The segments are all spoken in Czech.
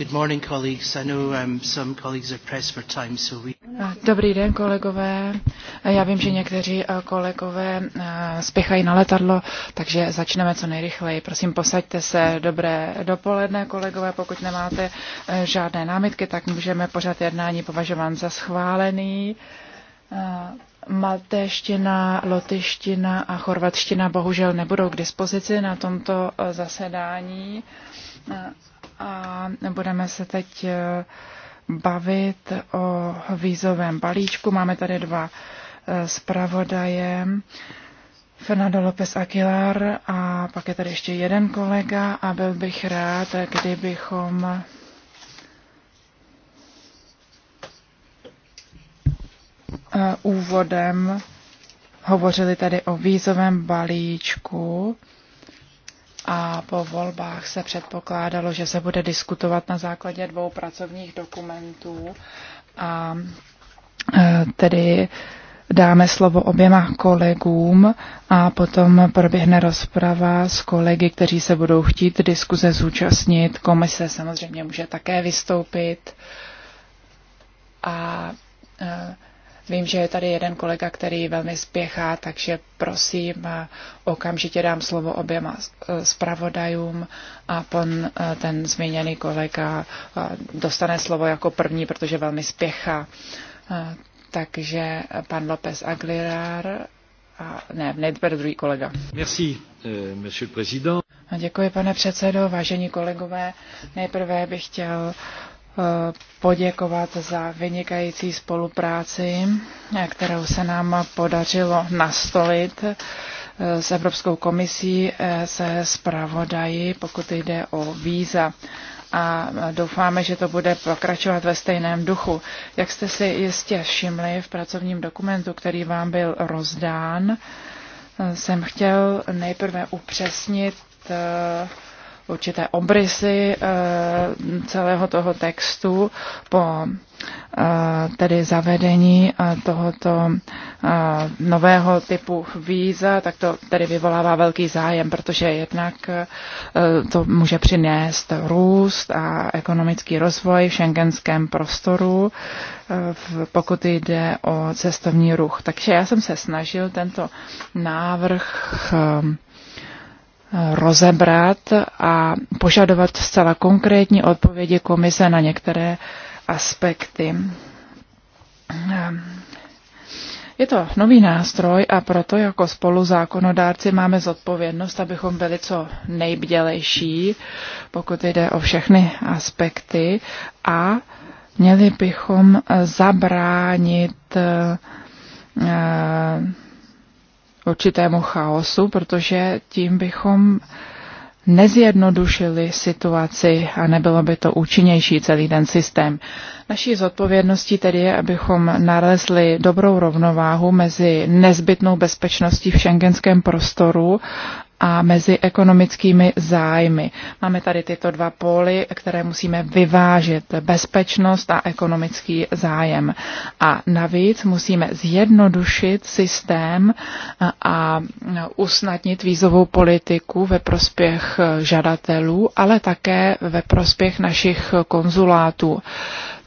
Good morning, colleagues. I know um, some colleagues are pressed for time, so we... Dobrý den, kolegové. Já vím, že někteří kolegové spěchají na letadlo, takže začneme co nejrychleji. Prosím, posaďte se. Dobré dopoledne, kolegové. Pokud nemáte e, žádné námitky, tak můžeme pořád jednání považovat za schválený. Maltéština, lotyština a chorvatština bohužel nebudou k dispozici na tomto e, zasedání a budeme se teď eh, bavit o vízovém balíčku. Máme tady dva eh, zpravodaje, Fernando López Aguilar a pak je tady ještě jeden kolega a byl bych rád, kdybychom eh, úvodem hovořili tady o vízovém balíčku a po volbách se předpokládalo, že se bude diskutovat na základě dvou pracovních dokumentů a e, tedy dáme slovo oběma kolegům a potom proběhne rozprava s kolegy, kteří se budou chtít diskuze zúčastnit. Komise samozřejmě může také vystoupit a e, Vím, že je tady jeden kolega, který velmi spěchá, takže prosím, okamžitě dám slovo oběma eh, zpravodajům a pan eh, ten zmíněný kolega eh, dostane slovo jako první, protože velmi spěchá. Takže pan López Aguilar a ne, nejprve druhý kolega. Merci, monsieur le président. Děkuji, pane předsedo, vážení kolegové. Nejprve bych chtěl poděkovat za vynikající spolupráci, kterou se nám podařilo nastolit s Evropskou komisí, se zpravodají, pokud jde o víza. A doufáme, že to bude pokračovat ve stejném duchu. Jak jste si jistě všimli v pracovním dokumentu, který vám byl rozdán, jsem chtěl nejprve upřesnit eh, určité obrysy eh, celého toho textu po eh, tedy zavedení eh, tohoto nového typu víza, tak to tedy vyvolává velký zájem, protože jednak to může přinést růst a ekonomický rozvoj v šengenském prostoru, pokud jde o cestovní ruch. Takže já jsem se snažil tento návrh rozebrat a požadovat zcela konkrétní odpovědi komise na některé aspekty. Je to nový nástroj a proto jako zákonodárci máme zodpovědnost, abychom byli co nejbdělejší, pokud jde o všechny aspekty a měli bychom zabránit eh, určitému chaosu, protože tím bychom nezjednodušili situaci a nebylo by to účinnější celý ten systém. Naší zodpovědností tedy je, abychom nalezli dobrou rovnováhu mezi nezbytnou bezpečností v šengenském prostoru a mezi ekonomickými zájmy. Máme tady tyto dva póly, které musíme vyvážit, bezpečnost a ekonomický zájem. A navíc musíme zjednodušit systém a usnadnit vízovou politiku ve prospěch žadatelů, ale také ve prospěch našich konzulátů.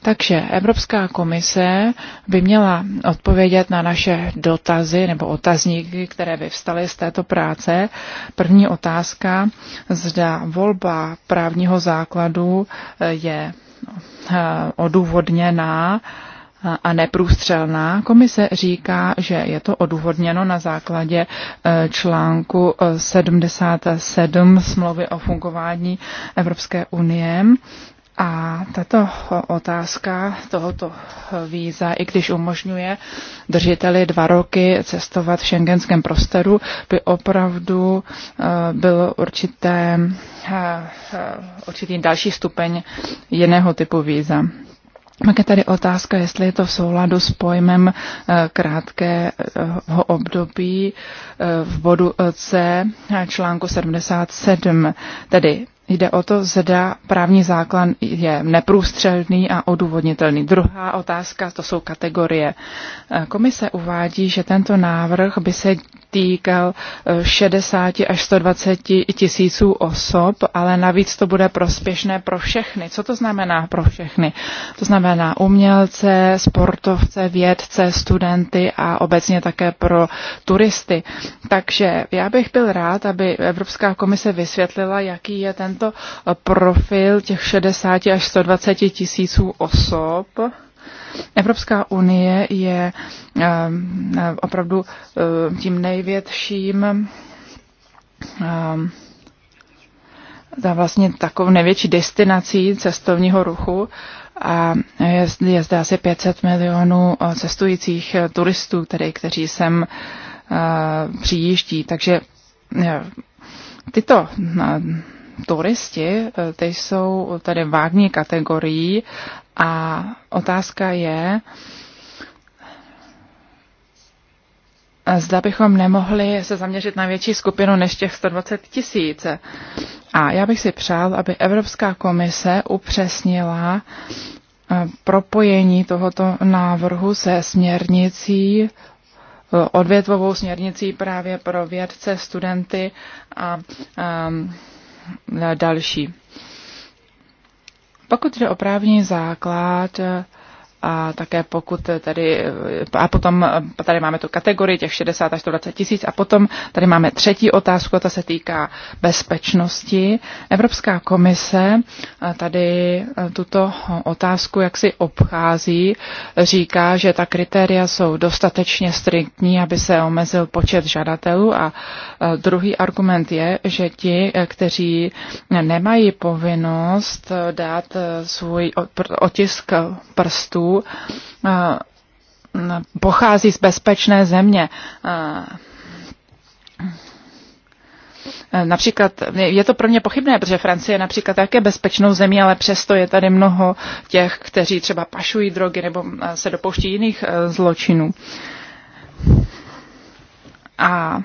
Takže Evropská komise by měla odpovědět na naše dotazy nebo otazníky, které vyvstaly z této práce. První otázka, zda volba právního základu eh, je eh, odůvodněná eh, a neprůstřelná. Komise říká, že je to odůvodněno na základě článku 77 smlouvy o fungování Evropské unie a tato otázka tohoto víza, i když umožňuje držiteli dva roky cestovat v šengenském prostoru, by opravdu eh, byl určité, eh, určitý další stupeň jiného typu víza. Pak je tady otázka, jestli je to v souladu s pojmem eh, krátkého období v bodu C článku 77, tedy Jde o to, zda právní základ je neprůstřelný a odůvodnitelný. Druhá otázka, to jsou kategorie. Komise uvádí, že tento návrh by se týkal 60 eh, až 120 tisíců osob, ale navíc to bude prospěšné pro všechny. Co to znamená pro všechny? To znamená umělce, sportovce, vědce, studenty a obecně také pro turisty. Takže já bych byl rád, aby Evropská komise vysvětlila, jaký je tento to profil těch 60 až 120 tisíců osob. Evropská unie je ehm, opravdu ehm, tím největším za ehm, vlastně takovou největší destinací cestovního ruchu a je, je zde asi 500 milionů eh, cestujících eh, turistů, tedy, kteří sem eh, přijíždí. Takže tyto turisti, eh, ty jsou tady vágní kategorií a otázka je, zda bychom nemohli se zaměřit na větší skupinu než těch 120 tisíc. A já bych si přál, aby Evropská komise upřesnila eh, propojení tohoto návrhu se směrnicí, eh, odvětvovou směrnicí právě pro vědce, studenty a, a ehm, další. Pokud jde o právní základ, a také pokud tady, a potom tady máme tu kategorii těch 60 až 120 tisíc a potom tady máme třetí otázku, a ta se týká bezpečnosti. Evropská komise tady tuto otázku jak si obchází, říká, že ta kritéria jsou dostatečně striktní, aby se omezil počet žadatelů a druhý argument je, že ti, kteří nemají povinnost dát svůj otisk prstů, Eh, pochází z bezpečné země. Eh, například, je to pro mě pochybné, protože Francie je například také bezpečnou zemí, ale přesto je tady mnoho těch, kteří třeba pašují drogy nebo eh, se dopouští jiných zločinů. A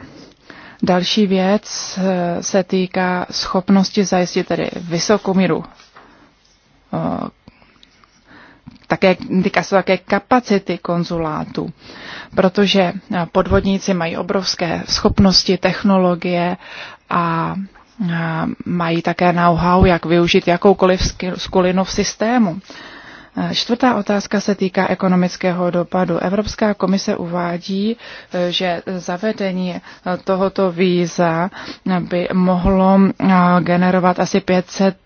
další věc se týká schopnosti zajistit tedy vysokou míru také, týká se také kapacity konzulátu, protože eh, podvodníci mají obrovské schopnosti, technologie a eh, mají také know-how, jak využít jakoukoliv skulinu v systému. Eh, čtvrtá otázka se týká ekonomického dopadu. Evropská komise uvádí, že zavedení tohoto víza by mohlo generovat asi 500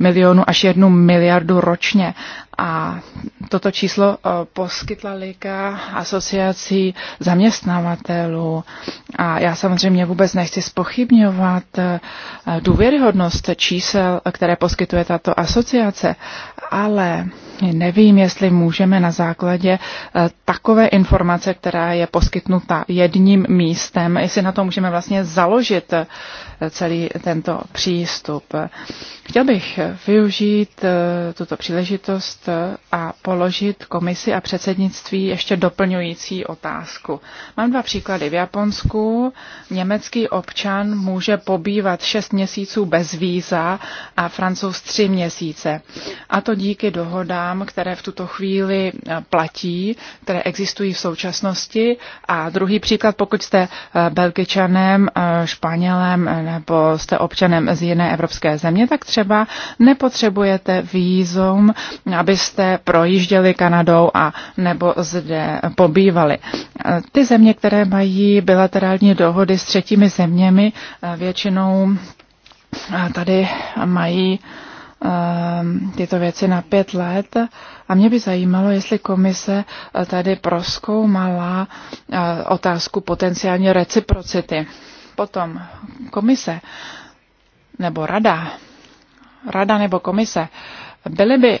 milionů až 1 miliardu ročně. A toto číslo eh, poskytla Lika asociací zaměstnavatelů. A já samozřejmě vůbec nechci spochybňovat eh, důvěryhodnost čísel, které poskytuje tato asociace, ale Nevím, jestli můžeme na základě eh, takové informace, která je poskytnuta jedním místem, jestli na to můžeme vlastně založit eh, celý tento přístup. Chtěl bych využít eh, tuto příležitost a položit komisi a předsednictví ještě doplňující otázku. Mám dva příklady. V Japonsku německý občan může pobývat 6 měsíců bez víza a francouz 3 měsíce. A to díky dohodám normám, které v tuto chvíli eh, platí, které existují v současnosti. A druhý příklad, pokud jste eh, Belgičanem, eh, Španělem nebo jste občanem z jiné evropské země, tak třeba nepotřebujete výzum, abyste projížděli Kanadou a nebo zde pobývali. Ty země, které mají bilaterální dohody s třetími zeměmi, většinou tady mají uh, Ehm, tyto věci na pět let a mě by zajímalo, jestli komise eh, tady proskoumala eh, otázku potenciální reciprocity. Potom komise nebo rada, rada nebo komise, byly by eh,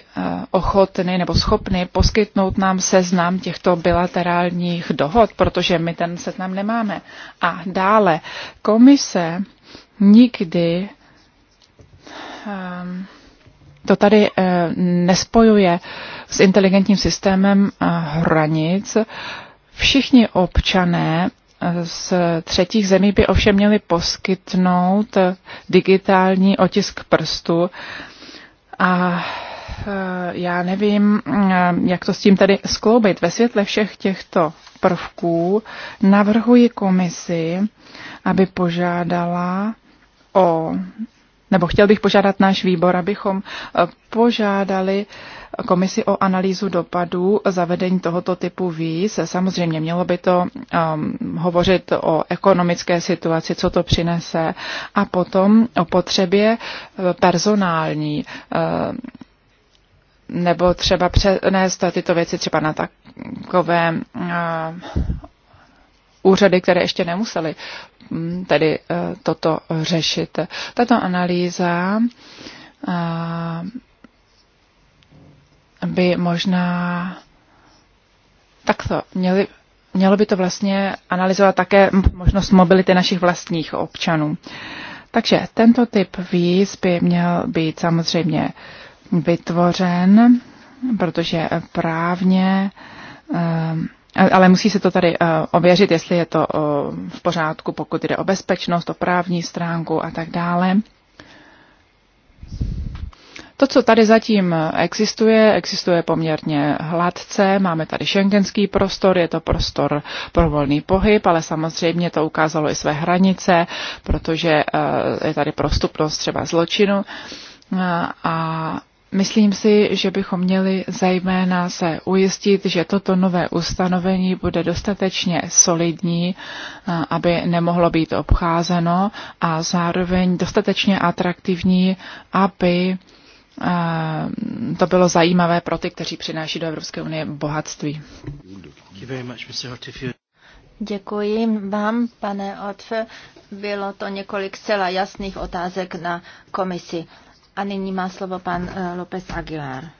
ochotny nebo schopny poskytnout nám seznam těchto bilaterálních dohod, protože my ten seznam nemáme. A dále, komise nikdy um, to tady eh, nespojuje s inteligentním systémem eh, hranic. Všichni občané eh, z třetích zemí by ovšem měli poskytnout digitální otisk prstu a já nevím, jak to s tím tady skloubit. Ve světle všech těchto prvků navrhuji komisi, aby požádala o nebo chtěl bych požádat náš výbor, abychom eh, požádali komisi o analýzu dopadů zavedení tohoto typu víz. Samozřejmě mělo by to um, hovořit o ekonomické situaci, co to přinese, a potom o potřebě eh, personální. Uh, nebo třeba přenést tyto věci třeba na takové uh, úřady, které ještě nemusely mm, tedy eh, toto řešit. Tato analýza eh, by možná takto měli, mělo by to vlastně analyzovat také možnost mobility našich vlastních občanů. Takže tento typ víz by měl být samozřejmě vytvořen, protože právně eh, ale musí se to tady eh, ověřit, jestli je to eh, v pořádku, pokud jde o bezpečnost, o právní stránku a tak dále. To, co tady zatím existuje, existuje poměrně hladce. Máme tady šengenský prostor, je to prostor pro volný pohyb, ale samozřejmě to ukázalo i své hranice, protože eh, je tady prostupnost třeba zločinu. A Myslím si, že bychom měli zejména se ujistit, že toto nové ustanovení bude dostatečně solidní, aby nemohlo být obcházeno a zároveň dostatečně atraktivní, aby to bylo zajímavé pro ty, kteří přináší do Evropské unie bohatství. Děkuji vám, pane Otfe. Bylo to několik zcela jasných otázek na komisi. A nyní má slovo pan eh, López Aguilar.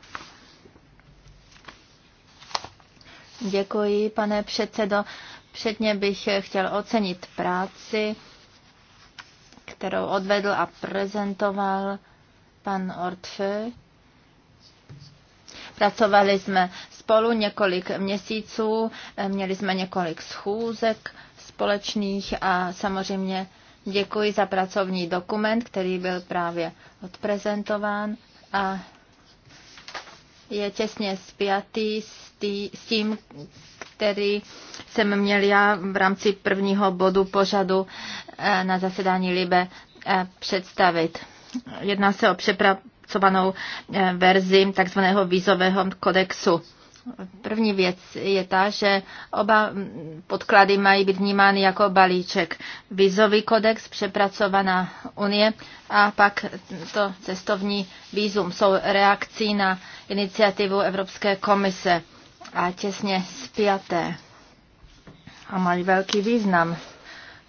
Děkuji, pane předsedo. Předně bych chtěl ocenit práci, kterou odvedl a prezentoval pan Ortfe. Pracovali jsme spolu několik měsíců, měli jsme několik schůzek společných a samozřejmě Děkuji za pracovní dokument, který byl právě odprezentován a je těsně spjatý s tím, který jsem měl já v rámci prvního bodu pořadu eh, na zasedání Libe eh, představit. Jedná se o přepracovanou eh, verzi takzvaného vízového kodexu. První věc je ta, že oba podklady mají být vnímány jako balíček. Vízový kodex, přepracovaná unie a pak to cestovní vízum jsou reakcí na iniciativu Evropské komise a těsně spjaté a mají velký význam.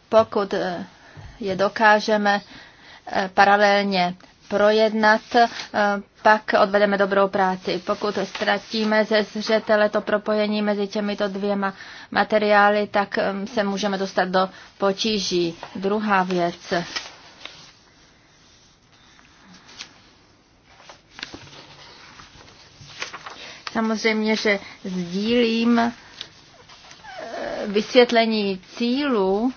Pokud eh, je dokážeme eh, paralelně projednat, eh, pak odvedeme dobrou práci. Pokud ztratíme ze zřetele to propojení mezi těmito dvěma materiály, tak um, se můžeme dostat do potíží. Druhá věc. Samozřejmě, že sdílím uh, vysvětlení cílu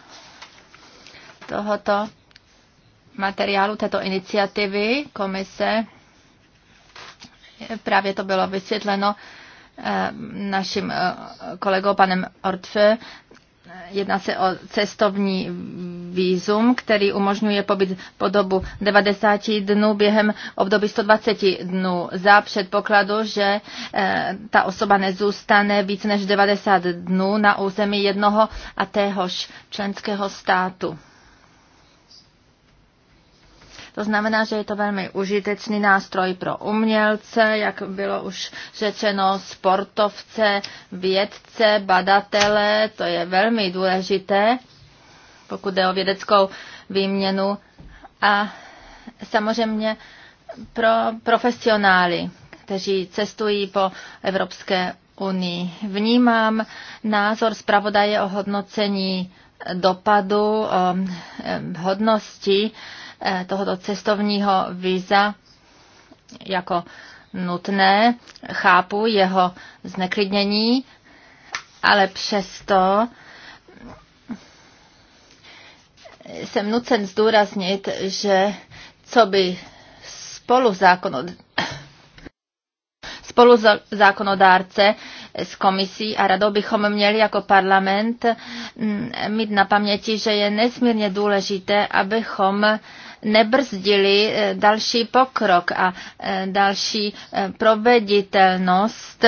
tohoto materiálu, této iniciativy komise Právě to bylo vysvětleno eh, naším eh, kolegou panem Ortfe. Jedná se o cestovní výzum, který umožňuje pobyt po dobu 90 dnů během období 120 dnů za předpokladu, že eh, ta osoba nezůstane víc než 90 dnů na území jednoho a téhož členského státu. To znamená, že je to velmi užitečný nástroj pro umělce, jak bylo už řečeno, sportovce, vědce, badatele, to je velmi důležité, pokud jde o vědeckou výměnu a samozřejmě pro profesionály, kteří cestují po Evropské unii. Vnímám názor zpravodaje o hodnocení dopadu um, um, hodnosti eh, tohoto cestovního víza jako nutné, chápu jeho zneklidnění, ale přesto jsem nucen zdůraznit, že co by spolu zákon spolu zákonodárce s komisí a radou bychom měli jako parlament mm, mít na paměti, že je nesmírně důležité, abychom nebrzdili e, další pokrok a e, další e, proveditelnost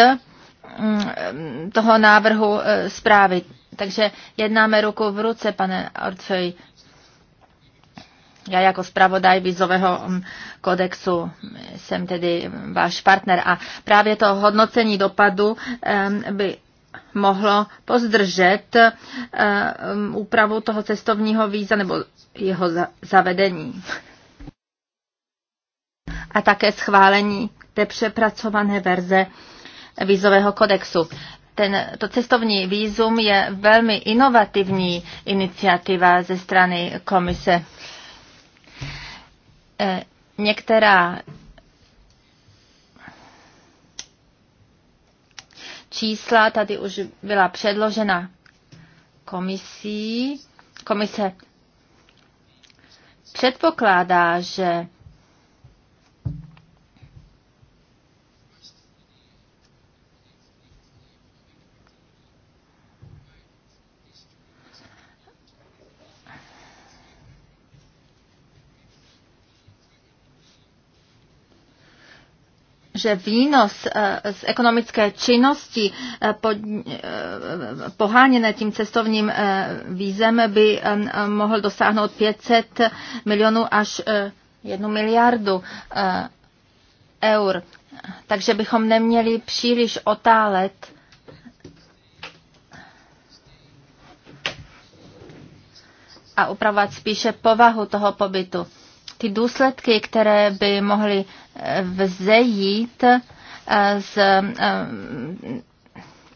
mm, toho návrhu zprávy. Takže jednáme ruku v ruce, pane Ortfej. Já jako zpravodaj vízového mm, kodexu jsem tedy váš partner a právě to hodnocení dopadu by mohlo pozdržet úpravu toho cestovního víza nebo jeho zavedení. A také schválení té přepracované verze vízového kodexu. Ten, to cestovní vízum je velmi inovativní iniciativa ze strany komise E, některá čísla tady už byla předložena komisí. Komise předpokládá, že že výnos eh, z ekonomické činnosti eh, eh, poháněné tím cestovním vízem by mohl dosáhnout 500 milionů až 1 miliardu eur. Takže bychom neměli příliš otálet a upravovat spíše povahu toho pobytu ty důsledky, které by mohly eh, vzejít eh, z eh,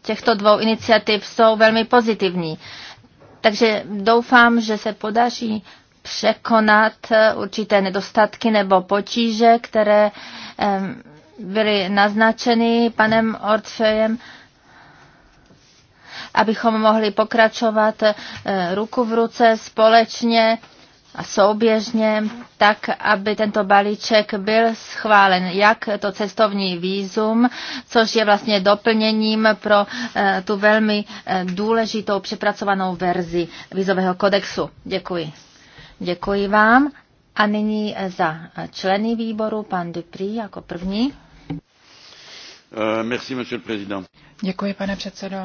těchto dvou iniciativ, jsou velmi pozitivní. Takže doufám, že se podaří překonat určité nedostatky nebo potíže, které byly naznačeny panem Ortfejem, abychom mohli pokračovat ruku v ruce společně a souběžně, tak aby tento balíček byl schválen, jak to cestovní výzum, což je vlastně doplněním pro eh, tu velmi eh, důležitou přepracovanou verzi vízového kodexu. Děkuji. Děkuji vám. A nyní eh, za členy výboru pan Dupri jako první. Merci, monsieur le président. Děkuji, pane předsedo.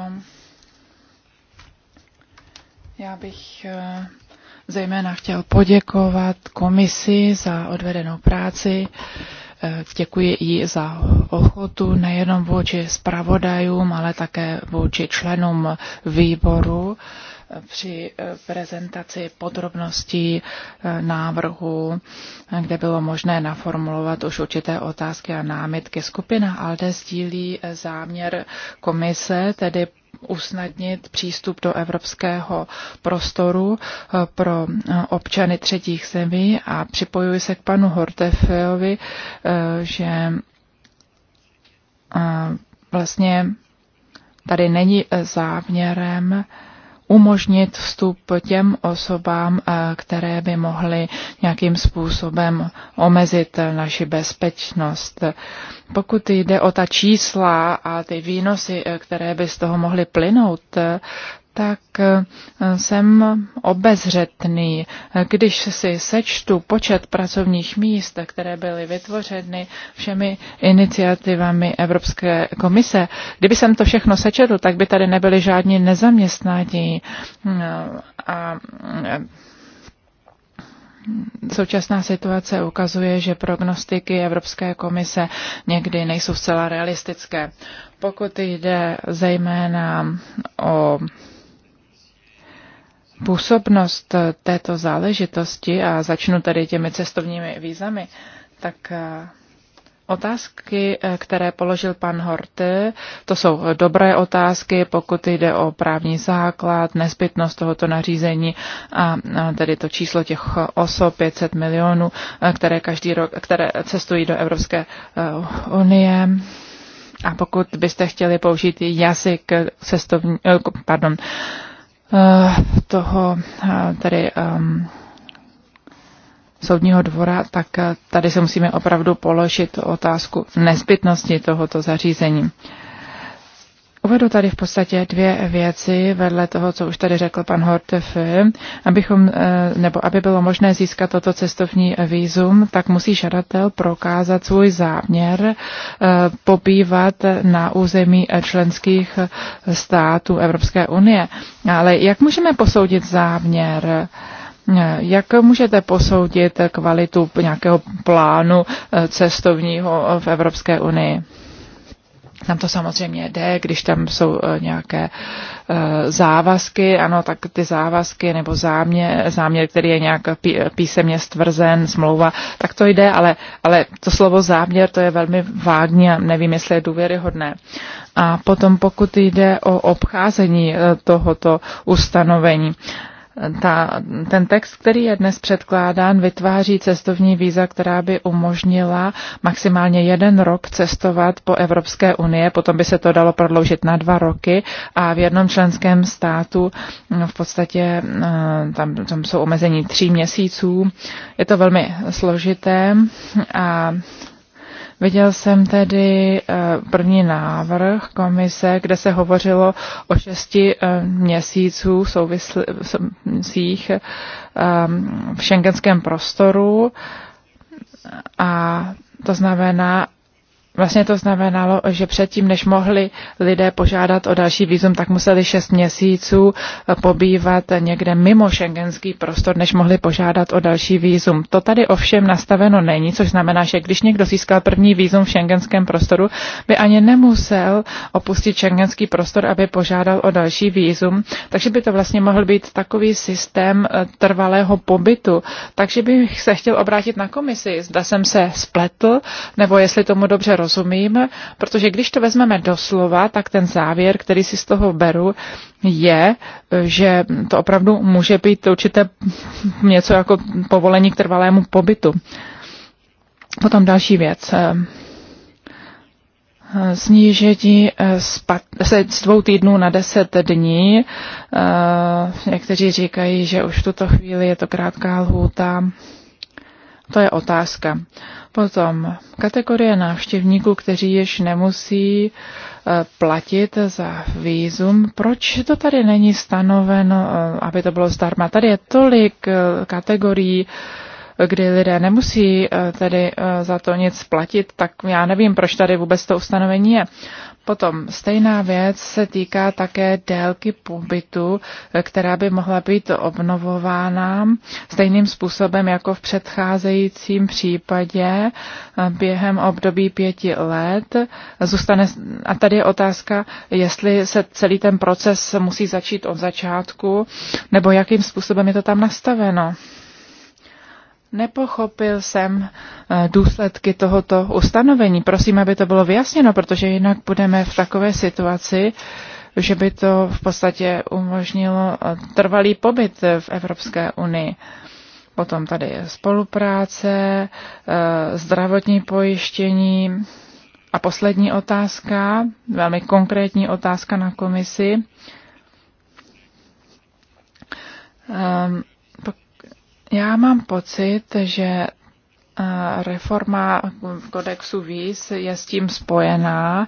Já bych zejména chtěl poděkovat komisi za odvedenou práci. Eh, děkuji jí za ochotu nejenom vůči zpravodajům, ale také vůči členům výboru eh, při eh, prezentaci podrobností návrhu, kde bylo možné naformulovat už určité otázky a námitky. Skupina ALDE sdílí záměr komise, tedy usnadnit přístup do evropského prostoru eh, pro eh, občany třetích zemí a připojuji se k panu Hortefejovi, eh, že vlastně tady není záměrem umožnit vstup těm osobám, eh, které by mohly nějakým způsobem omezit eh, naši bezpečnost. Pokud jde o ta čísla a ty výnosy, eh, které by z toho mohly plynout, tak eh, jsem obezřetný. Když si sečtu počet pracovních míst, které byly vytvořeny všemi iniciativami Evropské komise, kdyby jsem to všechno sečetl, tak by tady nebyly žádní nezaměstnání. A eh, Současná situace ukazuje, že prognostiky Evropské komise někdy nejsou zcela realistické. Pokud jde zejména o působnost eh, této záležitosti, a začnu tady těmi cestovními vízami, tak eh, Otázky, eh, které položil pan Horty, to jsou dobré otázky, pokud jde o právní základ, nezbytnost tohoto nařízení a tedy to číslo těch osob 500 milionů, které každý rok, které cestují do Evropské unie. A pokud byste chtěli použít jazyk cestovní, pardon, Eh, toho eh, tady ehm, soudního dvora, tak eh, tady se musíme opravdu položit otázku nezbytnosti tohoto zařízení. Uvedu tady v podstatě dvě věci vedle toho, co už tady řekl pan Hortef. Abychom, eh, nebo aby bylo možné získat toto cestovní výzum, tak musí žadatel prokázat svůj záměr eh, pobývat na území členských států Evropské unie. Ale jak můžeme posoudit záměr? Eh, jak můžete posoudit kvalitu nějakého plánu cestovního v Evropské unii? tam to samozřejmě jde, když tam jsou eh, nějaké eh, závazky, ano, tak ty závazky nebo záměr, záměr který je nějak písemně stvrzen, smlouva, tak to jde, ale, ale to slovo záměr, to je velmi vágní a nevím, jestli je důvěryhodné. A potom pokud jde o obcházení eh, tohoto ustanovení, ta, ten text, který je dnes předkládán, vytváří cestovní víza, která by umožnila maximálně jeden rok cestovat po Evropské unie, potom by se to dalo prodloužit na dva roky a v jednom členském státu no, v podstatě eh, tam, tam jsou omezení tří měsíců. Je to velmi složité a Viděl jsem tedy eh, první návrh komise, kde se hovořilo o šesti eh, měsíců souvislých eh, v šengenském prostoru a to znamená, Vlastně to znamenalo, že předtím, než mohli lidé požádat o další výzum, tak museli šest měsíců eh, pobývat někde mimo šengenský prostor, než mohli požádat o další výzum. To tady ovšem nastaveno není, což znamená, že když někdo získal první výzum v šengenském prostoru, by ani nemusel opustit šengenský prostor, aby požádal o další výzum. Takže by to vlastně mohl být takový systém eh, trvalého pobytu. Takže bych se chtěl obrátit na komisi, zda jsem se spletl, nebo jestli tomu dobře rozumím, protože když to vezmeme doslova, tak ten závěr, který si z toho beru, je, že to opravdu může být určité něco jako povolení k trvalému pobytu. Potom další věc snížení eh, z dvou týdnů na deset dní. Eh, někteří říkají, že už v tuto chvíli je to krátká lhůta. To je otázka. Potom kategorie návštěvníků, kteří již nemusí eh, platit za výzum. Proč to tady není stanoveno, eh, aby to bylo zdarma? Tady je tolik eh, kategorií, kdy lidé nemusí tedy za to nic platit, tak já nevím, proč tady vůbec to ustanovení je. Potom stejná věc se týká také délky pobytu, eh, která by mohla být obnovována stejným způsobem jako v předcházejícím případě eh, během období pěti let. Zůstane, a tady je otázka, jestli se celý ten proces musí začít od začátku, nebo jakým způsobem je to tam nastaveno. Nepochopil jsem eh, důsledky tohoto ustanovení. Prosím, aby to bylo vyjasněno, protože jinak budeme v takové situaci, že by to v podstatě umožnilo eh, trvalý pobyt v Evropské unii. Potom tady je spolupráce, eh, zdravotní pojištění. A poslední otázka, velmi konkrétní otázka na komisi. Um, já mám pocit, že eh, reforma kodexu víz je s tím spojená.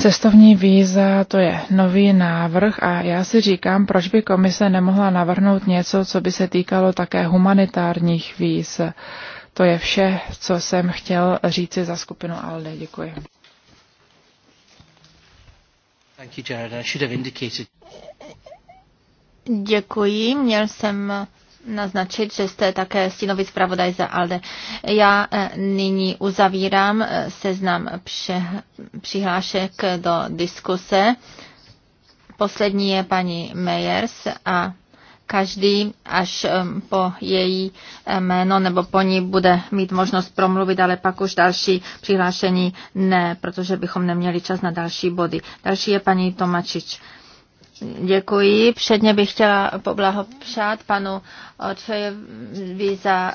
Cestovní víza to je nový návrh a já si říkám, proč by komise nemohla navrhnout něco, co by se týkalo také humanitárních víz. To je vše, co jsem chtěl říci za skupinu ALDE. Děkuji. Děkuji, měl jsem naznačit, že jste také stínový zpravodaj za ALDE. Já eh, nyní uzavírám eh, seznam přihlášek do diskuse. Poslední je paní Meyers a každý až ehm, po její eh, jméno nebo po ní bude mít možnost promluvit, ale pak už další přihlášení ne, protože bychom neměli čas na další body. Další je paní Tomačič. Děkuji. Předně bych chtěla poblahopřát panu Otřejovi za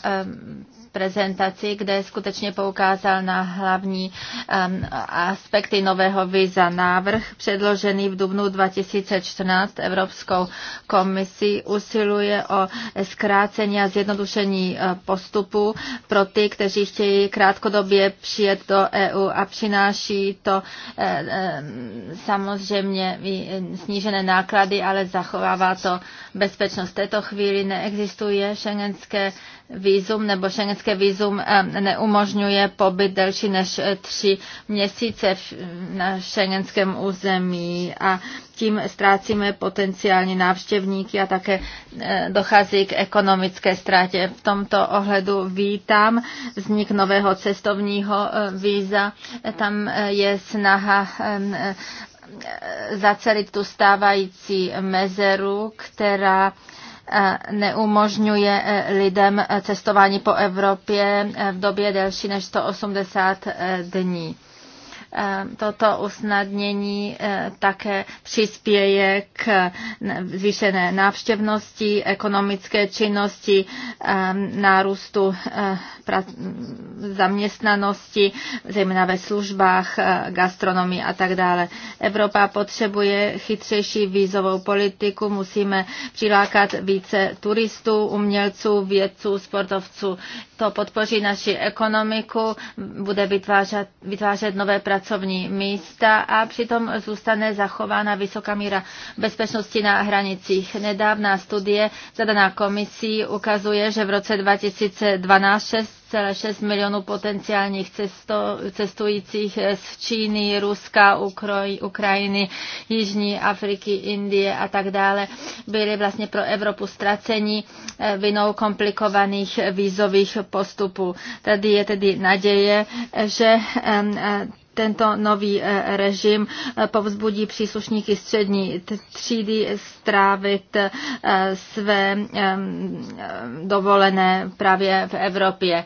prezentaci, kde skutečně poukázal na hlavní um, aspekty nového víza. Návrh předložený v dubnu 2014 Evropskou komisí usiluje o zkrácení a zjednodušení uh, postupu pro ty, kteří chtějí krátkodobě přijet do EU a přináší to uh, um, samozřejmě snížené náklady, ale zachovává to bezpečnost. V této chvíli neexistuje šengenské vízum nebo šengenské vízum eh, neumožňuje pobyt delší než eh, tři měsíce na šengenském území a tím ztrácíme potenciální návštěvníky a také eh, dochází k ekonomické ztrátě. V tomto ohledu vítám vznik nového cestovního víza. Tam je snaha zacelit tu stávající mezeru, která Eh, neumožňuje eh, lidem eh, cestování po Evropě v době delší než 180 dní. Eh, toto usnadnění eh, také přispěje k eh, zvýšené návštěvnosti, ekonomické činnosti, nárůstu zaměstnanosti, zejména ve službách, gastronomii a tak dále. Evropa potřebuje chytřejší vízovou politiku, musíme přilákat více turistů, umělců, vědců, sportovců. To podpoří naši ekonomiku, bude vytvářet, vytvářet nové pracovní pracovní místa a přitom zůstane zachována vysoká míra bezpečnosti na hranicích. Nedávná studie zadaná komisí ukazuje, že v roce 2012 6,6 milionů potenciálních cesto, cestujících z Číny, Ruska, Ukroj, Ukrajiny, Jižní Afriky, Indie a tak dále byli vlastně pro Evropu ztraceni eh, vinou komplikovaných vízových postupů. Tady je tedy naděje, že eh, tento nový eh, režim povzbudí příslušníky střední třídy strávit své dovolené právě v Evropě.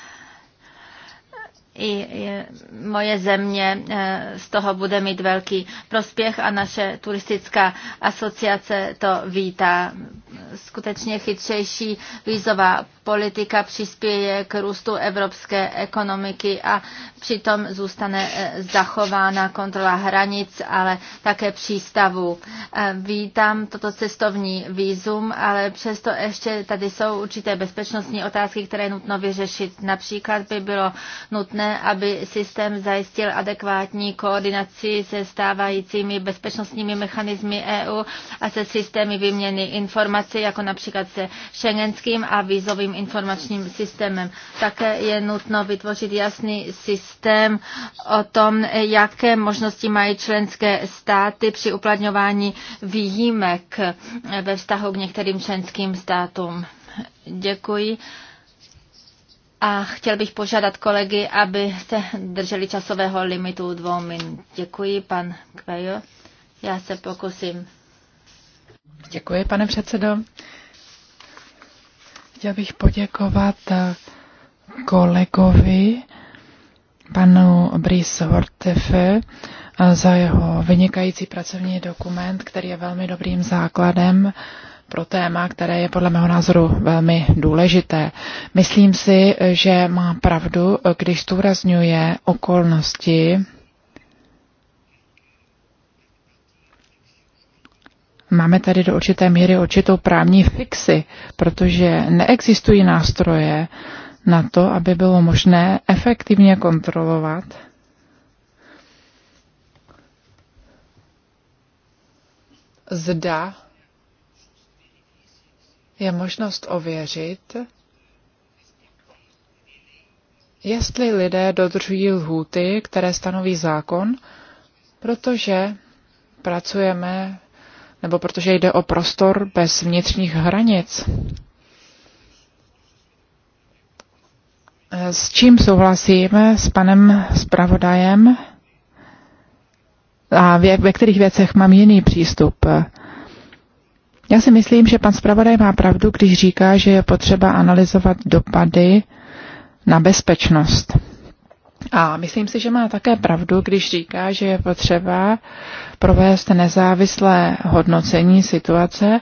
i moje země eh, z toho bude mít velký prospěch a naše turistická asociace to vítá. Skutečně chytřejší vízová politika přispěje k růstu evropské ekonomiky a přitom zůstane eh, zachována kontrola hranic, ale také přístavu. Eh, vítám toto cestovní výzum, ale přesto ještě tady jsou určité bezpečnostní otázky, které je nutno vyřešit. Například by bylo nutné nutné, aby systém zajistil adekvátní koordinaci se stávajícími bezpečnostními mechanismy EU a se systémy výměny informací, jako například se šengenským a vízovým informačním systémem. Také je nutno vytvořit jasný systém o tom, jaké možnosti mají členské státy při uplatňování výjimek ve vztahu k některým členským státům. Děkuji a chtěl bych požádat kolegy, aby se drželi časového limitu dvou minut. Děkuji, pan Kvejo. Já se pokusím. Děkuji, pane předsedo. Chtěl bych poděkovat eh, kolegovi, panu Brice Hortefe, eh, za jeho vynikající pracovní dokument, který je velmi dobrým základem pro téma, které je podle mého názoru velmi důležité. Myslím si, že má pravdu, když zdůrazňuje okolnosti, Máme tady do určité míry určitou právní fixy, protože neexistují nástroje na to, aby bylo možné efektivně kontrolovat zda je možnost ověřit, jestli lidé dodržují lhůty, které stanoví zákon, protože pracujeme nebo protože jde o prostor bez vnitřních hranic. S čím souhlasíme s panem zpravodajem a ve kterých věcech mám jiný přístup. Já si myslím, že pan zpravodaj má pravdu, když říká, že je potřeba analyzovat dopady na bezpečnost. A myslím si, že má také pravdu, když říká, že je potřeba provést nezávislé hodnocení situace,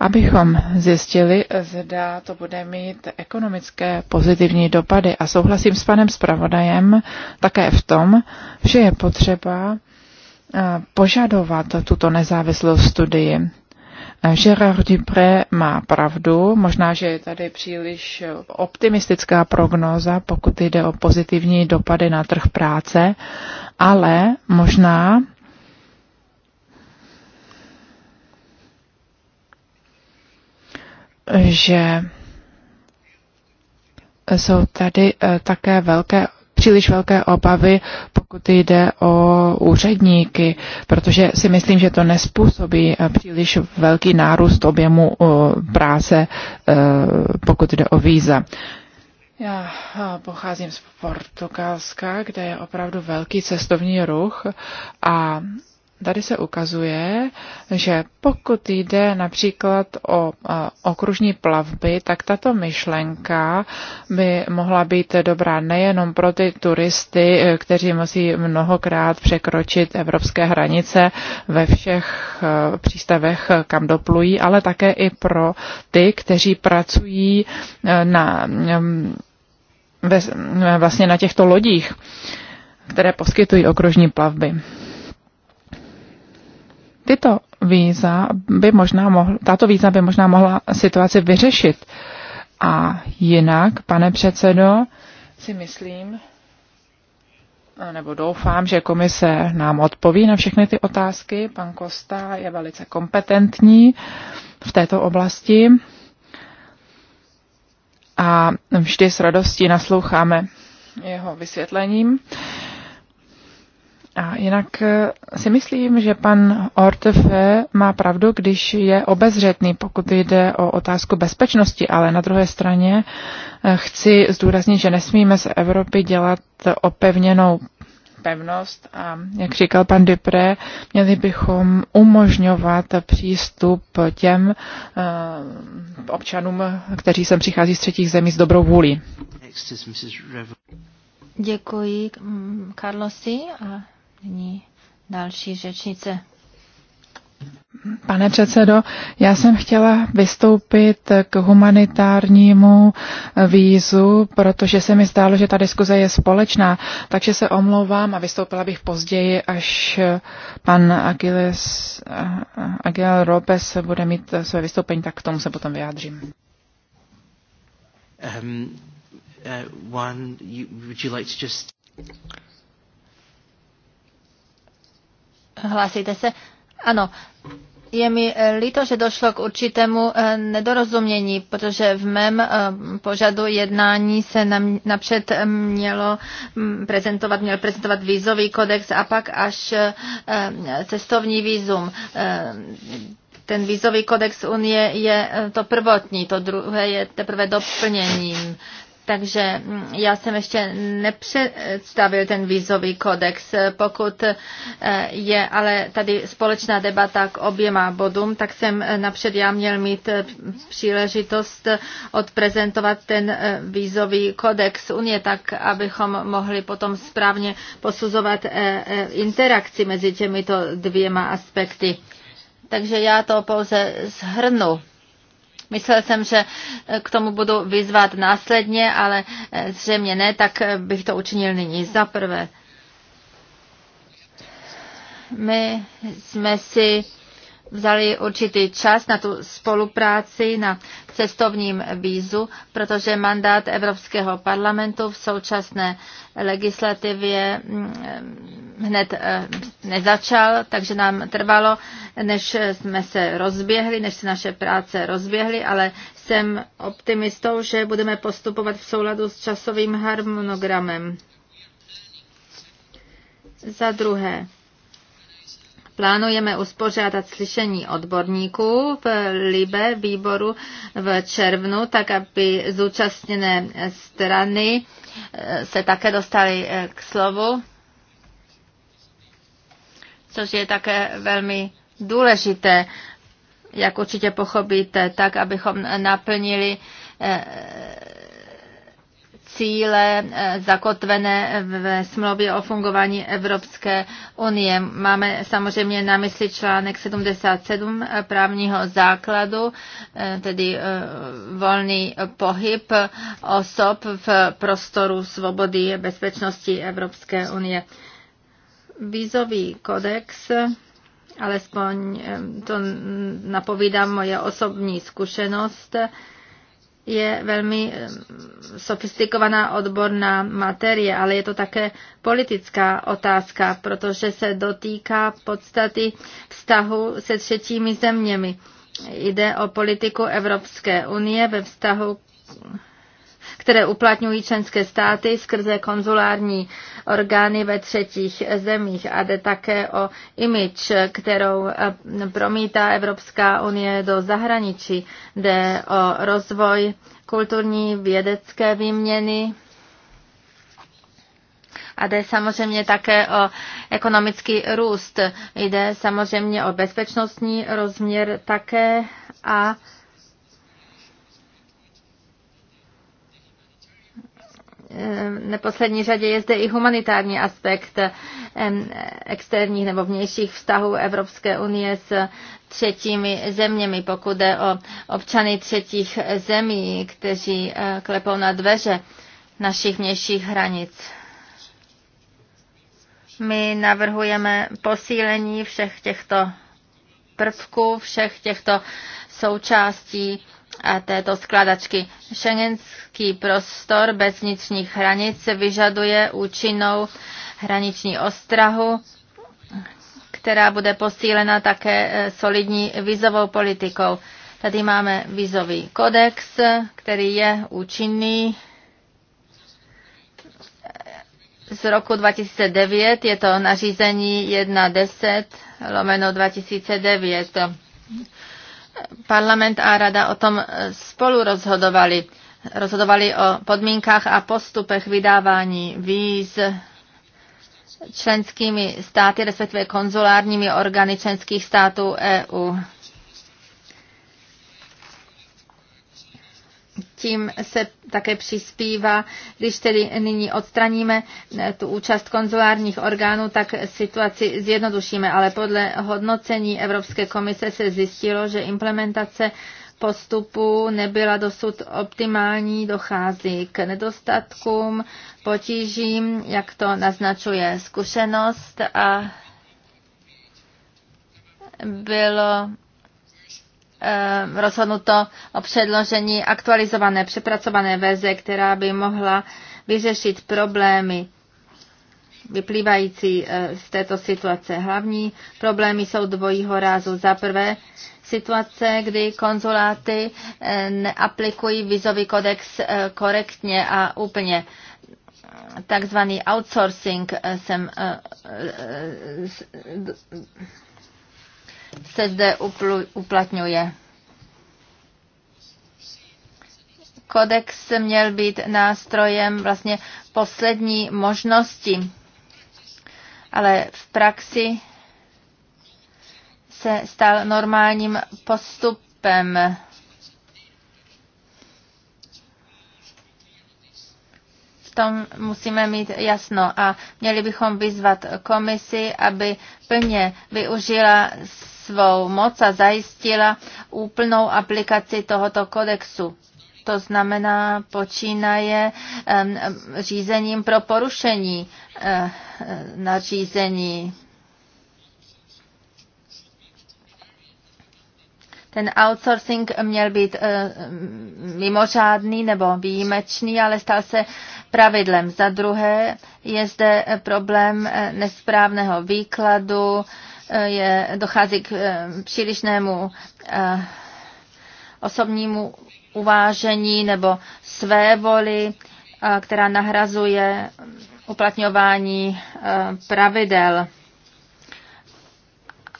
abychom zjistili, zda to bude mít ekonomické pozitivní dopady. A souhlasím s panem zpravodajem také v tom, že je potřeba eh, požadovat tuto nezávislou studii. Gerard Dupré má pravdu, možná, že je tady příliš optimistická prognóza, pokud jde o pozitivní dopady na trh práce, ale možná že jsou tady eh, také velké příliš velké obavy, pokud jde o úředníky, protože si myslím, že to nespůsobí eh, příliš velký nárůst objemu eh, práce, eh, pokud jde o víza. Já pocházím z Portugalska, kde je opravdu velký cestovní ruch a tady se ukazuje, že pokud jde například o okružní plavby, tak tato myšlenka by mohla být dobrá nejenom pro ty turisty, e, kteří musí mnohokrát překročit evropské hranice ve všech e, přístavech, e, kam doplují, ale také i pro ty, kteří pracují na, vlastně na těchto lodích, které poskytují okružní plavby. Tyto víza by možná mohl, tato víza by možná mohla situaci vyřešit. A jinak, pane předsedo, si myslím, nebo doufám, že komise nám odpoví na všechny ty otázky. Pan Kosta je velice kompetentní v této oblasti a vždy s radostí nasloucháme jeho vysvětlením. A jinak eh, si myslím, že pan Ortefe má pravdu, když je obezřetný, pokud jde o otázku bezpečnosti, ale na druhé straně eh, chci zdůraznit, že nesmíme z Evropy dělat opevněnou pevnost a jak říkal pan Dupré, měli bychom umožňovat přístup těm eh, občanům, kteří sem přichází z třetích zemí s dobrou vůlí. Děkuji mm, Carlosi a Nyní další řečnice. Pane předsedo, já jsem chtěla vystoupit k humanitárnímu vízu, protože se mi zdálo, že ta diskuze je společná, takže se omlouvám a vystoupila bych později, až pan Agiles, Agil Robes bude mít své vystoupení, tak k tomu se potom vyjádřím. Um, uh, one, you, would you like to just... Hlásíte se? Ano. Je mi eh, líto, že došlo k určitému eh, nedorozumění, protože v mém eh, požadu jednání se napřed mělo prezentovat, měl prezentovat vízový kodex a pak až cestovní vízum ten vízový kodex Unie je to prvotní, to druhé je teprve doplněním. Takže mm, já jsem ještě nepředstavil ten vízový kodex. Pokud eh, je ale tady společná debata k oběma bodům, tak jsem eh, napřed já měl mít eh, příležitost odprezentovat ten vízový kodex Unie, tak abychom mohli potom správně posuzovat interakci mezi těmito dvěma aspekty. Takže já to pouze zhrnu. Myslel jsem, že eh, k tomu budu vyzvat následně, ale eh, zřejmě ne, tak eh, bych to učinil nyní. Za prvé, my jsme si vzali určitý čas na tu spolupráci na cestovním vízu, protože mandát Evropského parlamentu v současné legislativě mm, hned eh, nezačal, takže nám trvalo, než jsme se rozběhli, než se naše práce rozběhly, ale jsem optimistou, že budeme postupovat v souladu s časovým harmonogramem. Za druhé, plánujeme uspořádat slyšení odborníků v LIBE výboru v červnu, tak aby zúčastněné strany eh, se také dostaly eh, k slovu což je také velmi důležité, jak určitě pochopíte, tak, abychom naplnili eh, cíle eh, zakotvené v smlouvě o fungování Evropské unie. Máme samozřejmě na mysli článek 77 eh, právního základu, tedy volný pohyb osob v prostoru svobody a bezpečnosti Evropské unie. Vízový kodex, alespoň to napovídá moje osobní zkušenost, je velmi sofistikovaná odborná materie, ale je to také politická otázka, protože se dotýká podstaty vztahu se třetími zeměmi. Jde o politiku Evropské unie ve vztahu které uplatňují členské státy skrze konzulární orgány ve třetích zemích a jde také o imič, kterou eh, promítá Evropská unie do zahraničí. Jde o rozvoj kulturní vědecké výměny a jde samozřejmě také o ekonomický růst. Jde samozřejmě o bezpečnostní rozměr také a neposlední řadě je zde i humanitární aspekt externích nebo vnějších vztahů Evropské unie s třetími zeměmi, pokud jde o občany třetích zemí, kteří eh, klepou na dveře našich vnějších hranic. My navrhujeme posílení všech těchto prvků, všech těchto součástí této skladačky. Schengenský prostor bez vnitřních hranic vyžaduje účinnou hraniční ostrahu, která bude posílena také e, solidní vizovou politikou. Tady máme vizový kodex, který je účinný e, z roku 2009. Je to nařízení 110 lomeno 2009 Parlament a rada o tom eh, spolu rozhodovali. Rozhodovali o podmínkách a postupech vydávání víz členskými státy, respektive konzulárními orgány členských států EU. tím se také přispívá, když tedy nyní odstraníme eh, tu účast konzulárních orgánů, tak situaci zjednodušíme, ale podle hodnocení Evropské komise se zjistilo, že implementace postupu nebyla dosud optimální, dochází k nedostatkům, potížím, jak to naznačuje zkušenost a bylo Eh, rozhodnuto o předložení aktualizované, přepracované verze, která by mohla vyřešit problémy vyplývající eh, z této situace. Hlavní problémy jsou dvojího rázu. Za prvé, situace, kdy konzuláty eh, neaplikují vizový kodex korektně a úplně. Takzvaný outsourcing jsem se zde uplatňuje. Kodex měl být nástrojem vlastně poslední možnosti, ale v praxi se stal normálním postupem. tom musíme mít jasno a měli bychom vyzvat komisi, aby plně využila svou moc a zajistila úplnou aplikaci tohoto kodexu. To znamená, počínaje řízením pro porušení eh, eh, nařízení. Ten outsourcing měl být eh, mimořádný nebo výjimečný, ale stal se pravidlem. Za druhé je zde problém nesprávného výkladu, Eh, je, dochází k eh, přílišnému eh, osobnímu uvážení nebo své voli, která nahrazuje uplatňování pravidel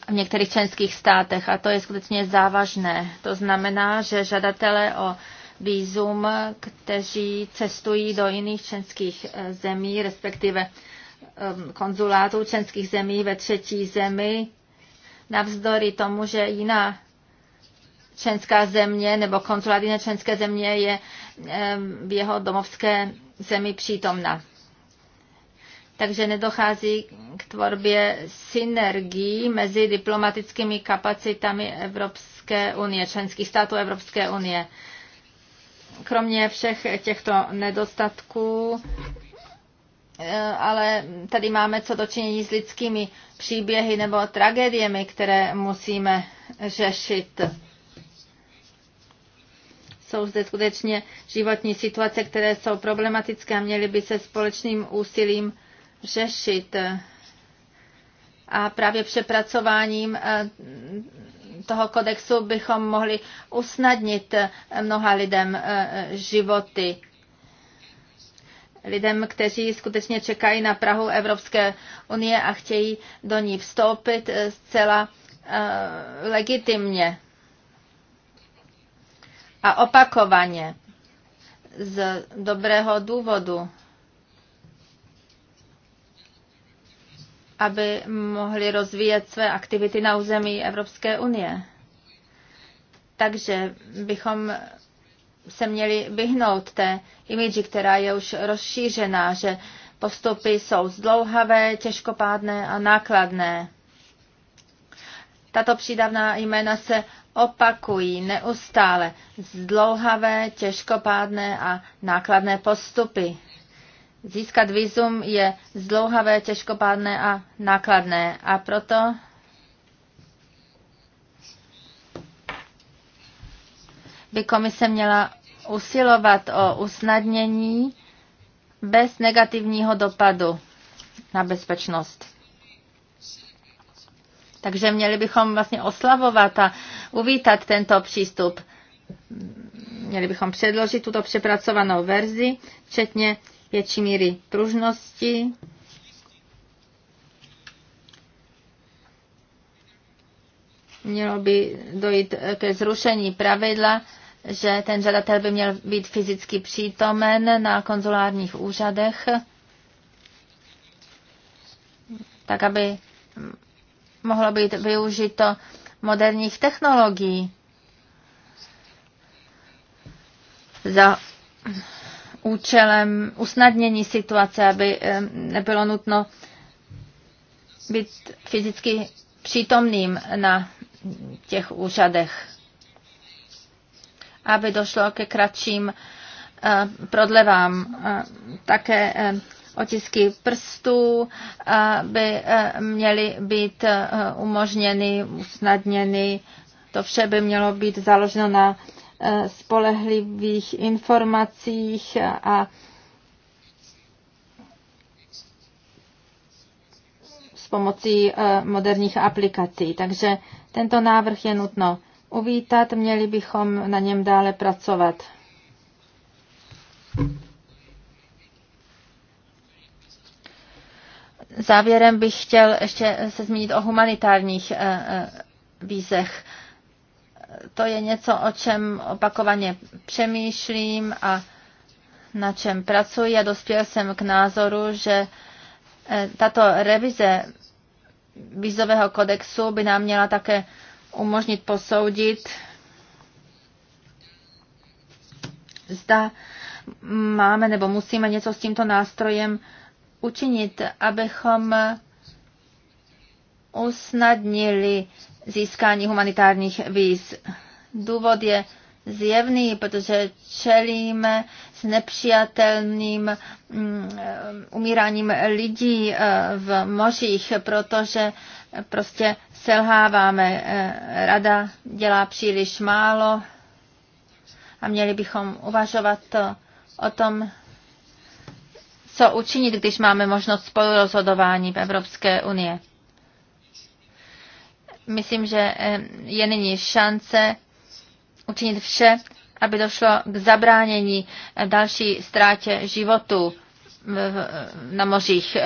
v některých členských státech a to je skutečně závažné. To znamená, že žadatelé o výzum, kteří cestují do jiných členských zemí, respektive Um, konzulátů členských zemí ve třetí zemi, navzdory tomu, že jiná členská země nebo konzulát jiné členské země je um, v jeho domovské zemi přítomna. Takže nedochází k tvorbě synergií mezi diplomatickými kapacitami Evropské unie, členských států Evropské unie. Kromě všech těchto nedostatků Eh, ale tady máme co dočinění s lidskými příběhy nebo tragédiemi, které musíme řešit. Jsou zde skutečně životní situace, které jsou problematické a měly by se společným úsilím řešit. A právě přepracováním eh, toho kodexu bychom mohli usnadnit eh, mnoha lidem životy lidem, kteří skutečně čekají na Prahu Evropské unie a chtějí do ní vstoupit eh, zcela eh, legitimně a opakovaně z dobrého důvodu, aby mohli rozvíjet své aktivity na území Evropské unie. Takže bychom se měli vyhnout té imidži, která je už rozšířená, že postupy jsou zdlouhavé, těžkopádné a nákladné. Tato přídavná jména se opakují neustále. Zdlouhavé, těžkopádné a nákladné postupy. Získat vizum je zdlouhavé, těžkopádné a nákladné a proto by komise měla usilovat o usnadnění bez negativního dopadu na bezpečnost. Takže měli bychom vlastně oslavovat a uvítat tento přístup. Měli bychom předložit tuto přepracovanou verzi, včetně větší míry pružnosti. Mělo by dojít ke zrušení pravidla, že ten žadatel by měl být fyzicky přítomen na konzulárních úřadech, tak aby mohlo být využito moderních technologií za účelem usnadnění situace, aby eh, nebylo nutno být fyzicky přítomným na těch úřadech aby došlo ke kratším eh, prodlevám. Eh, také eh, otisky prstů by měly být umožněny, usnadněny. To vše by mělo být založeno na spolehlivých informacích a s pomocí moderních aplikací. Takže tento návrh je nutno uvítat, měli bychom na něm dále pracovat. Závěrem bych chtěl ještě se zmínit o humanitárních eh, eh, vízech. To je něco, o čem opakovaně přemýšlím a na čem pracuji a dospěl jsem k názoru, že eh, tato revize vízového kodexu by nám měla také umožnit posoudit, zda máme nebo musíme něco s tímto nástrojem učinit, abychom usnadnili získání humanitárních víz. Důvod je zjevný, protože čelíme s nepřijatelným mm, umíráním lidí eh, v mořích, protože prostě selháváme. Eh, rada dělá příliš málo a měli bychom uvažovat o tom, co učinit, když máme možnost spolurozhodování v Evropské unie. Myslím, že eh, je nyní šance učinit vše, aby došlo k zabránění eh, další ztrátě životu na mořích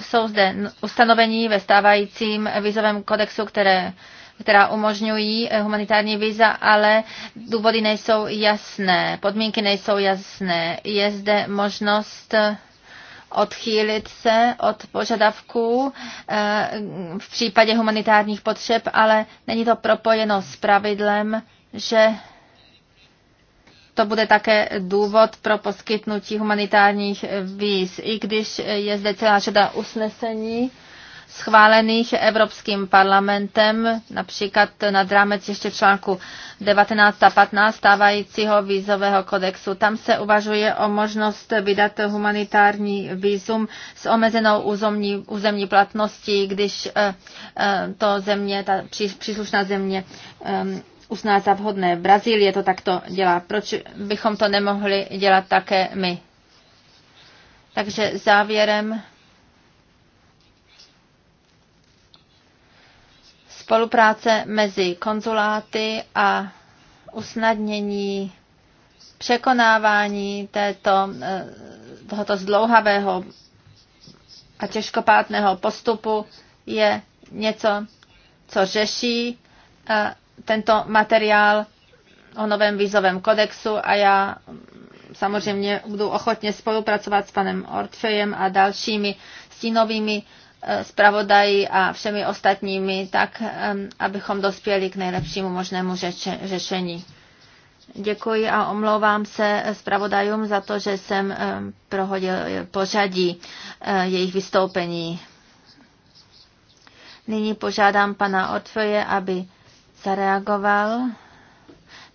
jsou zde ustanovení ve stávajícím vizovém kodexu, které která umožňují eh, humanitární víza, ale důvody nejsou jasné, podmínky nejsou jasné. Je zde možnost eh, odchýlit se od požadavků eh, v případě humanitárních potřeb, ale není to propojeno s pravidlem, že to bude také důvod pro poskytnutí humanitárních víz, i když je zde celá řada usnesení schválených Evropským parlamentem, například nad rámec ještě článku 19 a 15 stávajícího vízového kodexu. Tam se uvažuje o možnost vydat humanitární vízum s omezenou územní, územní platností, když eh, eh, to země, ta příslušná země eh, uzná za vhodné. Brazílie to takto dělá. Proč bychom to nemohli dělat také my? Takže závěrem spolupráce mezi konzuláty a usnadnění překonávání této, eh, tohoto zdlouhavého a těžkopádného postupu je něco, co řeší eh, tento materiál o novém vízovém kodexu a já samozřejmě budu ochotně spolupracovat s panem Ortfejem a dalšími stínovými eh, zpravodají a všemi ostatními, tak eh, abychom dospěli k nejlepšímu možnému řeče, řešení. Děkuji a omlouvám se zpravodajům za to, že jsem eh, prohodil pořadí jejich vystoupení. Nyní požádám pana Otvoje, aby reagoval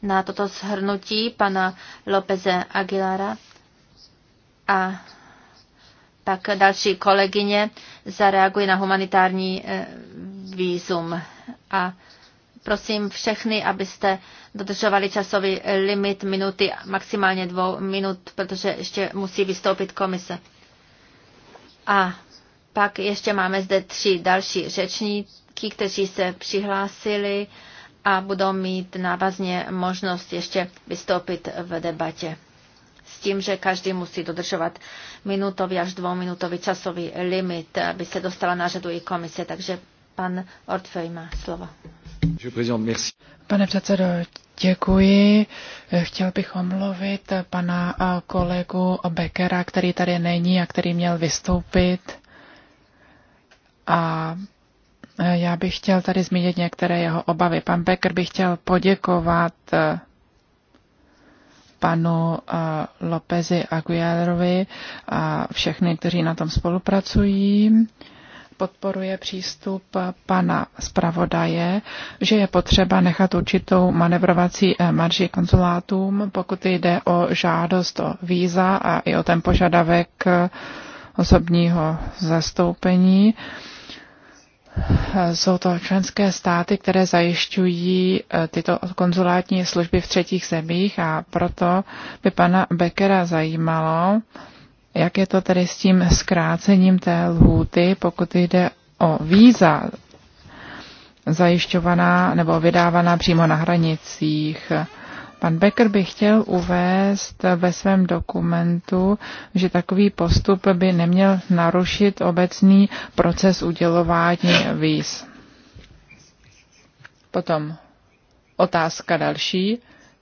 na toto shrnutí pana Lopeze Aguilara a pak další kolegyně zareaguje na humanitární eh, výzum. A prosím všechny, abyste dodržovali časový limit minuty, maximálně dvou minut, protože ještě musí vystoupit komise. A pak ještě máme zde tři další řečníky, kteří se přihlásili a budou mít návazně možnost ještě vystoupit v debatě. S tím, že každý musí dodržovat minutový až dvouminutový časový limit, aby se dostala na řadu i komise. Takže pan Ortfej má slovo. Pane předsedo, děkuji. Chtěl bych omluvit pana kolegu Beckera, který tady není a který měl vystoupit. A já bych chtěl tady zmínit některé jeho obavy. Pan Becker by chtěl poděkovat eh, panu eh, Lopezi Aguilerovi a všechny, kteří na tom spolupracují. Podporuje přístup pana zpravodaje, že je potřeba nechat určitou manevrovací eh, marži konzulátům, pokud jde o žádost o víza a i o ten požadavek osobního zastoupení. Uh, jsou to členské státy, které zajišťují eh, tyto konzulátní služby v třetích zemích a proto by pana Beckera zajímalo, jak je to tedy s tím zkrácením té lhůty, pokud jde o víza zajišťovaná nebo vydávaná přímo na hranicích. Pan Becker by chtěl uvést ve svém dokumentu, že takový postup by neměl narušit obecný proces udělování víz. Potom otázka další,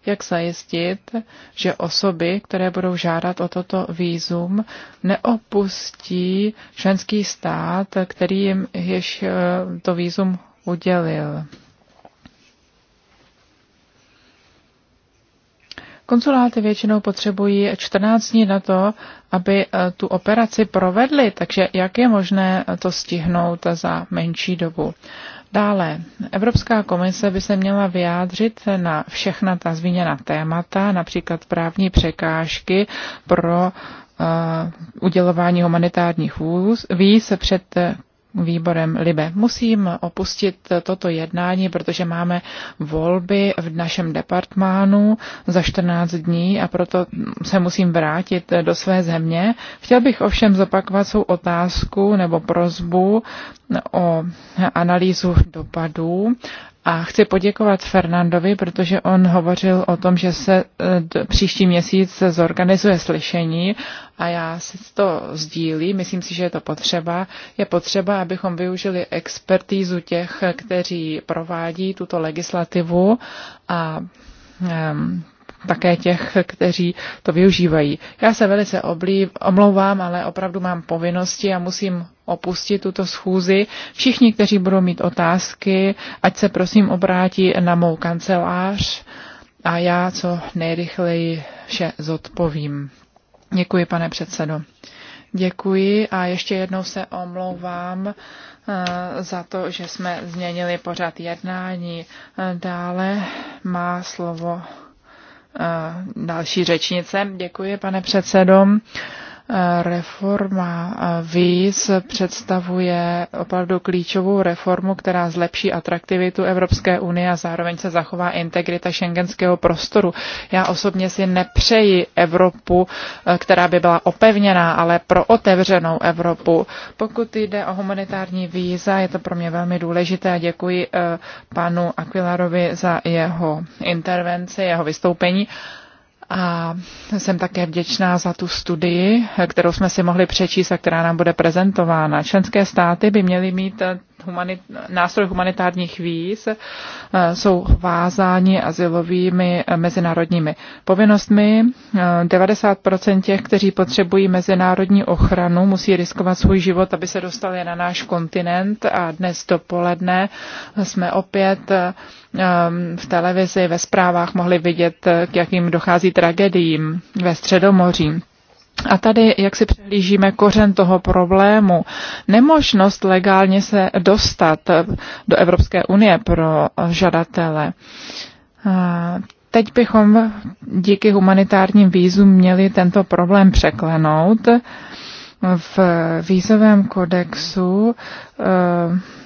jak zajistit, že osoby, které budou žádat o toto výzum, neopustí členský stát, který jim již eh, to výzum udělil. Konzuláty většinou potřebují 14 dní na to, aby eh, tu operaci provedli, takže jak je možné eh, to stihnout za menší dobu? Dále, Evropská komise by se měla vyjádřit na všechna ta zmíněná témata, například právní překážky pro eh, udělování humanitárních víz před výborem Libe. Musím opustit toto jednání, protože máme volby v našem departmánu za 14 dní a proto se musím vrátit do své země. Chtěl bych ovšem zopakovat svou otázku nebo prozbu o analýzu dopadů a chci poděkovat Fernandovi, protože on hovořil o tom, že se e, příští měsíc zorganizuje slyšení a já si to sdílí. Myslím si, že je to potřeba. Je potřeba, abychom využili expertízu těch, kteří provádí tuto legislativu a um, také těch, kteří to využívají. Já se velice oblí, omlouvám, ale opravdu mám povinnosti a musím opustit tuto schůzi. Všichni, kteří budou mít otázky, ať se prosím obrátí na mou kancelář a já co nejrychleji vše zodpovím. Děkuji, pane předsedo. Děkuji a ještě jednou se omlouvám eh, za to, že jsme změnili pořad jednání. Eh, dále má slovo eh, další řečnice. Děkuji, pane předsedo. Reforma víz představuje opravdu klíčovou reformu, která zlepší atraktivitu Evropské unie a zároveň se zachová integrita šengenského prostoru. Já osobně si nepřeji Evropu, e, která by byla opevněná, ale pro otevřenou Evropu. Pokud jde o humanitární víza, je to pro mě velmi důležité a děkuji e, panu Aquilarovi za jeho intervenci, jeho vystoupení. A jsem také vděčná za tu studii, kterou jsme si mohli přečíst a která nám bude prezentována. Členské státy by měly mít eh, humanit, nástroj humanitárních víz, eh, jsou vázáni asilovými eh, mezinárodními povinnostmi. 90% těch, kteří potřebují mezinárodní ochranu, musí riskovat svůj život, aby se dostali na náš kontinent a dnes dopoledne jsme opět Ehm, v televizi, ve zprávách mohli vidět, eh, k jakým dochází tragediím ve Středomoří. A tady, jak si přehlížíme kořen toho problému, nemožnost legálně se dostat eh, do Evropské unie pro žadatele. Eh, teď bychom díky humanitárním vízům měli tento problém překlenout v vízovém kodexu, eh,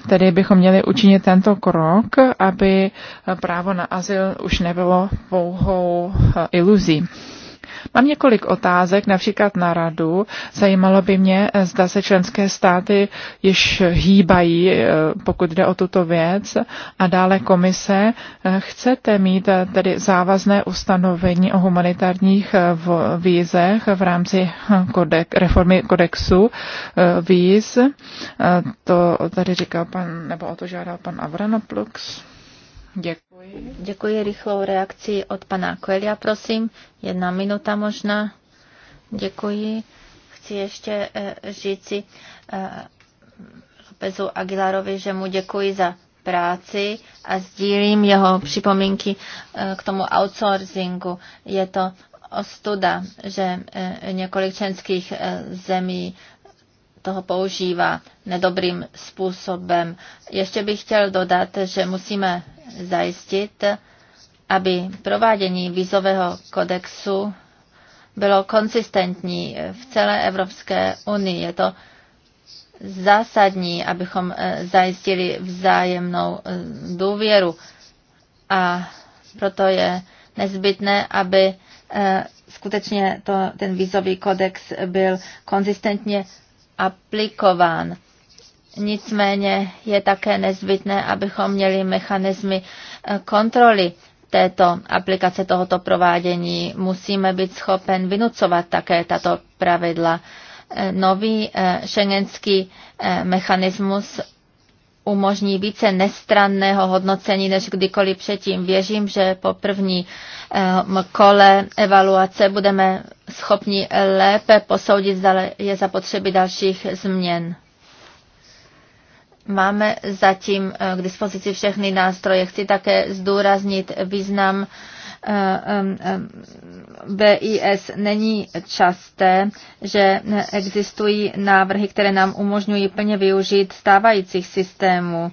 tedy bychom měli učinit tento krok, aby právo na azyl už nebylo pouhou eh, iluzí. Mám několik otázek, například na radu. Zajímalo by mě, eh, zda se členské státy již hýbají, eh, pokud jde o tuto věc. A dále komise, eh, chcete mít tedy závazné ustanovení o humanitárních vízech v rámci hm, kodek, reformy kodexu víz. To tady říkal pan, nebo o to žádal pan Avranoplux. Děkuji. Děkuji rychlou reakci od pana Koelia, prosím. Jedna minuta možná. Děkuji. Chci ještě eh, říci eh, Lopezu Aguilarovi, že mu děkuji za práci a sdílím jeho připomínky eh, k tomu outsourcingu. Je to ostuda, že několik členských zemí toho používá nedobrým způsobem. Ještě bych chtěl dodat, že musíme zajistit, aby provádění vízového kodexu bylo konsistentní v celé Evropské unii. Je to zásadní, abychom eh, zajistili vzájemnou eh, důvěru. A proto je nezbytné, aby eh, skutečně to, ten vízový kodex byl konzistentně aplikován. Nicméně je také nezbytné, abychom měli mechanismy eh, kontroly této aplikace, tohoto provádění. Musíme být schopen vynucovat také tato pravidla. Eh, nový šengenský eh, mechanismus umožní více nestranného hodnocení než kdykoliv předtím. Věřím, že po první kole evaluace budeme schopni lépe posoudit, zda je zapotřebí dalších změn. Máme zatím eh, k dispozici všechny nástroje. Chci také zdůraznit význam BIS eh, není časté, že existují návrhy, které nám umožňují plně využít stávajících systémů.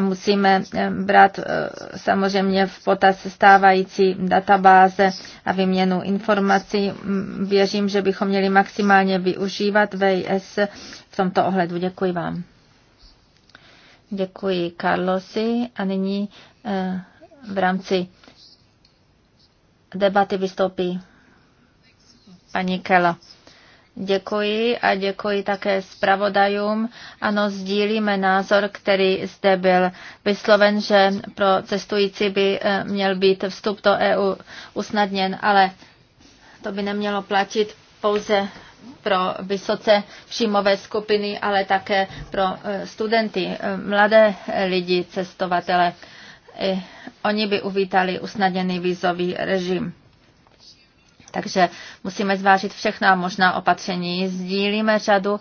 Musíme brát eh, samozřejmě v potaz stávající databáze a vyměnu informací. Věřím, že bychom měli maximálně využívat VIS v tomto ohledu. Děkuji vám. Děkuji Carlosi a nyní eh, v rámci debaty vystoupí paní Kela. Děkuji a děkuji také zpravodajům. Ano, sdílíme názor, který zde byl vysloven, že pro cestující by eh, měl být vstup do EU usnadněn, ale to by nemělo platit pouze pro vysoce příjmové skupiny, ale také pro e, studenty, e, mladé lidi, cestovatele. I oni by uvítali usnadněný vízový režim. Takže musíme zvážit všechna možná opatření. Sdílíme řadu uh,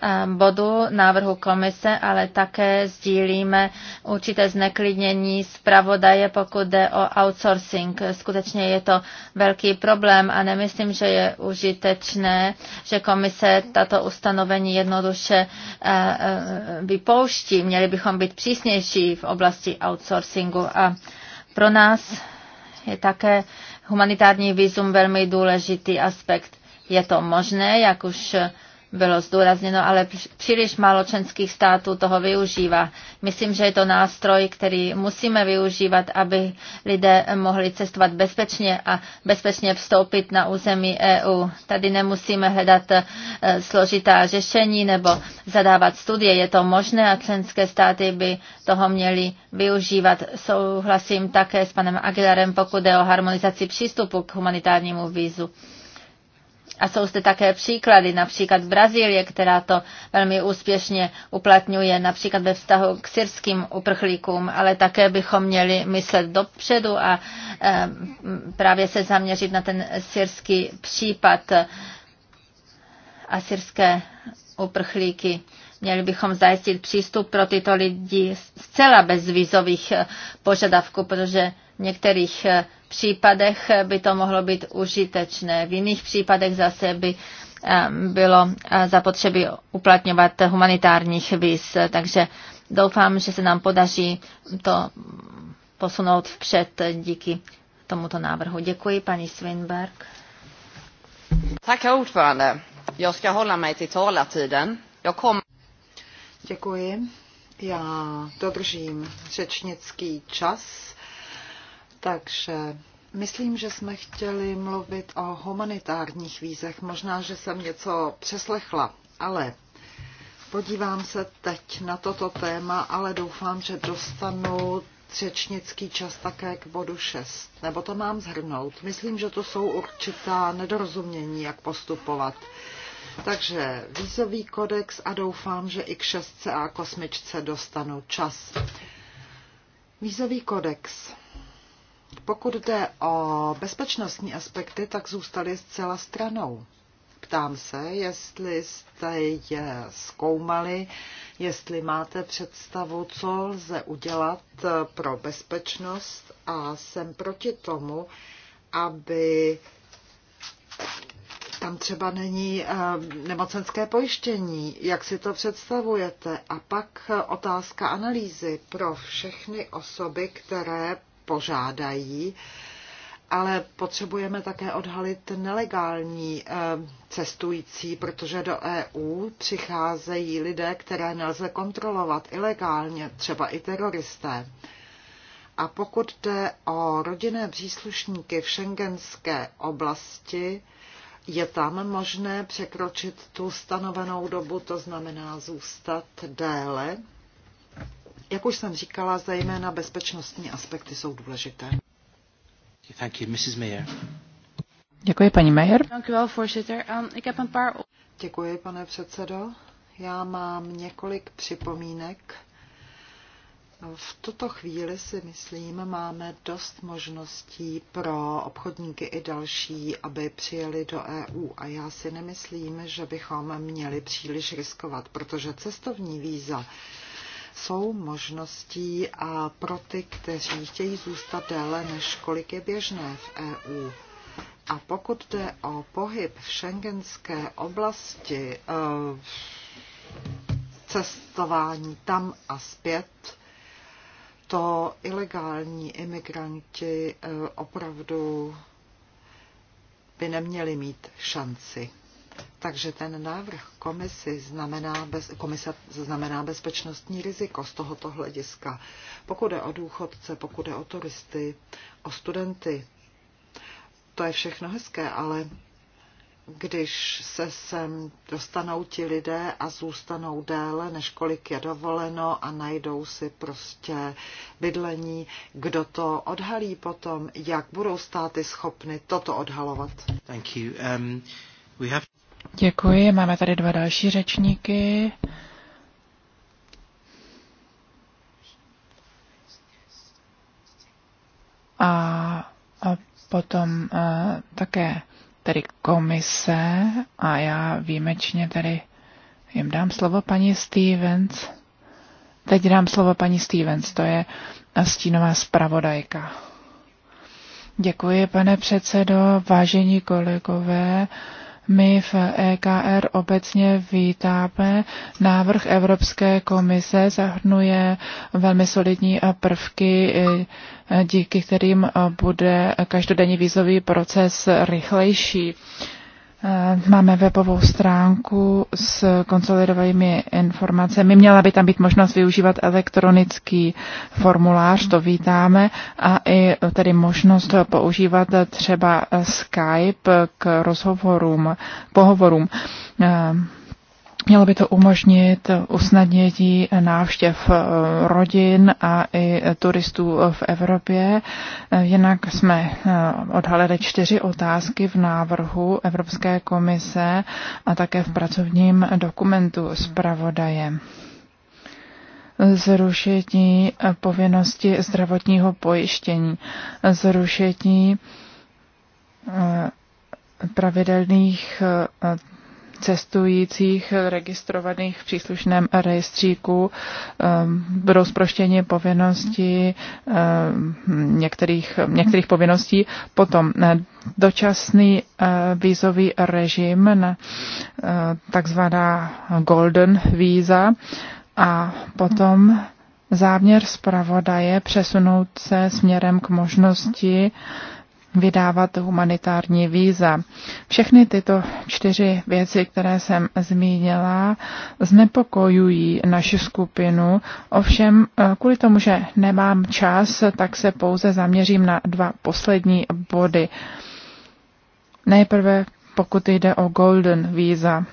Eh, bodu návrhu komise, ale také sdílíme určité zneklidnění zpravodaje, pokud jde o outsourcing. Skutečně je to velký problém a nemyslím, že je užitečné, že komise tato ustanovení jednoduše eh, eh, vypouští. Měli bychom být přísnější v oblasti outsourcingu a pro nás je také humanitární výzum velmi důležitý aspekt. Je to možné, jak už bylo zdůrazněno, ale příliš málo členských států toho využívá. Myslím, že je to nástroj, který musíme využívat, aby lidé mohli cestovat bezpečně a bezpečně vstoupit na území EU. Tady nemusíme hledat e, složitá řešení nebo zadávat studie. Je to možné a členské státy by toho měly využívat. Souhlasím také s panem Aguilarem, pokud jde o harmonizaci přístupu k humanitárnímu vízu. A jsou zde také příklady, například Brazílie, která to velmi úspěšně uplatňuje, například ve vztahu k syrským uprchlíkům, ale také bychom měli myslet dopředu a e, právě se zaměřit na ten syrský případ a syrské uprchlíky. Měli bychom zajistit přístup pro tyto lidi zcela bez vízových eh, požadavků, protože v některých eh, případech eh, by to mohlo být užitečné, v jiných případech zase by ehm, bylo eh, zapotřebí uplatňovat humanitárních víz. Takže doufám, že se nám podaří to posunout vpřed díky tomuto návrhu. Děkuji, paní Svinberg. Tak, ordförande. Jag ska hålla mig till talartiden. Jag kom... Děkuji. Já dodržím řečnický čas. Takže myslím, že jsme chtěli mluvit o humanitárních vízech. Možná, že jsem něco přeslechla, ale podívám se teď na toto téma, ale doufám, že dostanu třečnický čas také k bodu 6. Nebo to mám zhrnout. Myslím, že to jsou určitá nedorozumění, jak postupovat. Takže vízový kodex a doufám, že i k šestce a kosmičce dostanu čas. Vízový kodex. Pokud jde o bezpečnostní aspekty, tak zůstaly zcela stranou. Ptám se, jestli jste je zkoumali, jestli máte představu, co lze udělat pro bezpečnost a jsem proti tomu, aby tam třeba není eh, nemocenské pojištění. Jak si to představujete? A pak otázka analýzy pro všechny osoby, které požádají, ale potřebujeme také odhalit nelegální eh, cestující, protože do EU přicházejí lidé, které nelze kontrolovat ilegálně, třeba i teroristé. A pokud jde o rodinné příslušníky v šengenské oblasti, je tam možné překročit tu stanovenou dobu, to znamená zůstat déle jak už jsem říkala, zejména bezpečnostní aspekty jsou důležité. Thank you, Mrs. Mayer. Děkuji, paní Mayer. Ehm, Děkuji, pane předsedo. Já mám několik připomínek. V tuto chvíli si myslím, máme dost možností pro obchodníky i další, aby přijeli do EU. A já si nemyslím, že bychom měli příliš riskovat, protože cestovní víza jsou možností a pro ty, kteří chtějí zůstat déle, než kolik je běžné v EU. A pokud jde o pohyb v šengenské oblasti, eh, cestování tam a zpět, to ilegální imigranti eh, opravdu by neměli mít šanci. Takže ten návrh komisi znamená bez, komise znamená bezpečnostní riziko z tohoto hlediska. Pokud je o důchodce, pokud je o turisty, o studenty, to je všechno hezké, ale když se sem dostanou ti lidé a zůstanou déle, než kolik je dovoleno a najdou si prostě bydlení, kdo to odhalí potom, jak budou státy schopny toto odhalovat. Thank you. Um, we have... Děkuji, máme tady dva další řečníky. A, a potom a, také tedy komise a já výjimečně tady jim dám slovo paní Stevens. Teď dám slovo paní Stevens, to je stínová zpravodajka. Děkuji, pane předsedo, vážení kolegové. My v EKR obecně vítáme. Návrh Evropské komise zahrnuje velmi solidní prvky, e, díky kterým e, bude každodenní výzový proces rychlejší. Eh, máme webovou stránku s konsolidovanými informacemi. Měla by tam být možnost využívat elektronický formulář, to vítáme, a i tedy možnost používat třeba Skype k rozhovorům, pohovorům. Eh, Mělo by to umožnit usnadnění návštěv eh, rodin a i turistů eh, v Evropě. Eh, jinak jsme odhalili čtyři otázky v návrhu Evropské komise a také v pracovním dokumentu zpravodaje zrušení povinnosti zdravotního pojištění, zrušení pravidelných cestujících registrovaných v příslušném rejstříku ehm, budou zproštěni povinnosti ehm, některých, některých povinností. Potom eh, dočasný eh, vízový režim, eh, takzvaná golden víza a potom záměr zpravodaje přesunout se směrem k možnosti uh, vydávat humanitární víza. Všechny tyto čtyři věci, které jsem zmínila, znepokojují naši skupinu. Ovšem, eh, kvůli tomu, že nemám čas, tak se pouze zaměřím na dva poslední body. Nejprve, pokud jde o Golden Visa.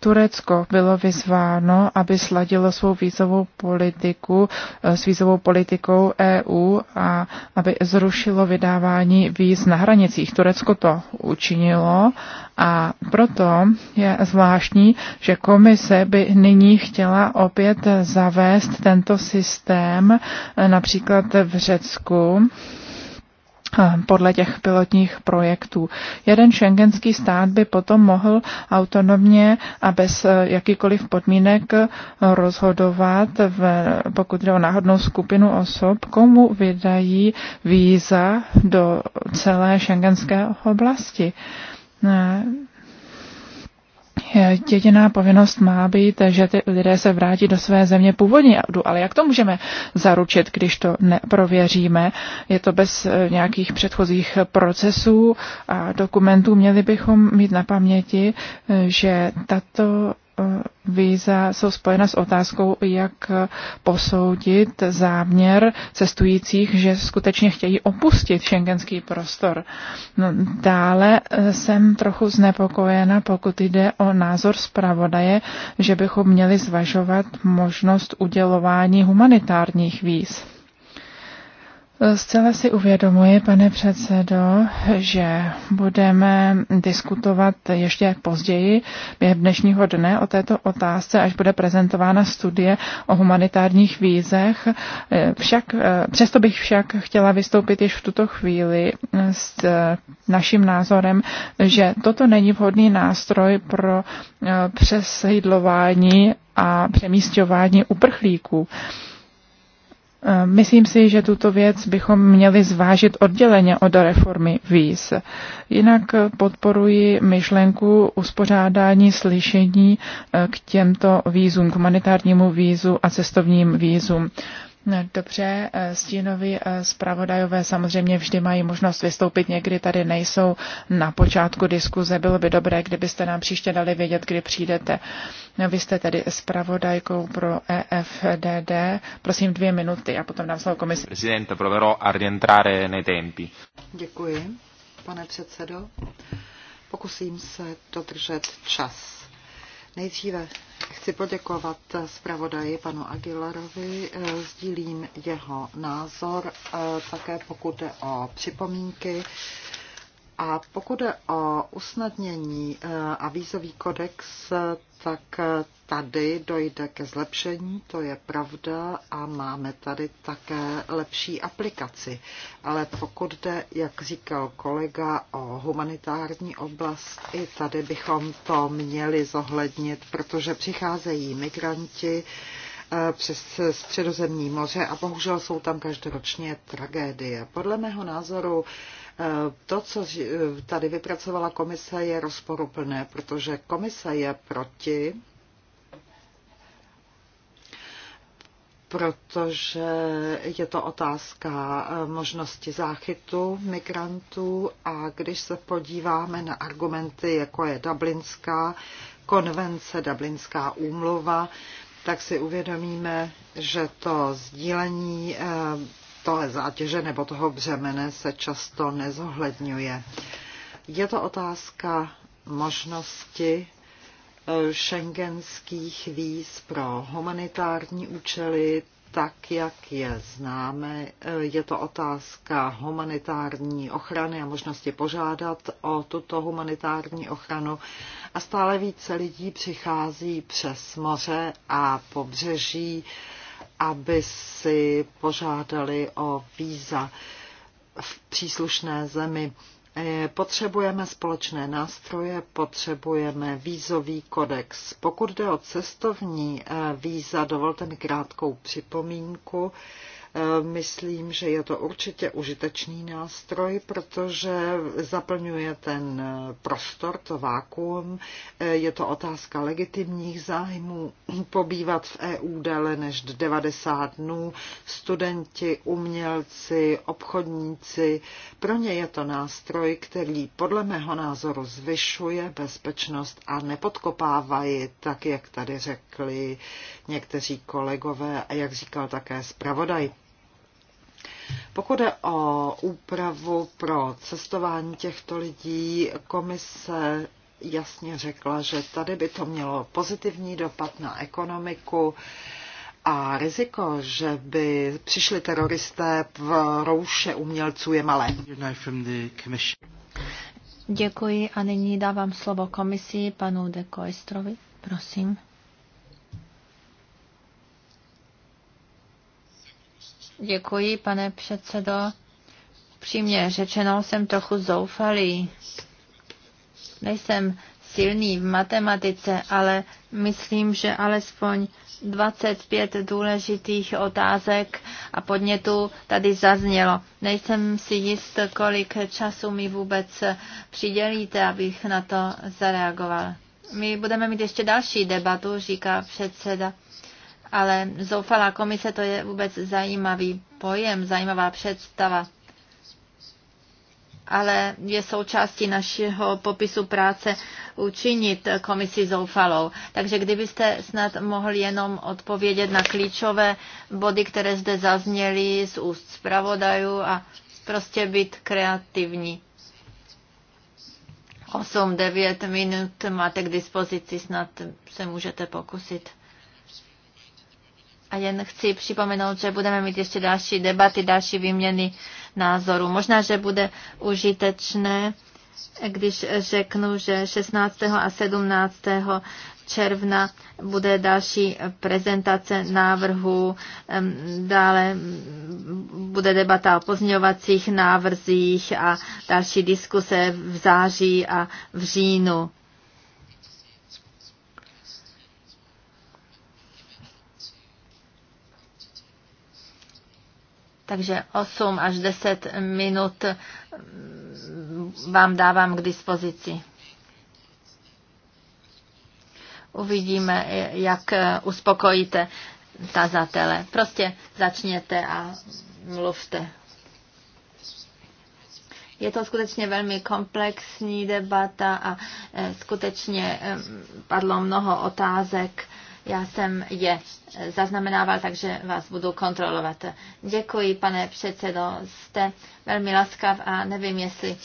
Turecko bylo vyzváno, aby sladilo svou vízovou politiku eh, s vízovou politikou EU a aby zrušilo vydávání víz na hranicích. Turecko to učinilo a proto je zvláštní, že komise by nyní chtěla opět zavést tento systém eh, například v Řecku podle těch pilotních projektů. Jeden šengenský stát by potom mohl autonomně a bez eh, jakýkoliv podmínek rozhodovat, v, pokud jde o náhodnou skupinu osob, komu vydají víza do celé šengenské oblasti. Eh, jediná povinnost má být, že ty lidé se vrátí do své země původní, ale jak to můžeme zaručit, když to neprověříme? Je to bez eh, nějakých předchozích procesů a dokumentů. Měli bychom mít na paměti, eh, že tato víza jsou spojena s otázkou, jak posoudit záměr cestujících, že skutečně chtějí opustit šengenský prostor. No, dále jsem trochu znepokojena, pokud jde o názor zpravodaje, že bychom měli zvažovat možnost udělování humanitárních víz. Zcela si uvědomuji, pane předsedo, že budeme diskutovat ještě později během dnešního dne o této otázce, až bude prezentována studie o humanitárních vízech. Však, přesto bych však chtěla vystoupit již v tuto chvíli s naším názorem, že toto není vhodný nástroj pro eh, přesídlování a přemístování uprchlíků. Eh, myslím si, že tuto věc bychom měli zvážit odděleně od reformy víz. Jinak podporuji myšlenku uspořádání slyšení eh, k těmto vízům, k humanitárnímu vízu a cestovním vízům. Eh, dobře, stínovi zpravodajové samozřejmě vždy mají možnost vystoupit, někdy tady nejsou na počátku diskuze. Bylo by dobré, kdybyste nám příště dali vědět, kdy přijdete. Vy jste tedy zpravodajkou pro EFDD. Prosím dvě minuty a potom dám slovo komisi. Presidente, proverò a rientrare nei tempi. Děkuji, pane předsedo. Pokusím se dodržet čas. Nejdříve chci poděkovat zpravodaji panu Aguilarovi, sdílím jeho názor, eh, také pokud jde o připomínky a pokud je o usnadnění eh, a vízový kodex, tak tady dojde ke zlepšení, to je pravda, a máme tady také lepší aplikaci. Ale pokud jde, jak říkal kolega, o humanitární oblast, i tady bychom to měli zohlednit, protože přicházejí migranti eh, přes středozemní moře a bohužel jsou tam každoročně tragédie. Podle mého názoru to, co tady vypracovala komise, je rozporuplné, protože komise je proti protože je to otázka eh, možnosti záchytu migrantů a když se podíváme na argumenty, jako je Dublinská konvence, Dublinská úmluva, tak si uvědomíme, že to sdílení eh, tohle zátěže nebo toho břemene se často nezohledňuje. Je to otázka možnosti eh, šengenských víz pro humanitární účely, tak, jak je známe. Eh, je to otázka humanitární ochrany a možnosti požádat o tuto humanitární ochranu. A stále více lidí přichází přes moře a pobřeží aby si požádali o víza v příslušné zemi. Potřebujeme společné nástroje, potřebujeme vízový kodex. Pokud jde o cestovní eh, víza, dovolte mi krátkou připomínku. Myslím, že je to určitě užitečný nástroj, protože zaplňuje ten prostor, to vákuum. Je to otázka legitimních zájmů. Pobývat v EU déle než 90 dnů, studenti, umělci, obchodníci. Pro ně je to nástroj, který podle mého názoru zvyšuje bezpečnost a nepodkopávají, tak jak tady řekli někteří kolegové a jak říkal také zpravodaj. Pokud je o úpravu pro cestování těchto lidí, komise jasně řekla, že tady by to mělo pozitivní dopad na ekonomiku a riziko, že by přišli teroristé v rouše umělců je malé. Děkuji a nyní dávám slovo komisi panu De Prosím. Děkuji, pane předsedo. Přímě řečeno jsem trochu zoufalý. Nejsem silný v matematice, ale myslím, že alespoň 25 důležitých otázek a podnětů tady zaznělo. Nejsem si jist, kolik času mi vůbec přidělíte, abych na to zareagoval. My budeme mít ještě další debatu, říká předseda ale zoufalá komise to je vůbec zajímavý pojem, zajímavá představa ale je součástí našeho popisu práce učinit komisi zoufalou. Takže kdybyste snad mohl jenom odpovědět na klíčové body, které zde zazněly z úst zpravodajů a prostě být kreativní. 8-9 minut máte k dispozici, snad se můžete pokusit. A jen chci připomenout, že budeme mít ještě další debaty, další výměny názorů. Možná, že bude užitečné, když řeknu, že 16. a 17 června bude další prezentace návrhu, dále bude debata o pozměňovacích návrzích a další diskuse v září a v říjnu. Takže 8 až 10 minut vám dávám k dispozici. Uvidíme, jak uspokojíte tazatele. Prostě začněte a mluvte. Je to skutečně velmi komplexní debata a eh, skutečně eh, padlo mnoho otázek já jsem je eh, zaznamenával, takže vás budu kontrolovat. Děkuji, pane předsedo, jste velmi laskav a nevím, jestli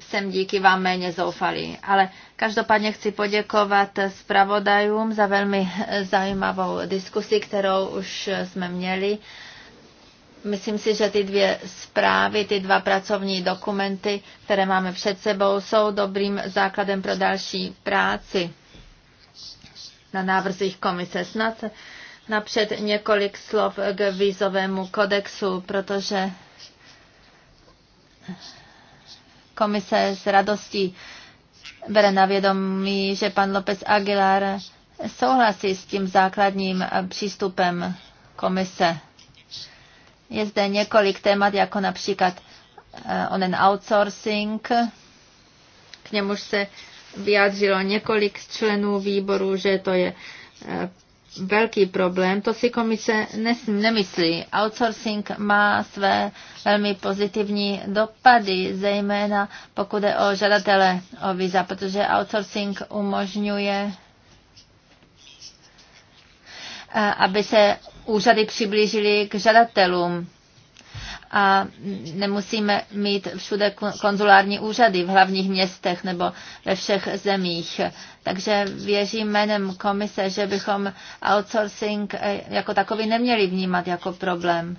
jsem díky vám méně zoufalý. Ale každopádně chci poděkovat zpravodajům za velmi eh, zajímavou diskusi, kterou už eh, jsme měli. Myslím si, že ty dvě zprávy, ty dva pracovní dokumenty, které máme před sebou, jsou dobrým základem pro další práci na návrzích komise. Snad napřed několik slov k vízovému kodexu, protože komise s radostí bere na vědomí, že pan López Aguilar souhlasí s tím základním přístupem komise. Je zde několik témat, jako například eh, onen outsourcing, k němuž se vyjádřilo několik členů výboru, že to je eh, velký problém. To si komise nemyslí. Outsourcing má své velmi pozitivní dopady, zejména pokud je o žadatele o víza, protože outsourcing umožňuje eh, aby se úřady přiblížily k žadatelům a nemusíme mít všude konzulární úřady v hlavních městech nebo ve všech zemích. Takže věřím jménem komise, že bychom outsourcing eh, jako takový neměli vnímat jako problém.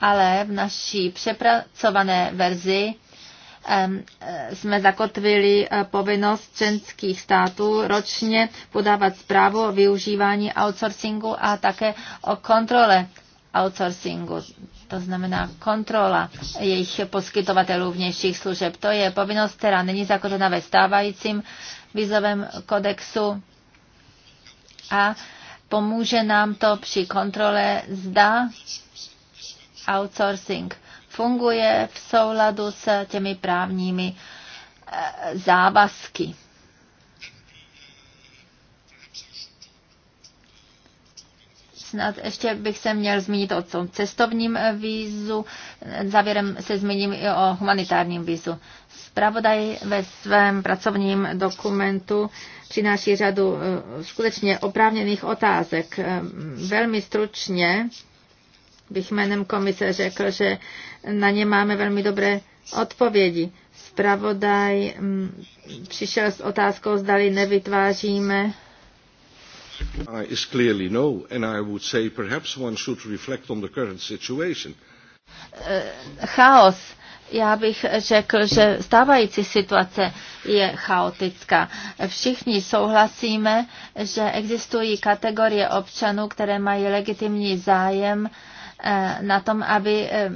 Ale v naší přepracované verzi eh, jsme zakotvili eh, povinnost členských států ročně podávat zprávu o využívání outsourcingu a také o kontrole outsourcingu to znamená kontrola jejich poskytovatelů vnějších služeb. To je povinnost, která není zakořena ve stávajícím vizovém kodexu a pomůže nám to při kontrole, zda outsourcing funguje v souladu s těmi právními eh, závazky. Snad ještě bych se měl zmínit o tom cestovním eh, vízu, závěrem se zmíním i o humanitárním vízu. Spravodaj ve svém pracovním dokumentu přináší řadu eh, skutečně oprávněných otázek. Eh, velmi stručně bych jménem komise řekl, že na ně máme velmi dobré odpovědi. Spravodaj mm, přišel s otázkou, zdali nevytváříme Is clearly no, and I would say perhaps one should reflect on the current situation. Eh, chaos. Já bych řekl, že stávající situace je chaotická. Všichni souhlasíme, že existují kategorie občanů, které mají legitimní zájem eh, na tom, aby eh,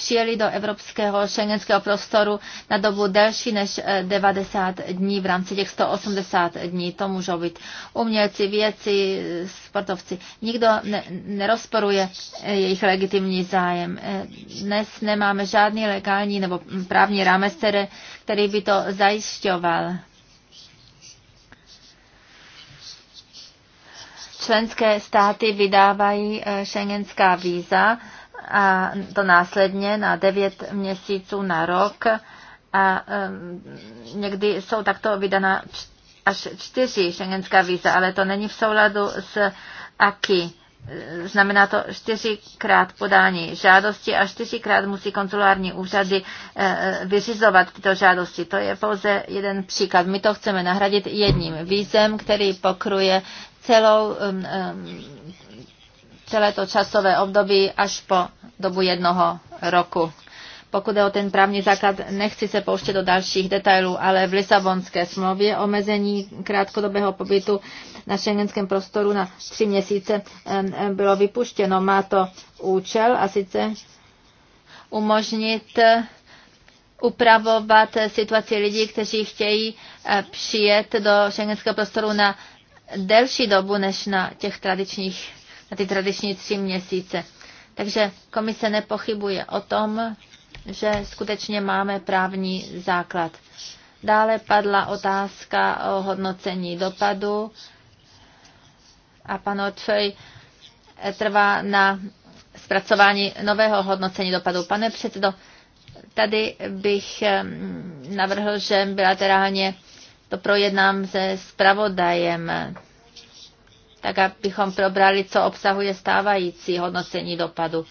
přijeli do evropského šengenského prostoru na dobu delší než 90 eh, dní v rámci těch 180 dní. To můžou být umělci, věci, sportovci. Nikdo ne, nerozporuje eh, jejich legitimní zájem. Eh, dnes nemáme žádný legální nebo právní rámec, který, by to zajišťoval. Členské státy vydávají šengenská víza a to následně na devět měsíců na rok a někdy jsou takto vydána až čtyři šengenská víza, ale to není v souladu s AKI. Znamená to čtyřikrát podání žádosti a čtyřikrát musí konzulární úřady eh, vyřizovat tyto žádosti. To je pouze jeden příklad. My to chceme nahradit jedním vízem, který pokruje celou celé to časové období až po dobu jednoho roku. Pokud je o ten právní základ, nechci se pouštět do dalších detailů, ale v Lisabonské smlouvě omezení krátkodobého pobytu na šengenském prostoru na tři měsíce bylo vypuštěno. Má to účel a sice umožnit eh, upravovat situaci lidí, kteří chtějí eh, přijet do šengenského prostoru na delší dobu než na těch tradičních na ty tradiční tři měsíce. Takže komise nepochybuje o tom, že skutečně máme právní základ. Dále padla otázka o hodnocení dopadu a pan Očej eh, trvá na zpracování nového hodnocení dopadu. Pane předsedo, tady bych navrhl, že bilaterálně to projednám se zpravodajem tak abychom probrali, co obsahuje stávající hodnocení dopadu.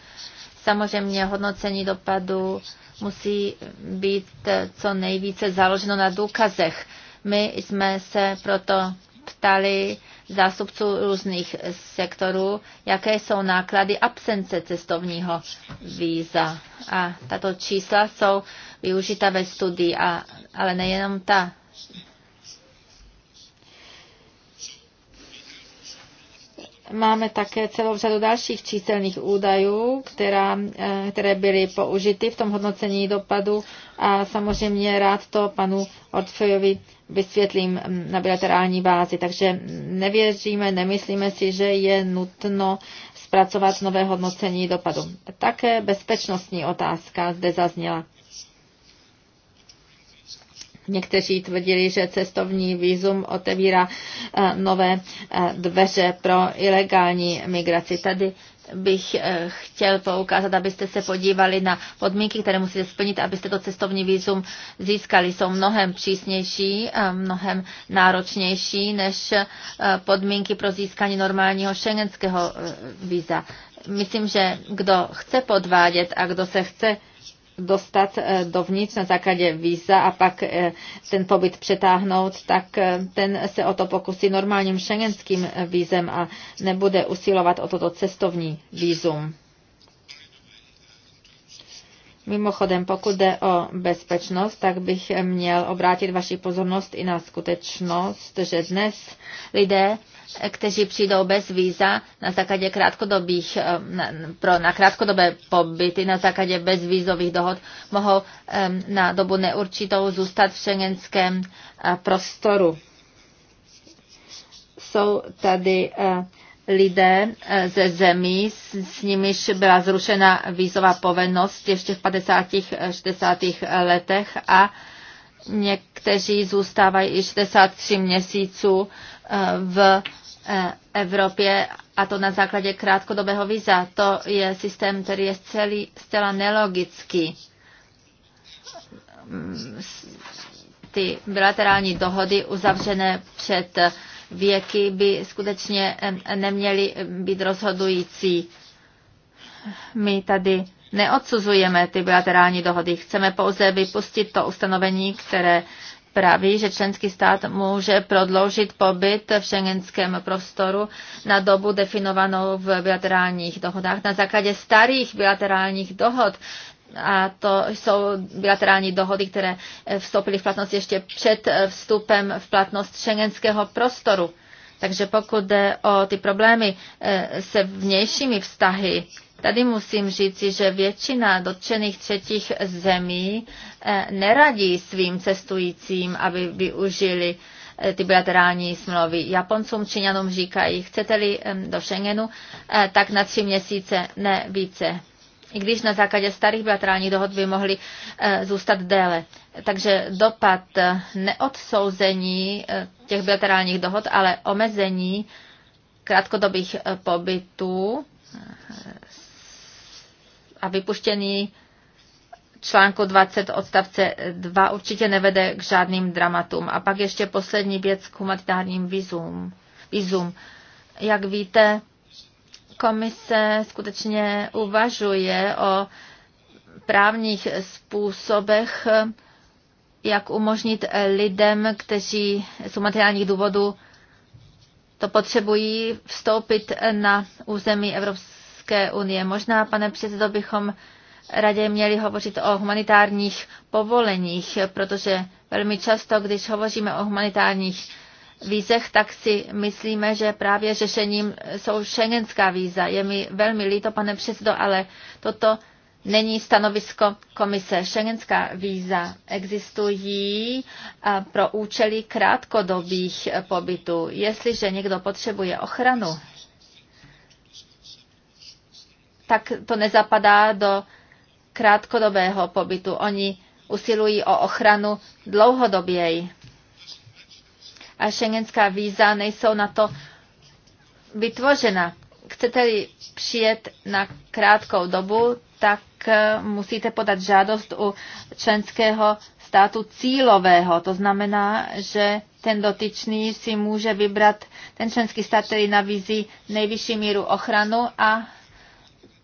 Samozřejmě hodnocení dopadu musí být co nejvíce založeno na důkazech. My jsme se proto ptali zástupců různých sektorů, jaké jsou náklady absence cestovního víza. A tato čísla jsou využita ve studii, a, ale nejenom ta Máme také celou řadu dalších číselných údajů, která, eh, které byly použity v tom hodnocení dopadu a samozřejmě rád to panu Ortfejovi vysvětlím mm, na bilaterální bázi. Takže nevěříme, nemyslíme si, že je nutno zpracovat nové hodnocení dopadu. Také bezpečnostní otázka zde zazněla. Někteří tvrdili, že cestovní výzum otevírá eh, nové eh, dveře pro ilegální migraci. Tady bych eh, chtěl poukázat, abyste se podívali na podmínky, které musíte splnit, abyste to cestovní výzum získali. Jsou mnohem přísnější, mnohem náročnější než podmínky pro získání normálního šengenského víza. Myslím, že kdo chce podvádět a kdo se chce dostat eh, dovnitř na základě víza a pak eh, ten pobyt přetáhnout, tak eh, ten se o to pokusí normálním šengenským vízem a nebude usilovat o toto cestovní vízum. Mimochodem, pokud jde o bezpečnost, tak bych měl obrátit vaši pozornost i na skutečnost, že dnes lidé, kteří přijdou bez víza na základě krátkodobých, eh, na, pro, na krátkodobé pobyty, na základě bezvízových dohod, mohou na dobu neurčitou zůstat v šengenském eh, prostoru. Jsou tady eh, lidé eh, ze zemí, s nimiž byla zrušena vízová povinnost ještě v 50. 60. Eh, eh, letech a někteří zůstávají i 63 měsíců v Evropě a to na základě krátkodobého víza. To je systém, který je celý, zcela nelogický. Mm, ty bilaterální dohody uzavřené před věky by skutečně neměly být rozhodující. My tady neodsuzujeme ty bilaterální dohody. Chceme pouze vypustit to ustanovení, které praví, že členský stát může prodloužit pobyt v šengenském prostoru na dobu definovanou v bilaterálních dohodách. Na základě starých bilaterálních dohod a to jsou bilaterální dohody, které eh, vstoupily v platnost ještě před eh, vstupem v platnost šengenského prostoru. Takže pokud jde o ty problémy eh, se vnějšími vztahy, tady musím říci, že většina dotčených třetích zemí neradí svým cestujícím, aby využili ty bilaterální smlouvy. Japoncům, Číňanům říkají, chcete-li do Schengenu, tak na tři měsíce, ne více i když na základě starých bilaterálních dohod by mohly eh, zůstat déle. Takže dopad eh, neodsouzení eh, těch bilaterálních dohod, ale omezení krátkodobých pobytů a vypuštění článku 20 odstavce 2 určitě nevede k žádným dramatům. A pak ještě poslední věc k humanitárním vizům. vizům. Jak víte, komise skutečně uvažuje o právních způsobech, jak umožnit lidem, kteří z materiálních důvodů to potřebují, vstoupit na území Evropské unie. Možná, pane předsedo, bychom raději měli hovořit o humanitárních povoleních, protože velmi často, když hovoříme o humanitárních vízech, tak si myslíme, že právě řešením jsou šengenská víza. Je mi velmi líto, pane předsedo, ale toto není stanovisko komise. Šengenská víza existují pro účely krátkodobých pobytů. Jestliže někdo potřebuje ochranu, tak to nezapadá do krátkodobého pobytu. Oni usilují o ochranu dlouhodoběji a šengenská víza nejsou na to vytvořena. Chcete-li přijet na krátkou dobu, tak eh, musíte podat žádost u členského státu cílového. To znamená, že ten dotyčný si může vybrat ten členský stát, který nabízí nejvyšší míru ochranu a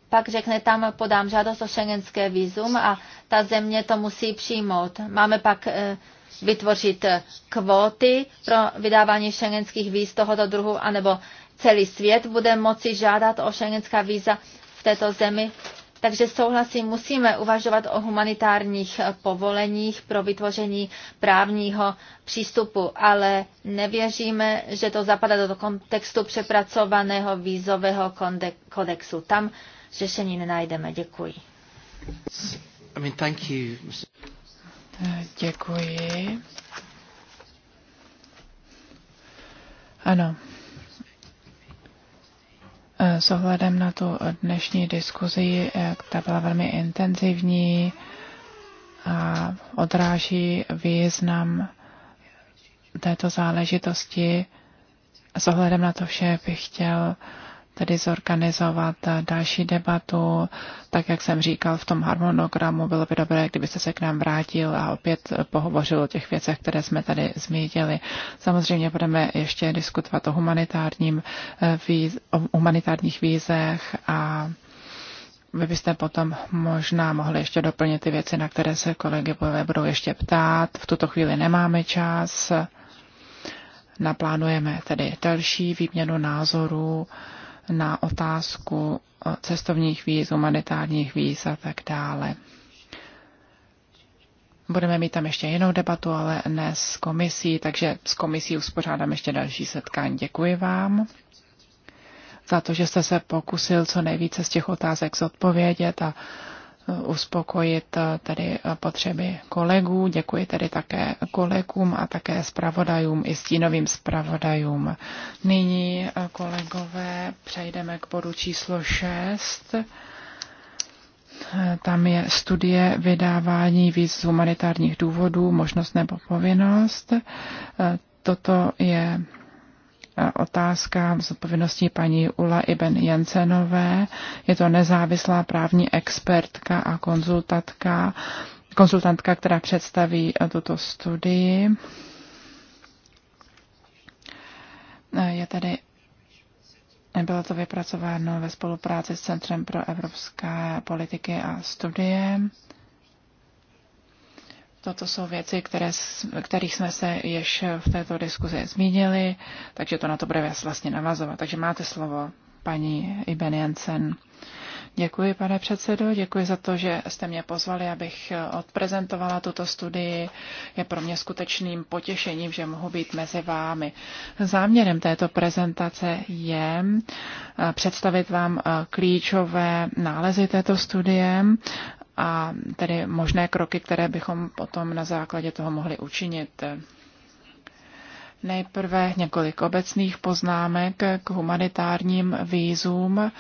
pak řekne, tam podám žádost o šengenské vízum a ta země to musí přijmout. Máme pak eh, vytvořit eh, kvóty pro vydávání šengenských víz tohoto druhu, anebo celý svět bude moci žádat o šengenská víza v této zemi. Takže souhlasím, musíme uvažovat o humanitárních eh, povoleních pro vytvoření právního přístupu, ale nevěříme, že to zapadá do kontextu přepracovaného vízového kodexu. Tam řešení nenajdeme. Děkuji. I mean, thank you. Děkuji. Ano. S ohledem na tu dnešní diskuzi, eh, ta byla velmi intenzivní a odráží význam této záležitosti. S ohledem na to vše bych chtěl tedy zorganizovat eh, další debatu. Tak, jak jsem říkal v tom harmonogramu, bylo by dobré, kdybyste se k nám vrátil a opět eh, pohovořil o těch věcech, které jsme tady zmínili. Samozřejmě budeme ještě diskutovat o, humanitárním, eh, o humanitárních vízech a vy byste potom možná mohli ještě doplnit ty věci, na které se kolegové budou ještě ptát. V tuto chvíli nemáme čas. Naplánujeme tedy další výměnu názorů na otázku eh, cestovních víz, humanitárních víz a tak dále. Budeme mít tam ještě jinou debatu, ale ne s komisí, takže s komisí uspořádám ještě další setkání. Děkuji vám za to, že jste se pokusil co nejvíce z těch otázek zodpovědět a uspokojit eh, tady eh, potřeby kolegů. Děkuji tedy také kolegům a také zpravodajům i stínovým zpravodajům. Nyní, eh, kolegové, přejdeme k bodu číslo 6. Tam je studie vydávání víz z humanitárních důvodů, možnost nebo povinnost. Toto je otázka z odpovědnosti paní Ula Iben Jensenové. Je to nezávislá právní expertka a konzultantka, konzultantka která představí eh, tuto studii. Eh, je tady bylo to vypracováno ve spolupráci s Centrem pro evropské politiky a studie. Toto jsou věci, které, kterých jsme se již v této diskuzi zmínili, takže to na to bude vlastně navazovat. Takže máte slovo, paní Iben Jensen. Děkuji, pane předsedo, děkuji za to, že jste mě pozvali, abych odprezentovala tuto studii. Je pro mě skutečným potěšením, že mohu být mezi vámi. Záměrem této prezentace je eh, představit vám eh, klíčové nálezy této studie a tedy možné kroky, které bychom potom na základě toho mohli učinit. Nejprve několik obecných poznámek k humanitárním výzům.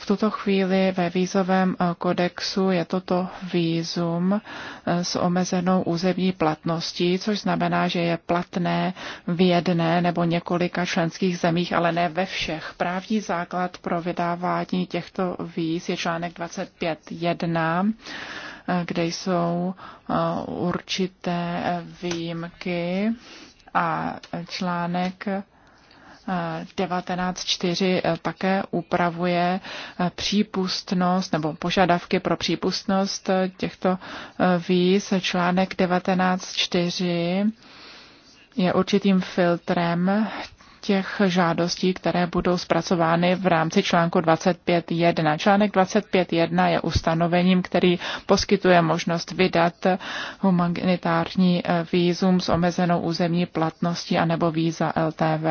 V tuto chvíli ve vízovém eh, kodexu je toto vízum eh, s omezenou územní platností, což znamená, že je platné v jedné nebo několika členských zemích, ale ne ve všech. Právní základ pro vydávání těchto víz je článek 25.1 eh, kde jsou určité výjimky a článek 19.4 eh, také upravuje eh, přípustnost nebo požadavky pro přípustnost eh, těchto víz. Článek 19.4 je určitým filtrem těch žádostí, které budou zpracovány v rámci článku 25.1. Článek 25.1 je ustanovením, který poskytuje možnost vydat humanitární výzum s omezenou územní platností anebo víza LTV.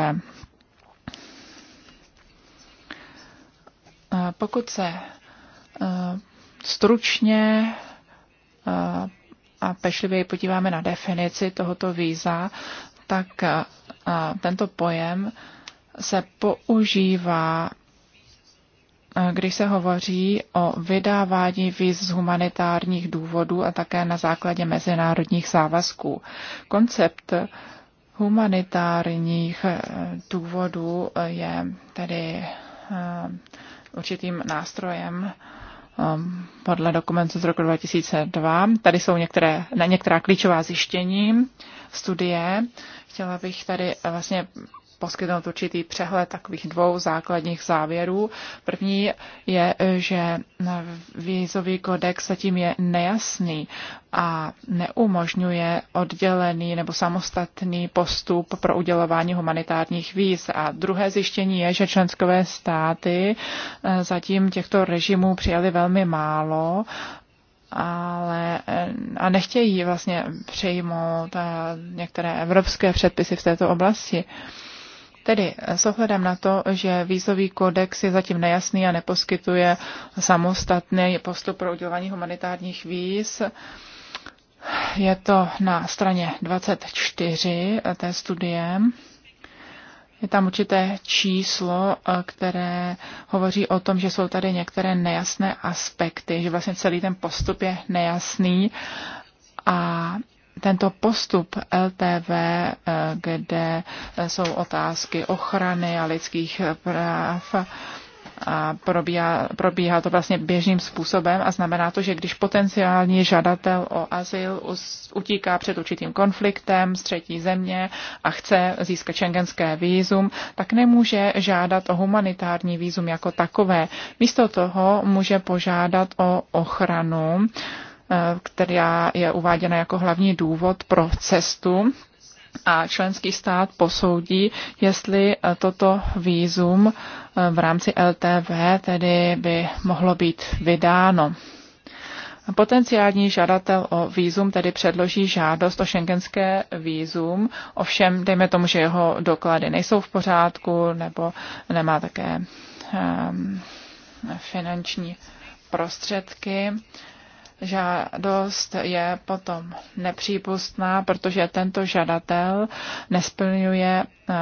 Eh, pokud se eh, stručně eh, a pešlivě podíváme na definici tohoto víza, tak tento pojem se používá, když se hovoří o vydávání víz z humanitárních důvodů a také na základě mezinárodních závazků. Koncept humanitárních důvodů je tedy určitým nástrojem um, podle dokumentu z roku 2002. Tady jsou některé, některá klíčová zjištění studie. Chtěla bych tady vlastně poskytnout určitý přehled takových dvou základních závěrů. První je, že vízový kodex zatím je nejasný a neumožňuje oddělený nebo samostatný postup pro udělování humanitárních víz. A druhé zjištění je, že členské státy eh, zatím těchto režimů přijali velmi málo ale eh, a nechtějí vlastně přejmout eh, některé evropské předpisy v této oblasti. Uh, Tedy s ohledem na to, že vízový kodex je zatím nejasný a neposkytuje samostatný postup pro udělování humanitárních víz, je to na straně 24 té studie. Je tam určité číslo, které hovoří o tom, že jsou tady některé nejasné aspekty, že vlastně celý ten postup je nejasný a tento postup LTV, eh, kde eh, jsou otázky ochrany a lidských práv, a probíhá, probíhá to vlastně běžným způsobem a znamená to, že když potenciální žadatel o azyl utíká před určitým konfliktem z třetí země a chce získat šengenské výzum, tak nemůže žádat o humanitární výzum jako takové. Místo toho může požádat o ochranu Eh, která je uváděna jako hlavní důvod pro cestu a členský stát posoudí, jestli eh, toto výzum eh, v rámci LTV tedy by mohlo být vydáno. Potenciální žadatel o výzum tedy předloží žádost o šengenské výzum, ovšem dejme tomu, že jeho doklady nejsou v pořádku nebo nemá také um, finanční prostředky. Uh, žádost je potom nepřípustná, protože tento žadatel nesplňuje eh,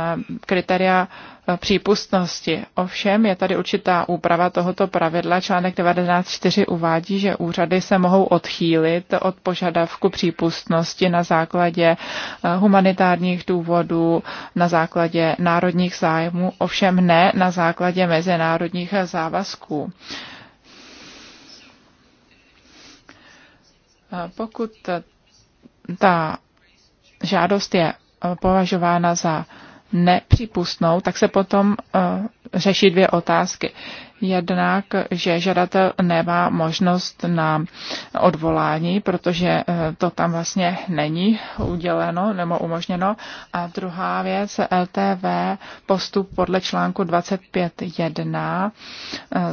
kritéria eh, přípustnosti. Ovšem je tady určitá úprava tohoto pravidla. Článek 19.4 uvádí, že úřady se mohou odchýlit od požadavku přípustnosti na základě eh, humanitárních důvodů, na základě národních zájmů, ovšem ne na základě mezinárodních závazků. Pokud ta žádost je eh, považována za nepřípustnou, tak se potom eh, řeší dvě otázky. Jednak, že žadatel nemá možnost na odvolání, protože eh, to tam vlastně není uděleno nebo umožněno. A druhá věc, LTV postup podle článku 25.1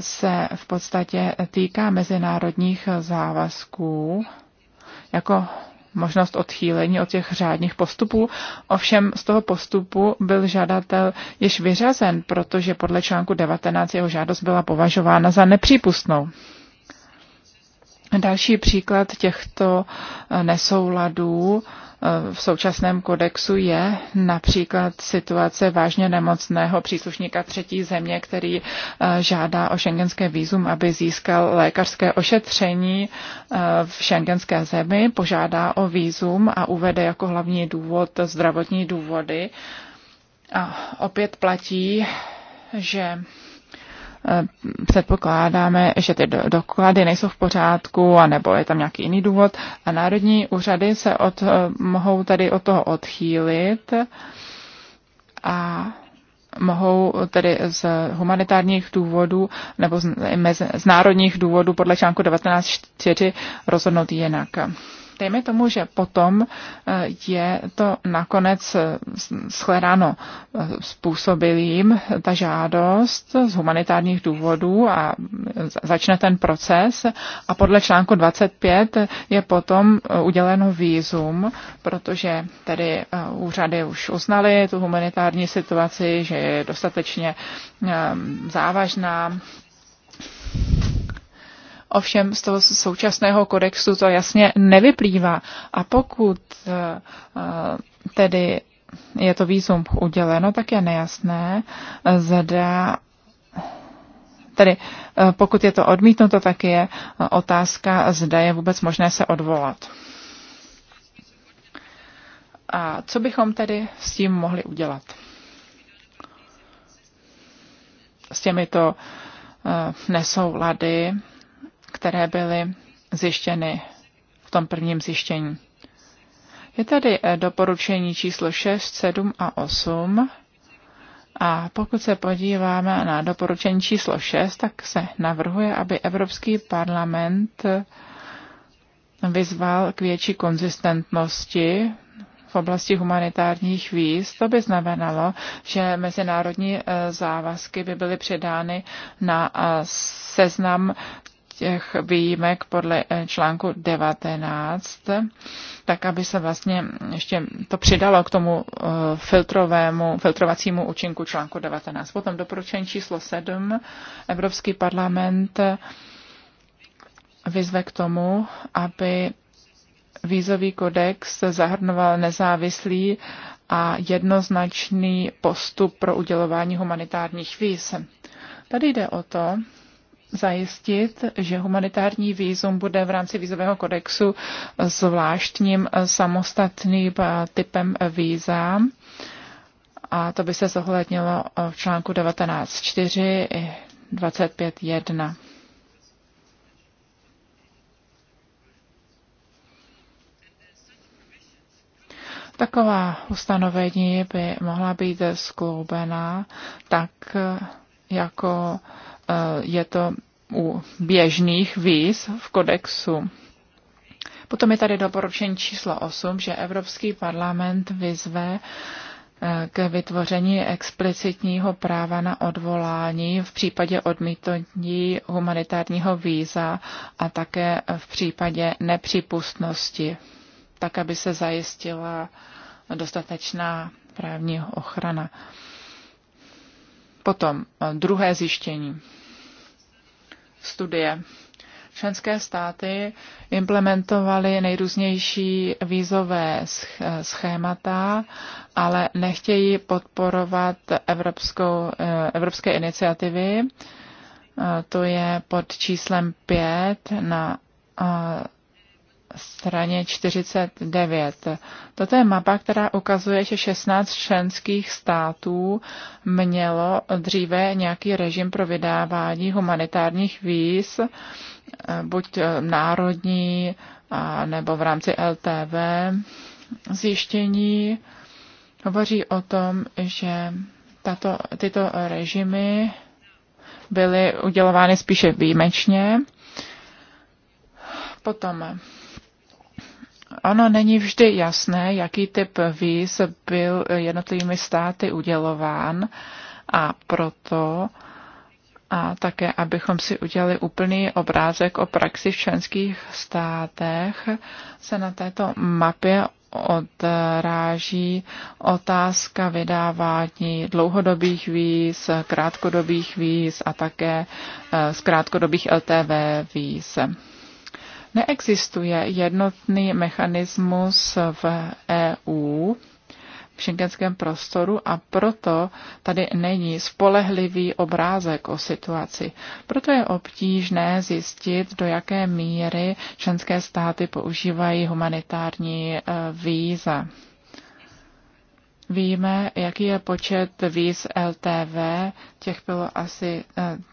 se v podstatě týká mezinárodních závazků jako možnost odchýlení od těch řádných postupů. Ovšem z toho postupu byl žadatel již vyřazen, protože podle článku 19 jeho žádost byla považována za nepřípustnou. Další příklad těchto eh, nesouladů eh, v současném kodexu je například situace vážně nemocného příslušníka třetí země, který eh, žádá o šengenské výzum, aby získal lékařské ošetření v šengenské zemi, požádá o výzum a uvede jako hlavní důvod zdravotní důvody. A opět platí, že Eh, předpokládáme, že ty doklady nejsou v pořádku, anebo je tam nějaký jiný důvod a národní úřady se od, eh, mohou tady od toho odchýlit a mohou tedy z humanitárních důvodů nebo z, z národních důvodů podle článku 19.4 rozhodnout jinak dejme tomu, že potom eh, je to nakonec eh, shledáno eh, způsobilým, ta žádost z humanitárních důvodů a začne ten proces a podle článku 25 je potom uděleno výzum, protože tedy úřady už uznaly tu humanitární situaci, že je dostatečně závažná Ovšem z toho současného kodexu to jasně nevyplývá. A pokud eh, eh, tedy je to výzum uděleno, tak je nejasné, eh, zda Tedy pokud je to odmítnuto, tak je otázka, zda je vůbec možné se odvolat. A co bychom tedy s tím mohli udělat? S těmito nesoulady které byly zjištěny v tom prvním zjištění. Je tady eh, doporučení číslo 6, 7 a 8. A pokud se podíváme na doporučení číslo 6, tak se navrhuje, aby Evropský parlament vyzval k větší konzistentnosti v oblasti humanitárních víz. To by znamenalo, že mezinárodní eh, závazky by byly předány na eh, seznam těch výjimek podle eh, článku 19, tak aby se vlastně ještě to přidalo k tomu eh, filtrovému, filtrovacímu účinku článku 19. Potom doporučení číslo 7. Evropský parlament eh, vyzve k tomu, aby vízový kodex zahrnoval nezávislý a jednoznačný postup pro udělování humanitárních víz. Tady jde o to, zajistit, že humanitární výzum bude v rámci vízového kodexu zvláštním samostatným typem víza. A to by se zohlednilo v článku 19.4 i 25.1. Taková ustanovení by mohla být skloubená tak, jako eh, je to u běžných víz v kodexu. Potom je tady doporučení číslo 8, že Evropský parlament vyzve eh, k vytvoření explicitního práva na odvolání v případě odmítnutí humanitárního víza a také v případě nepřípustnosti, tak aby se zajistila dostatečná právní ochrana. Potom eh, druhé zjištění studie. Členské státy implementovaly nejrůznější vízové schémata, ale nechtějí podporovat evropskou, eh, evropské iniciativy. Eh, to je pod číslem 5 na straně 49. Toto je mapa, která ukazuje, že 16 členských států mělo dříve nějaký režim pro vydávání humanitárních víz, eh, buď eh, národní, a nebo v rámci LTV. Zjištění hovoří o tom, že tato, tyto režimy byly udělovány spíše výjimečně. Potom ono není vždy jasné, jaký typ víz byl jednotlivými státy udělován a proto a také, abychom si udělali úplný obrázek o praxi v členských státech, se na této mapě odráží otázka vydávání dlouhodobých víz, krátkodobých víz a také eh, z krátkodobých LTV víz. Neexistuje jednotný mechanismus v EU, v šengenském prostoru a proto tady není spolehlivý obrázek o situaci. Proto je obtížné zjistit, do jaké míry členské státy používají humanitární eh, víza. Víme, jaký je počet víz LTV, těch bylo asi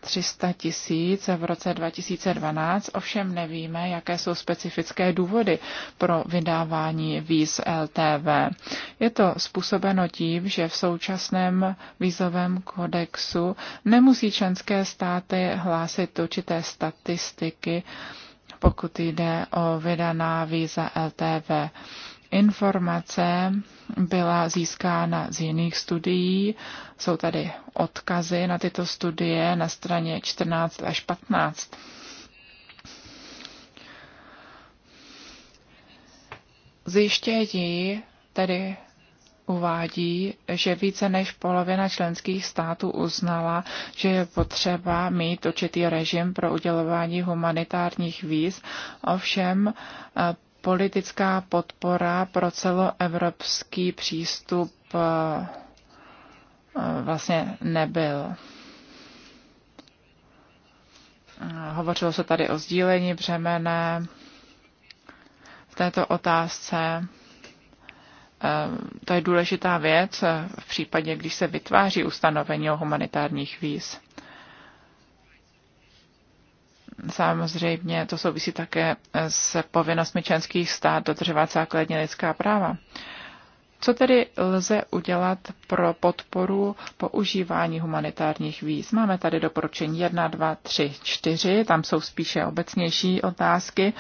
300 eh, tisíc v roce 2012, ovšem nevíme, jaké jsou specifické důvody pro vydávání víz LTV. Je to způsobeno tím, že v současném vízovém kodexu nemusí členské státy hlásit určité statistiky, pokud jde o vydaná víza LTV informace byla získána z jiných studií. Jsou tady odkazy na tyto studie na straně 14 až 15. Zjištění tedy uvádí, že více než polovina členských států uznala, že je potřeba mít určitý režim pro udělování humanitárních víz. Ovšem politická podpora pro celoevropský přístup eh, vlastně nebyl. Eh, hovořilo se tady o sdílení břemene. V této otázce eh, to je důležitá věc v případě, když se vytváří ustanovení o humanitárních víz samozřejmě to souvisí také s povinnostmi členských stát dodržovat základní lidská práva. Co tedy lze udělat pro podporu používání humanitárních víz? Máme tady doporučení 1, 2, 3, 4, tam jsou spíše obecnější otázky,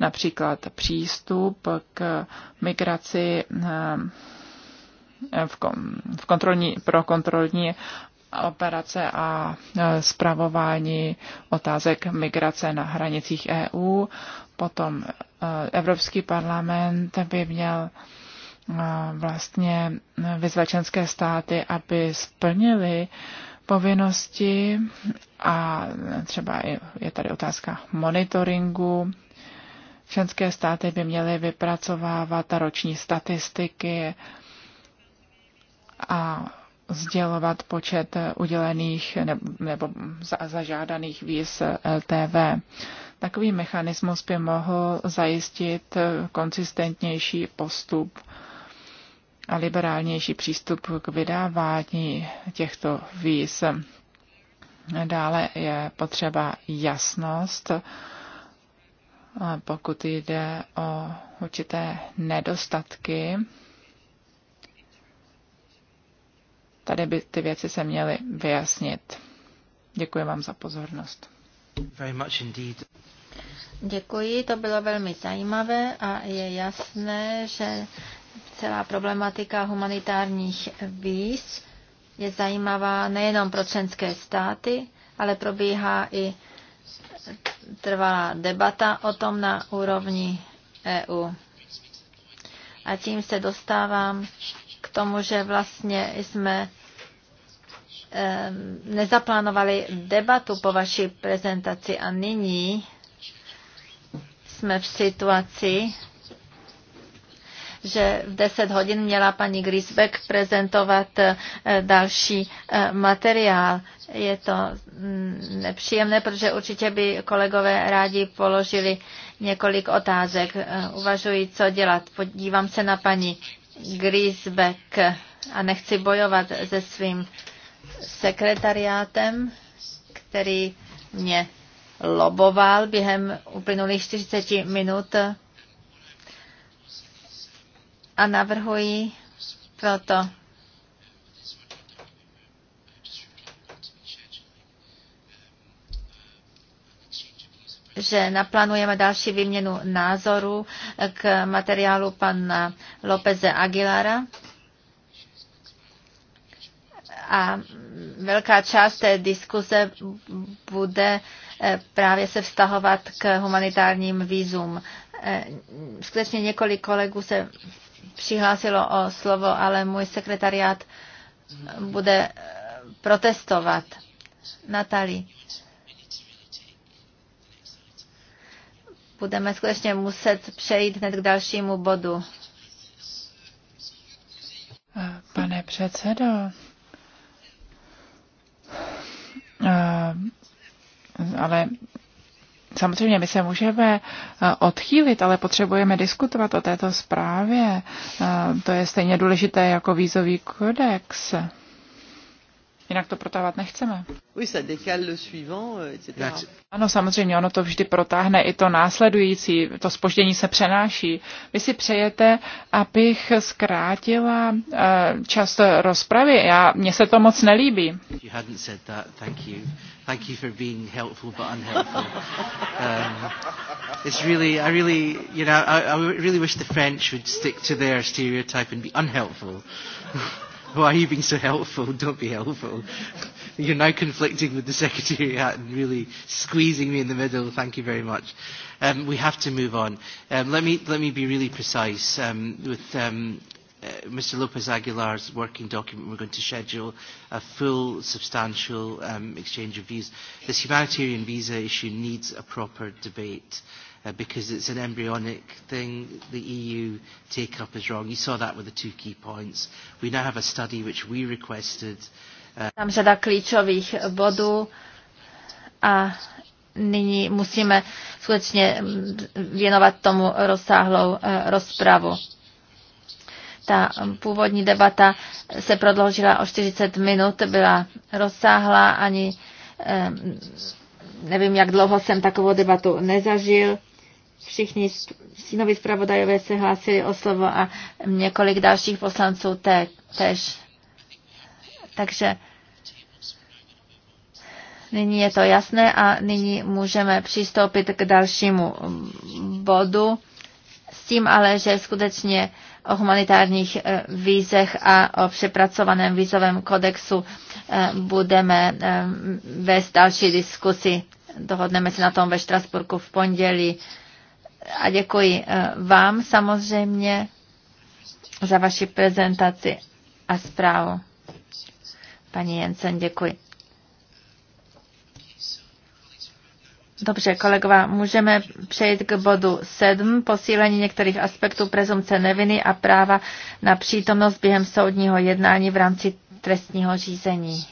například přístup k migraci ehm, v, kontrolní, pro kontrolní operace a zpravování e, otázek migrace na hranicích EU. Potom e, Evropský parlament by měl e, vlastně vyzvat členské státy, aby splnili povinnosti a třeba je tady otázka monitoringu. Členské státy by měly vypracovávat roční statistiky a sdělovat počet eh, udělených nebo zažádaných víz LTV. Eh, Takový mechanismus by mohl zajistit eh, konsistentnější postup a liberálnější přístup k vydávání těchto víz. Dále je potřeba jasnost, pokud jde o určité nedostatky Tady by ty věci se měly vyjasnit. Děkuji vám za pozornost. Very much indeed. Děkuji, to bylo velmi zajímavé a je jasné, že celá problematika humanitárních víz je zajímavá nejenom pro členské státy, ale probíhá i trvalá debata o tom na úrovni EU. A tím se dostávám tomu, že vlastně jsme nezaplánovali debatu po vaší prezentaci a nyní jsme v situaci, že v 10 hodin měla paní Grisbeck prezentovat eh, další eh, materiál. Je to mm, nepříjemné, protože určitě by kolegové rádi položili několik otázek. Eh, uvažuji, co dělat. Podívám se na paní Griesbeck a nechci bojovat se svým sekretariátem, který mě loboval během uplynulých 40 minut a navrhuji proto že naplánujeme další výměnu názoru k materiálu pana Lópeze Aguilara. A velká část té diskuze bude eh, právě se vztahovat k humanitárním výzum. Eh, skutečně několik kolegů se přihlásilo o slovo, ale můj sekretariát bude eh, protestovat. Natali. Budeme skutečně muset přejít hned k dalšímu bodu. Pane předsedo, eh, ale samozřejmě my se můžeme eh, odchýlit, ale potřebujeme diskutovat o této zprávě. Eh, to je stejně důležité jako vízový kodex. Jinak to protávat nechceme. Euh, ano, samozřejmě, ono to vždy protáhne i to následující, to spoždění se přenáší. Vy si přejete, abych zkrátila eh, čas rozpravy. Já, mně se to moc nelíbí. Thank you for being helpful but unhelpful. um, it's really, I really, you know, I, I really wish the French would stick to their stereotype and be unhelpful. Why are you being so helpful? Don't be helpful. You're now conflicting with the Secretariat and really squeezing me in the middle. Thank you very much. Um, we have to move on. Um, let, me, let me be really precise um, with um, uh, Mr Lopez Aguilar's working document. We're going to schedule a full, substantial um, exchange of views. This humanitarian visa issue needs a proper debate uh, because it's an embryonic thing the EU take up is wrong. You saw that with the two key points. We now have a study which we requested. Uh... Tam řada klíčových bodů a nyní musíme skutečně věnovat tomu rozsáhlou uh, rozpravu. Ta původní debata se prodloužila o 40 minut, byla rozsáhlá, ani um, nevím, jak dlouho jsem takovou debatu nezažil všichni synovi zpravodajové se hlásili o slovo a několik dalších poslanců te, tež. Takže nyní je to jasné a nyní můžeme přistoupit k dalšímu bodu s tím ale, že skutečně o humanitárních eh, vízech a o přepracovaném vízovém kodexu eh, budeme eh, vést další diskusi. Dohodneme se na tom ve Štrasburku v pondělí a děkuji eh, vám samozřejmě za vaši prezentaci a zprávu. Paní Jensen, děkuji. Dobře, kolegova, můžeme přejít k bodu 7, posílení některých aspektů prezumce neviny a práva na přítomnost během soudního jednání v rámci trestního řízení.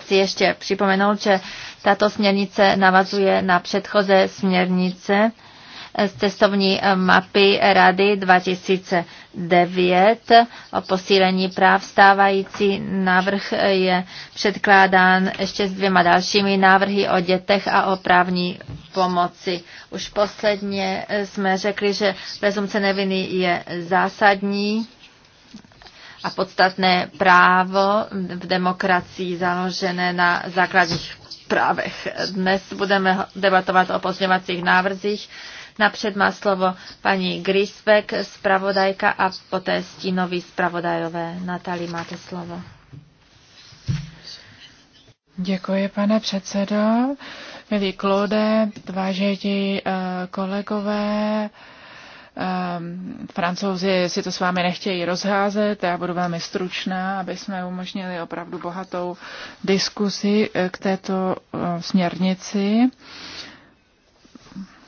Chci ještě připomenout, že tato směrnice navazuje na předchozí směrnice z cestovní eh, mapy Rady 2009 o posílení práv. Stávající návrh eh, je předkládán ještě s dvěma dalšími návrhy o dětech a o právní pomoci. Už posledně eh, jsme řekli, že prezumce neviny je zásadní a podstatné právo v demokracii založené na základních právech. Dnes budeme debatovat o pozměňovacích návrzích. Napřed má slovo paní Grisbeck, zpravodajka a poté stínový zpravodajové. Natali, máte slovo. Děkuji, pane předsedo. Milí Klode, vážení eh, kolegové, Um, francouzi si to s vámi nechtějí rozházet, já budu velmi stručná, aby jsme umožnili opravdu bohatou diskusi eh, k této eh, směrnici,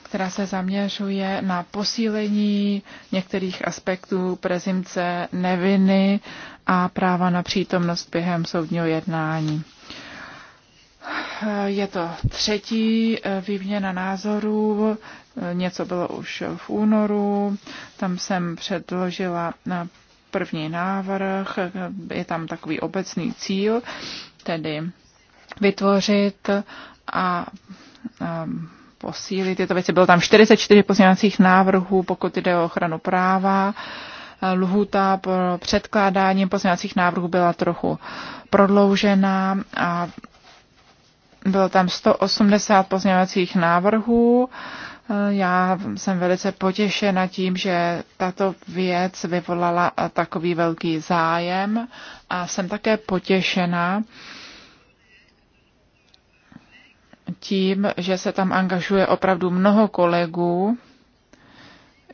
která se zaměřuje na posílení některých aspektů prezimce neviny a práva na přítomnost během soudního jednání. Eh, je to třetí výměna názorů Něco bylo už v únoru, tam jsem předložila na první návrh, je tam takový obecný cíl, tedy vytvořit a posílit tyto věci. Bylo tam 44 pozměňovacích návrhů, pokud jde o ochranu práva. Lhuta pro předkládání pozměňovacích návrhů byla trochu prodloužená a bylo tam 180 pozměňovacích návrhů. Já jsem velice potěšena tím, že tato věc vyvolala takový velký zájem a jsem také potěšena tím, že se tam angažuje opravdu mnoho kolegů.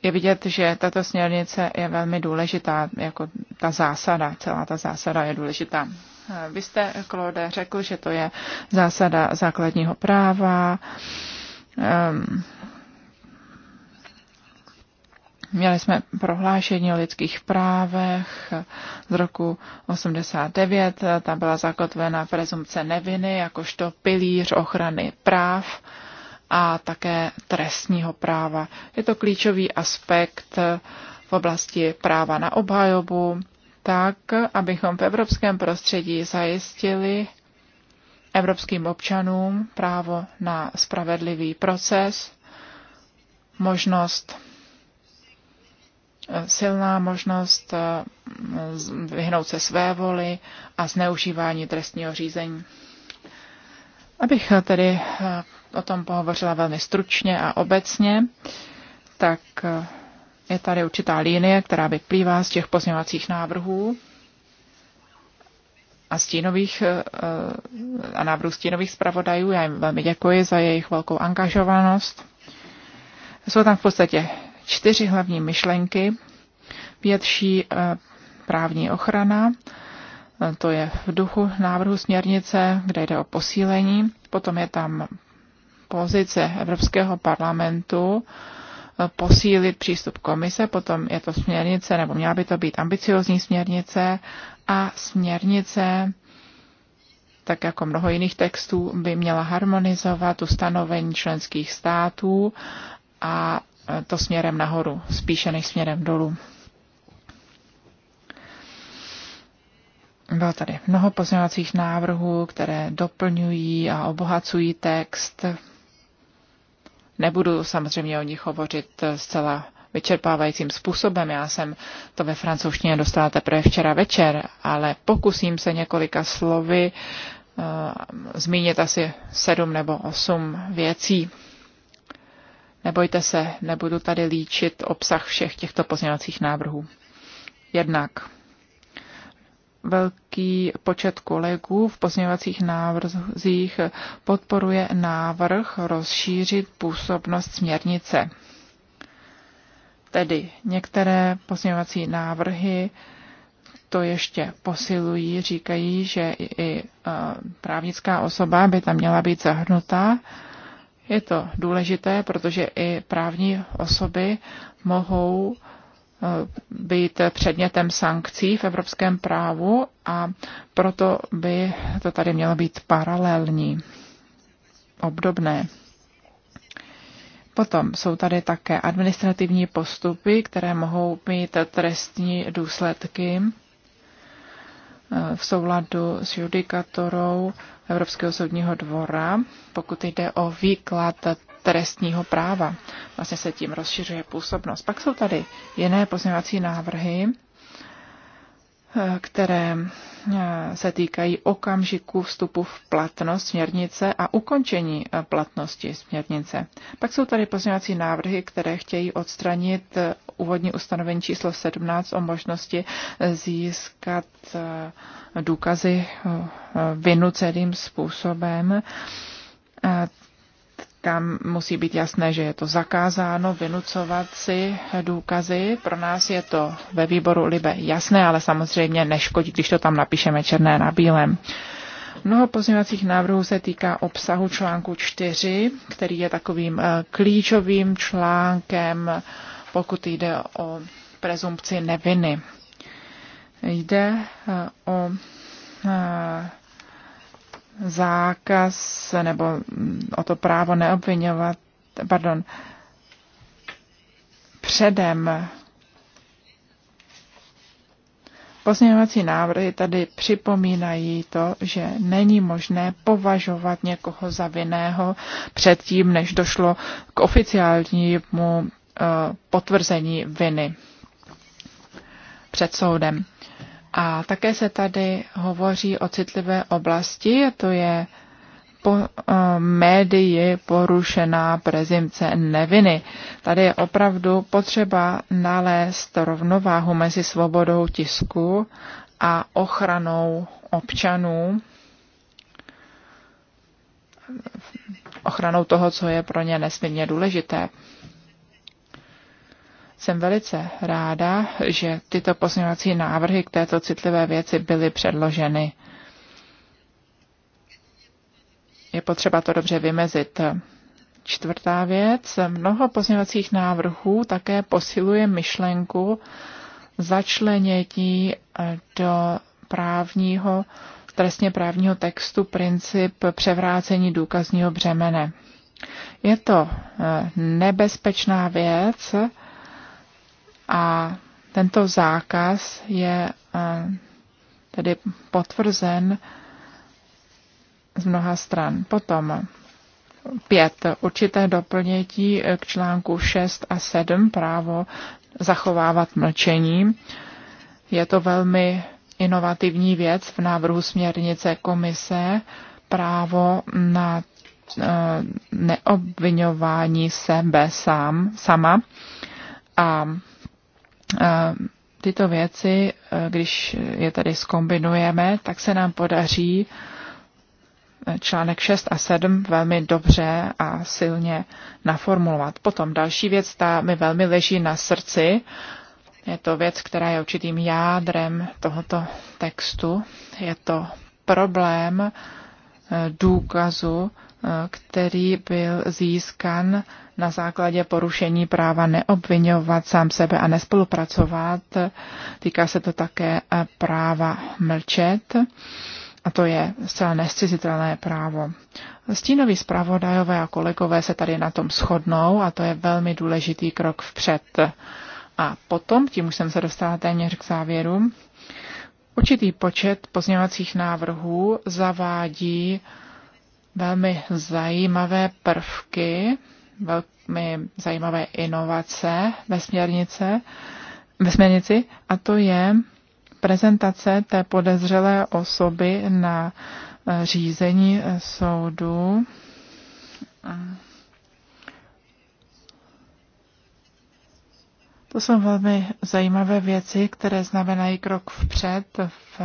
Je vidět, že tato směrnice je velmi důležitá, jako ta zásada, celá ta zásada je důležitá. Vy jste, Claude, řekl, že to je zásada základního práva ehm, Měli jsme prohlášení o lidských právech z roku 89, tam byla zakotvena prezumce neviny jakožto pilíř ochrany práv a také trestního práva. Je to klíčový aspekt v oblasti práva na obhajobu, tak, abychom v evropském prostředí zajistili evropským občanům právo na spravedlivý proces, možnost Eh, silná možnost eh, vyhnout se své voli a zneužívání trestního řízení. Abych eh, tedy o tom pohovořila velmi stručně a obecně, tak je tady určitá linie, která vyplývá z těch pozměňovacích návrhů a stínových a návrhů stínových zpravodajů. Já jim velmi děkuji za jejich velkou angažovanost. Jsou tam v podstatě čtyři hlavní myšlenky. Větší eh, právní ochrana, eh, to je v duchu návrhu směrnice, kde jde o posílení. Potom je tam pozice Evropského parlamentu, eh, posílit přístup komise, potom je to směrnice, nebo měla by to být ambiciozní směrnice a směrnice, tak jako mnoho jiných textů, by měla harmonizovat ustanovení členských států a Eh, to směrem nahoru, spíše než směrem dolů. Bylo tady mnoho pozměňovacích návrhů, které doplňují a obohacují text. Nebudu samozřejmě o nich hovořit eh, zcela vyčerpávajícím způsobem. Já jsem to ve francouzštině dostala teprve včera večer, ale pokusím se několika slovy eh, zmínit asi sedm nebo osm věcí. Nebojte se, nebudu tady líčit obsah všech těchto pozměňovacích návrhů. Jednak velký počet kolegů v pozměňovacích návrzích podporuje návrh rozšířit působnost směrnice. Tedy některé pozměňovací návrhy to ještě posilují, říkají, že i e, právnická osoba by tam měla být zahrnutá je to důležité, protože i právní osoby mohou eh, být předmětem sankcí v evropském právu a proto by to tady mělo být paralelní, obdobné. Potom jsou tady také administrativní postupy, které mohou mít trestní důsledky v souladu s judikatorou Evropského soudního dvora, pokud jde o výklad trestního práva. Vlastně se tím rozšiřuje působnost. Pak jsou tady jiné pozměňovací návrhy, které eh, se týkají okamžiku vstupu v platnost směrnice a ukončení eh, platnosti směrnice. Pak jsou tady pozměňovací návrhy, které chtějí odstranit eh, úvodní ustanovení číslo 17 o možnosti získat důkazy vynuceným způsobem tam musí být jasné, že je to zakázáno vynucovat si důkazy. Pro nás je to ve výboru Libe jasné, ale samozřejmě neškodí, když to tam napíšeme černé na bílém. Mnoho pozměňovacích návrhů se týká obsahu článku 4, který je takovým eh, klíčovým článkem, pokud jde o prezumpci neviny. Jde eh, o eh, zákaz nebo mm, o to právo neobvinovat, pardon, předem Pozměňovací návrhy tady připomínají to, že není možné považovat někoho za vinného předtím, než došlo k oficiálnímu eh, potvrzení viny před soudem. A také se tady hovoří o citlivé oblasti, a to je po, uh, médii porušená prezimce neviny. Tady je opravdu potřeba nalézt rovnováhu mezi svobodou tisku a ochranou občanů, ochranou toho, co je pro ně nesmírně důležité. Jsem velice ráda, že tyto pozměňovací návrhy k této citlivé věci byly předloženy. Je potřeba to dobře vymezit. Čtvrtá věc. Mnoho pozměňovacích návrhů také posiluje myšlenku začlenění do právního, trestně právního textu princip převrácení důkazního břemene. Je to eh, nebezpečná věc, a tento zákaz je eh, tedy potvrzen z mnoha stran. Potom pět určité doplnětí k článku 6 a 7 právo zachovávat mlčení. Je to velmi inovativní věc v návrhu směrnice komise právo na eh, neobvinování sebe sám, sama. A Eh, tyto věci, eh, když je tady skombinujeme, tak se nám podaří eh, článek 6 a 7 velmi dobře a silně naformulovat. Potom další věc, ta mi velmi leží na srdci, je to věc, která je určitým jádrem tohoto textu. Je to problém důkazu který byl získan na základě porušení práva neobvinovat sám sebe a nespolupracovat. Týká se to také eh, práva mlčet a to je zcela nescizitelné právo. Stínoví zpravodajové a kolegové se tady na tom shodnou a to je velmi důležitý krok vpřed. A potom, tím už jsem se dostala téměř k závěru, určitý počet pozměňovacích návrhů zavádí uh, velmi zajímavé prvky, velmi zajímavé inovace ve, směrnice, ve směrnici a to je prezentace té podezřelé osoby na eh, řízení eh, soudu. To jsou velmi zajímavé věci, které znamenají krok vpřed v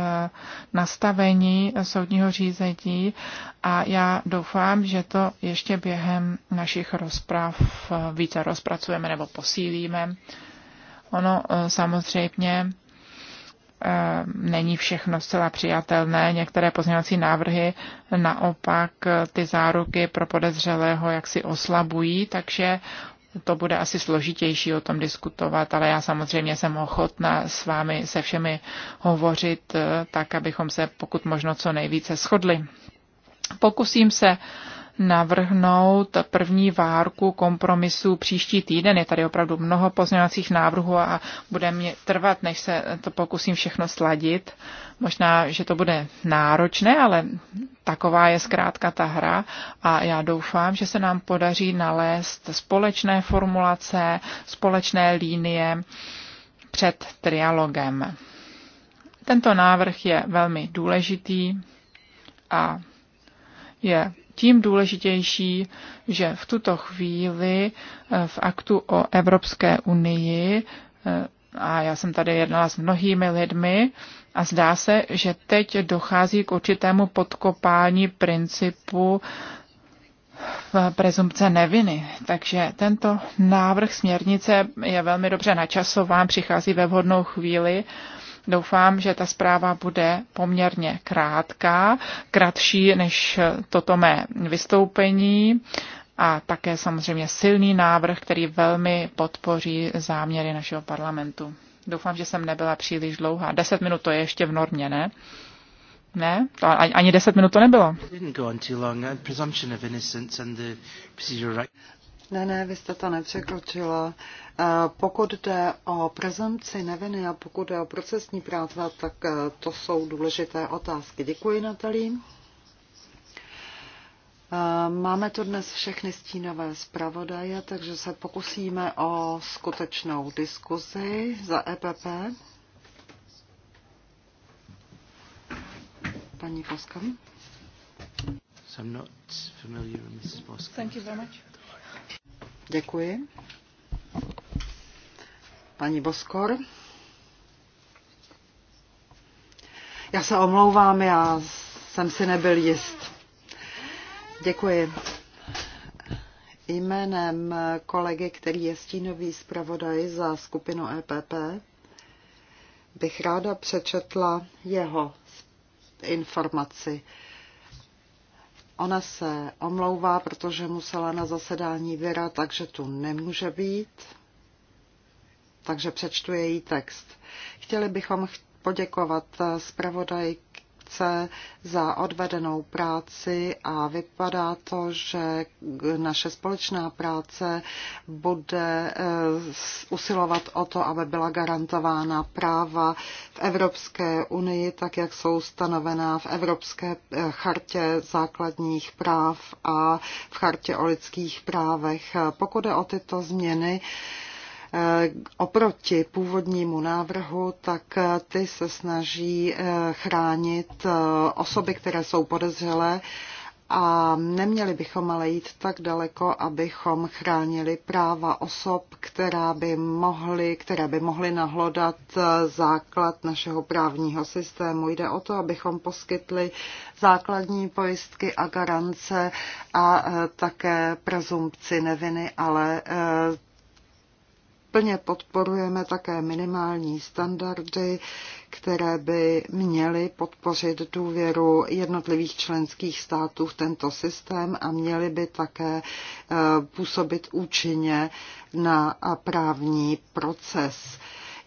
nastavení soudního řízení a já doufám, že to ještě během našich rozprav více rozpracujeme nebo posílíme. Ono eh, samozřejmě eh, není všechno zcela přijatelné. Některé pozměňovací návrhy naopak eh, ty záruky pro podezřelého jaksi oslabují, takže to bude asi složitější o tom diskutovat, ale já samozřejmě jsem ochotná s vámi se všemi hovořit eh, tak, abychom se pokud možno co nejvíce shodli. Pokusím se navrhnout první várku kompromisu příští týden. Je tady opravdu mnoho pozměňovacích návrhů a bude mě trvat, než se to pokusím všechno sladit. Možná, že to bude náročné, ale taková je zkrátka ta hra a já doufám, že se nám podaří nalézt společné formulace, společné línie před trialogem. Tento návrh je velmi důležitý a je tím důležitější, že v tuto chvíli eh, v aktu o Evropské unii, eh, a já jsem tady jednala s mnohými lidmi, a zdá se, že teď dochází k určitému podkopání principu v eh, prezumpce neviny. Takže tento návrh směrnice je velmi dobře načasován, přichází ve vhodnou chvíli Doufám, že ta zpráva bude poměrně krátká, kratší než toto mé vystoupení a také samozřejmě silný návrh, který velmi podpoří záměry našeho parlamentu. Doufám, že jsem nebyla příliš dlouhá. Deset minut to je ještě v normě, ne? Ne, to ani, ani deset minut to nebylo. Uh, ne, ne, vy jste to nepřekročila. Eh, pokud jde o prezumci neviny a pokud jde o procesní práva, tak eh, to jsou důležité otázky. Děkuji, Natalí. Eh, máme tu dnes všechny stínové zpravodaje, takže se pokusíme o skutečnou diskuzi za EPP. Paní Foskam. So I'm not familiar with Mrs. Thank you very much. Děkuji. Paní Boskor. Já se omlouvám, já jsem si nebyl jist. Děkuji. Jménem kolegy, který je stínový zpravodaj za skupinu EPP, bych ráda přečetla jeho informaci. Ona se omlouvá, protože musela na zasedání Věra, takže tu nemůže být takže přečtu její text. Chtěli bychom poděkovat zpravodajce za odvedenou práci a vypadá to, že naše společná práce bude eh, usilovat o to, aby byla garantována práva v Evropské unii, tak jak jsou stanovená v Evropské eh, chartě základních práv a v chartě o lidských právech. Pokud je o tyto změny, Eh, oproti původnímu návrhu, tak eh, ty se snaží eh, chránit osoby, které jsou podezřelé a neměli bychom ale jít tak daleko, abychom chránili práva osob, která by mohly, které by mohly nahlodat základ našeho právního systému. Jde o to, abychom poskytli základní pojistky a garance a také prezumpci neviny, ale plně podporujeme také minimální standardy, které by měly podpořit důvěru jednotlivých členských států v tento systém a měly by také eh, působit účinně na právní proces.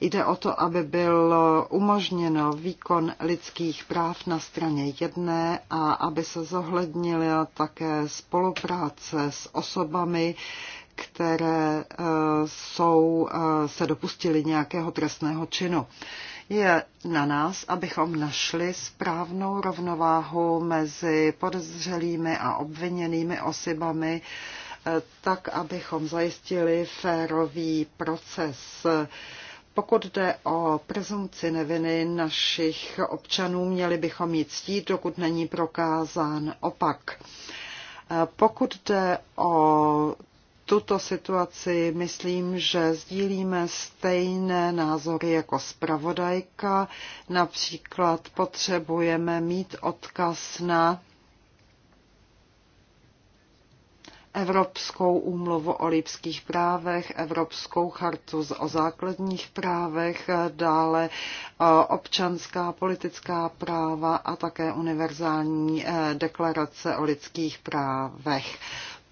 Jde o to, aby byl umožněno výkon lidských práv na straně jedné a aby se zohlednila také spolupráce s osobami, které eh, jsou, eh, se dopustili nějakého trestného činu. Je na nás, abychom našli správnou rovnováhu mezi podezřelými a obviněnými osobami, eh, tak abychom zajistili férový proces. Pokud jde o prezumci neviny našich občanů, měli bychom ji ctít, dokud není prokázán opak. Pokud jde o tuto situaci myslím, že sdílíme stejné názory jako zpravodajka. Například potřebujeme mít odkaz na Evropskou úmluvu o lidských právech, Evropskou chartu o základních právech, dále e, občanská politická práva a také univerzální e, deklarace o lidských právech.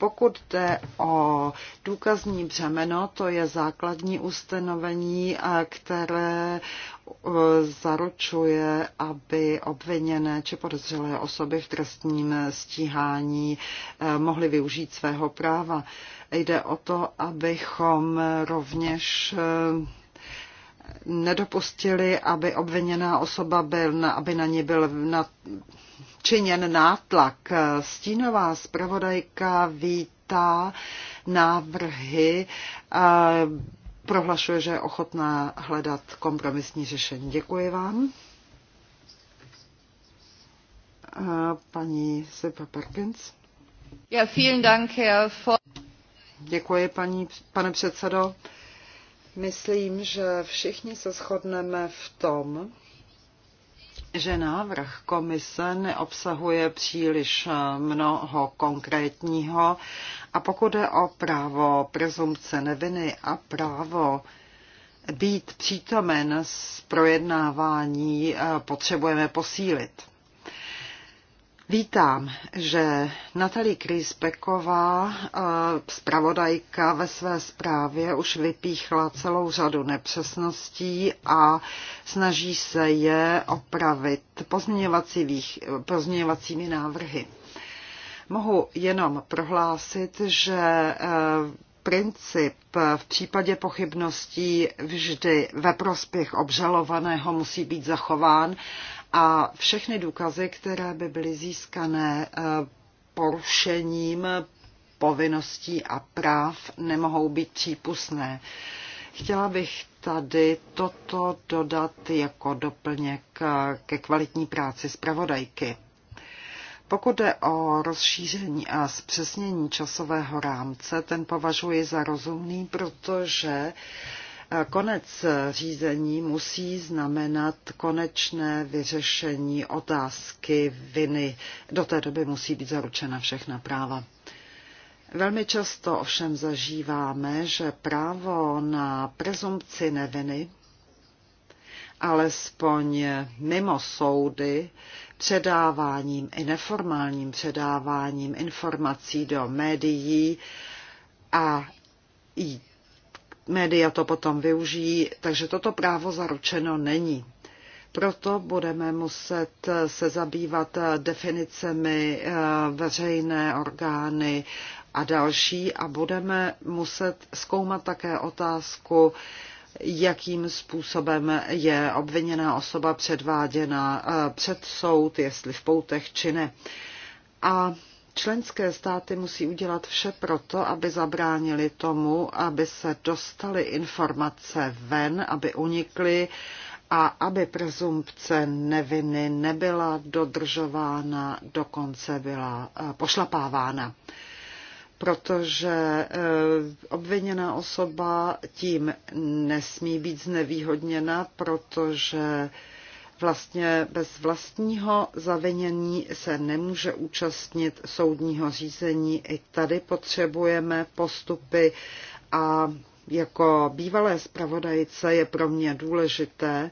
Pokud jde o důkazní břemeno, to je základní ustanovení, eh, které eh, zaručuje, aby obviněné či podezřelé osoby v trestním stíhání eh, mohly využít svého práva. Jde o to, abychom rovněž nedopustili, aby obviněná osoba byl, aby na ní byl na, činěn nátlak. Stínová zpravodajka vítá návrhy a eh, prohlašuje, že je ochotná hledat kompromisní řešení. Děkuji vám. Eh, paní Sipa Perkins. Ja, vielen Dank, Herr Děkuji, paní, pane předsedo. Myslím, že všichni se shodneme v tom, že návrh komise neobsahuje příliš eh, mnoho konkrétního a pokud je o právo prezumce neviny a právo být přítomen s projednávání, eh, potřebujeme posílit. Vítám, že Natalie Krýspeková, eh, zpravodajka ve své zprávě, už vypíchla celou řadu nepřesností a snaží se je opravit pozměňovacími návrhy. Mohu jenom prohlásit, že eh, princip v případě pochybností vždy ve prospěch obžalovaného musí být zachován a všechny důkazy, které by byly získané eh, porušením povinností a práv, nemohou být přípustné. Chtěla bych tady toto dodat jako doplněk eh, ke kvalitní práci zpravodajky. Pokud jde o rozšíření a zpřesnění časového rámce, ten považuji za rozumný, protože Konec řízení musí znamenat konečné vyřešení otázky viny. Do té doby musí být zaručena všechna práva. Velmi často ovšem zažíváme, že právo na prezumpci neviny, alespoň mimo soudy, předáváním i neformálním předáváním informací do médií a i média to potom využijí, takže toto právo zaručeno není. Proto budeme muset se zabývat definicemi eh, veřejné orgány a další a budeme muset zkoumat také otázku, jakým způsobem je obviněná osoba předváděna eh, před soud, jestli v poutech či ne. A Členské státy musí udělat vše proto, aby zabránili tomu, aby se dostaly informace ven, aby unikly a aby prezumpce neviny nebyla dodržována, dokonce byla eh, pošlapávána protože eh, obviněná osoba tím nesmí být znevýhodněna, protože vlastně bez vlastního zavinění se nemůže účastnit soudního řízení. I tady potřebujeme postupy a jako bývalé zpravodajice je pro mě důležité,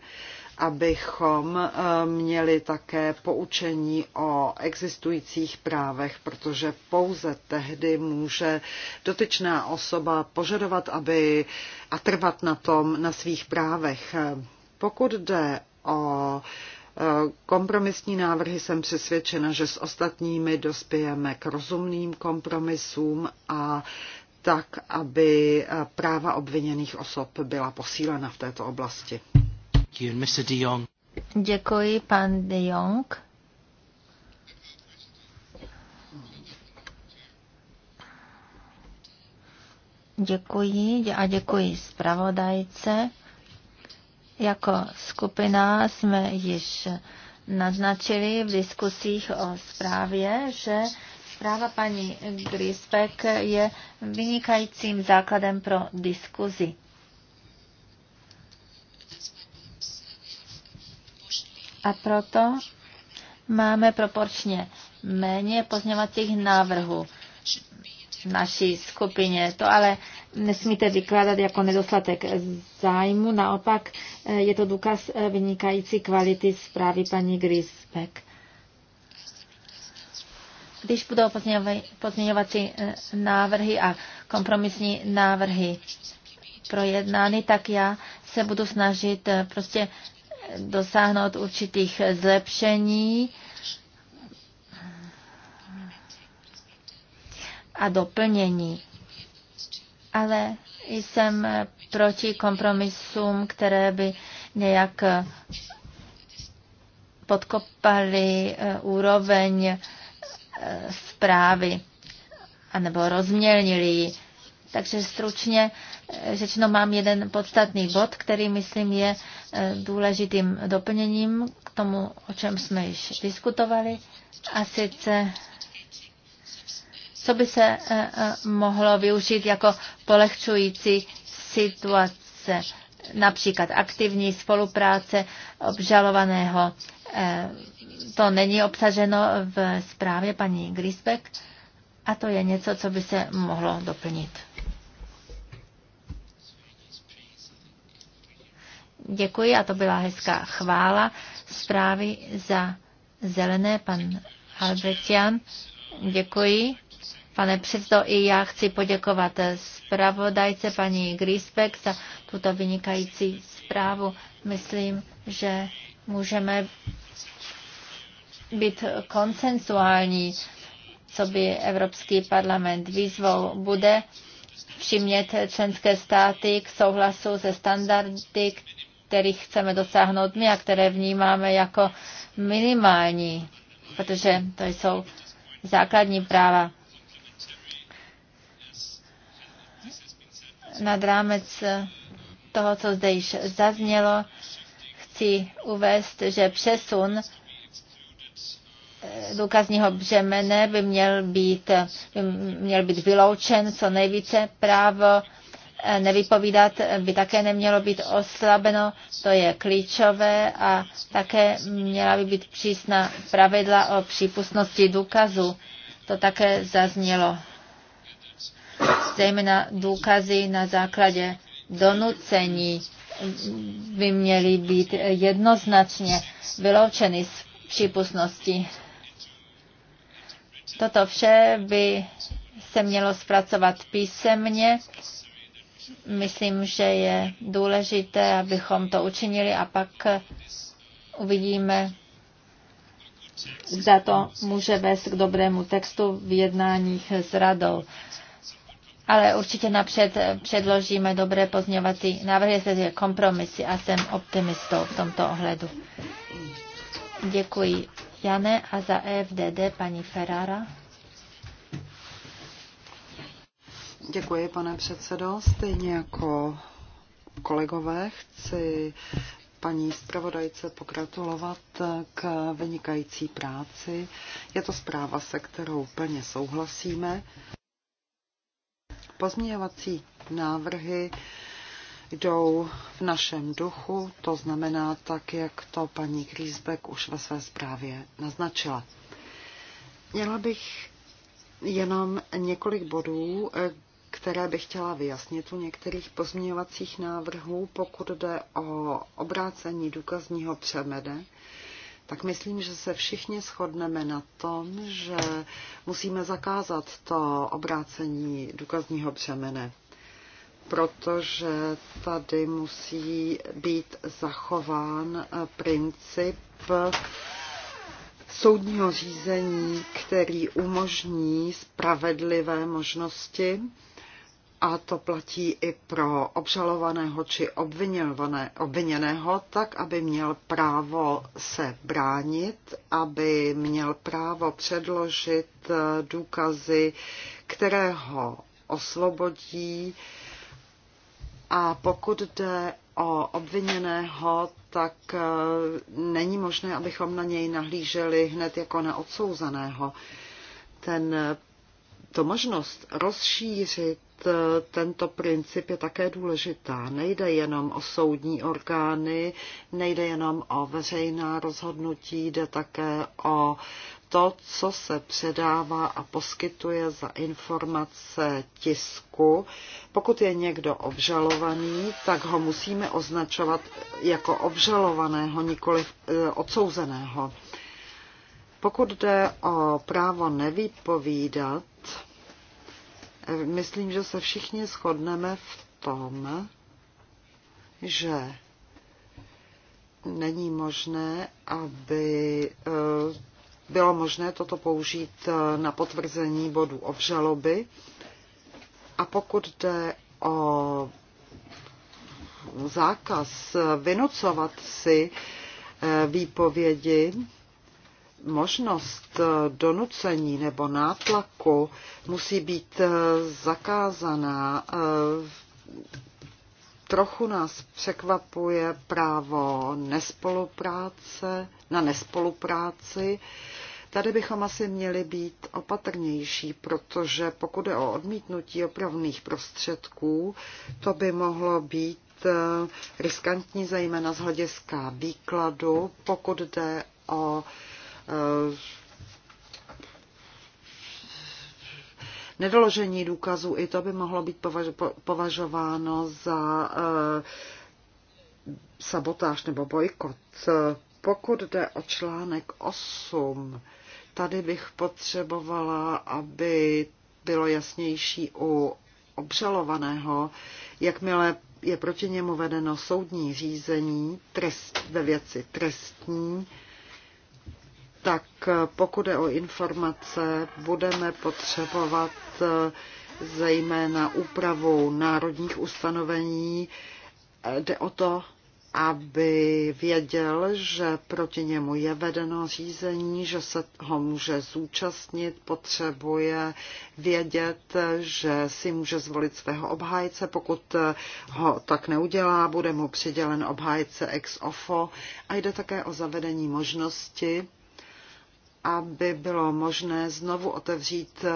abychom eh, měli také poučení o existujících právech, protože pouze tehdy může dotyčná osoba požadovat aby, a trvat na tom, na svých právech. Pokud jde o kompromisní návrhy jsem přesvědčena, že s ostatními dospějeme k rozumným kompromisům a tak, aby práva obviněných osob byla posílena v této oblasti. Děkuji, pan de Jong. Děkuji a děkuji zpravodajce. Jako skupina jsme již naznačili v diskusích o zprávě, že zpráva paní Grisbeck je vynikajícím základem pro diskuzi. A proto máme proporčně méně pozněvacích návrhů naší skupině. To ale nesmíte vykládat jako nedostatek zájmu. Naopak eh, je to důkaz eh, vynikající kvality zprávy paní Grisbeck. Když budou pozměňovací eh, návrhy a kompromisní návrhy projednány, tak já se budu snažit prostě dosáhnout určitých zlepšení a doplnění ale jsem proti kompromisům, které by nějak podkopaly eh, úroveň eh, zprávy anebo rozmělnili ji. Takže stručně eh, řečeno mám jeden podstatný bod, který myslím je důležitým doplněním k tomu, o čem jsme již diskutovali, a sice co by se eh, eh, mohlo využít jako polehčující situace, například aktivní spolupráce obžalovaného. Eh, to není obsaženo v zprávě paní Grisbeck a to je něco, co by se mohlo doplnit. Děkuji a to byla hezká chvála zprávy za zelené, pan Albrechtian. Děkuji. Pane předsedo, i já chci poděkovat zpravodajce paní Grisbeck za tuto vynikající zprávu. Myslím, že můžeme být konsensuální, co by Evropský parlament výzvou bude přimět členské státy k souhlasu se standardy, kterých chceme dosáhnout my a které vnímáme jako minimální, protože to jsou základní práva nad rámec toho, co zde již zaznělo, chci uvést, že přesun eh, důkazního břemene by měl být, by měl být vyloučen co nejvíce. Právo eh, nevypovídat by také nemělo být oslabeno, to je klíčové a také měla by být přísná pravidla o přípustnosti důkazu. To také zaznělo zejména důkazy na základě donucení by měly být jednoznačně vyloučeny z přípustnosti. Toto vše by se mělo zpracovat písemně. Myslím, že je důležité, abychom to učinili a pak uvidíme, zda to může vést k dobrému textu v jednáních s radou ale určitě napřed předložíme dobré pozměňovací návrhy, tedy kompromisy a jsem optimistou v tomto ohledu. Děkuji Jane a za EFDD paní Ferrara. Děkuji, pane předsedo. Stejně jako kolegové chci paní zpravodajce pokratulovat k vynikající práci. Je to zpráva, se kterou plně souhlasíme. Pozměňovací návrhy jdou v našem duchu, to znamená tak, jak to paní Griesbeck už ve své zprávě naznačila. Měla bych jenom několik bodů, které bych chtěla vyjasnit u některých pozměňovacích návrhů, pokud jde o obrácení důkazního přemede tak myslím, že se všichni shodneme na tom, že musíme zakázat to obrácení důkazního břemene, protože tady musí být zachován princip soudního řízení, který umožní spravedlivé možnosti a to platí i pro obžalovaného či obviněného, tak aby měl právo se bránit, aby měl právo předložit eh, důkazy, které ho osvobodí. A pokud jde o obviněného, tak eh, není možné, abychom na něj nahlíželi hned jako na odsouzeného. Ten, eh, to možnost rozšířit E, tento princip je také důležitá. Nejde jenom o soudní orgány, nejde jenom o veřejná rozhodnutí, jde také o to, co se předává a poskytuje za informace tisku. Pokud je někdo obžalovaný, tak ho musíme označovat jako obžalovaného, nikoli e, odsouzeného. Pokud jde o právo nevýpovídat, Myslím, že se všichni shodneme v tom, že není možné, aby eh, bylo možné toto použít eh, na potvrzení bodu obžaloby. A pokud jde o zákaz vynucovat si eh, výpovědi, možnost donucení nebo nátlaku musí být zakázaná. Trochu nás překvapuje právo nespolupráce, na nespolupráci. Tady bychom asi měli být opatrnější, protože pokud je o odmítnutí opravných prostředků, to by mohlo být riskantní, zejména z hlediska výkladu, pokud jde o uh, Eh, nedoložení důkazů, i to by mohlo být považováno za eh, sabotáž nebo bojkot. Pokud jde o článek 8, tady bych potřebovala, aby bylo jasnější u obžalovaného, jakmile je proti němu vedeno soudní řízení trest, ve věci trestní, tak pokud je o informace, budeme potřebovat eh, zejména úpravu národních ustanovení. Eh, jde o to, aby věděl, že proti němu je vedeno řízení, že se ho může zúčastnit, potřebuje vědět, že si může zvolit svého obhájce. Pokud eh, ho tak neudělá, bude mu přidělen obhájce ex ofo a jde také o zavedení možnosti, aby bylo možné znovu otevřít eh,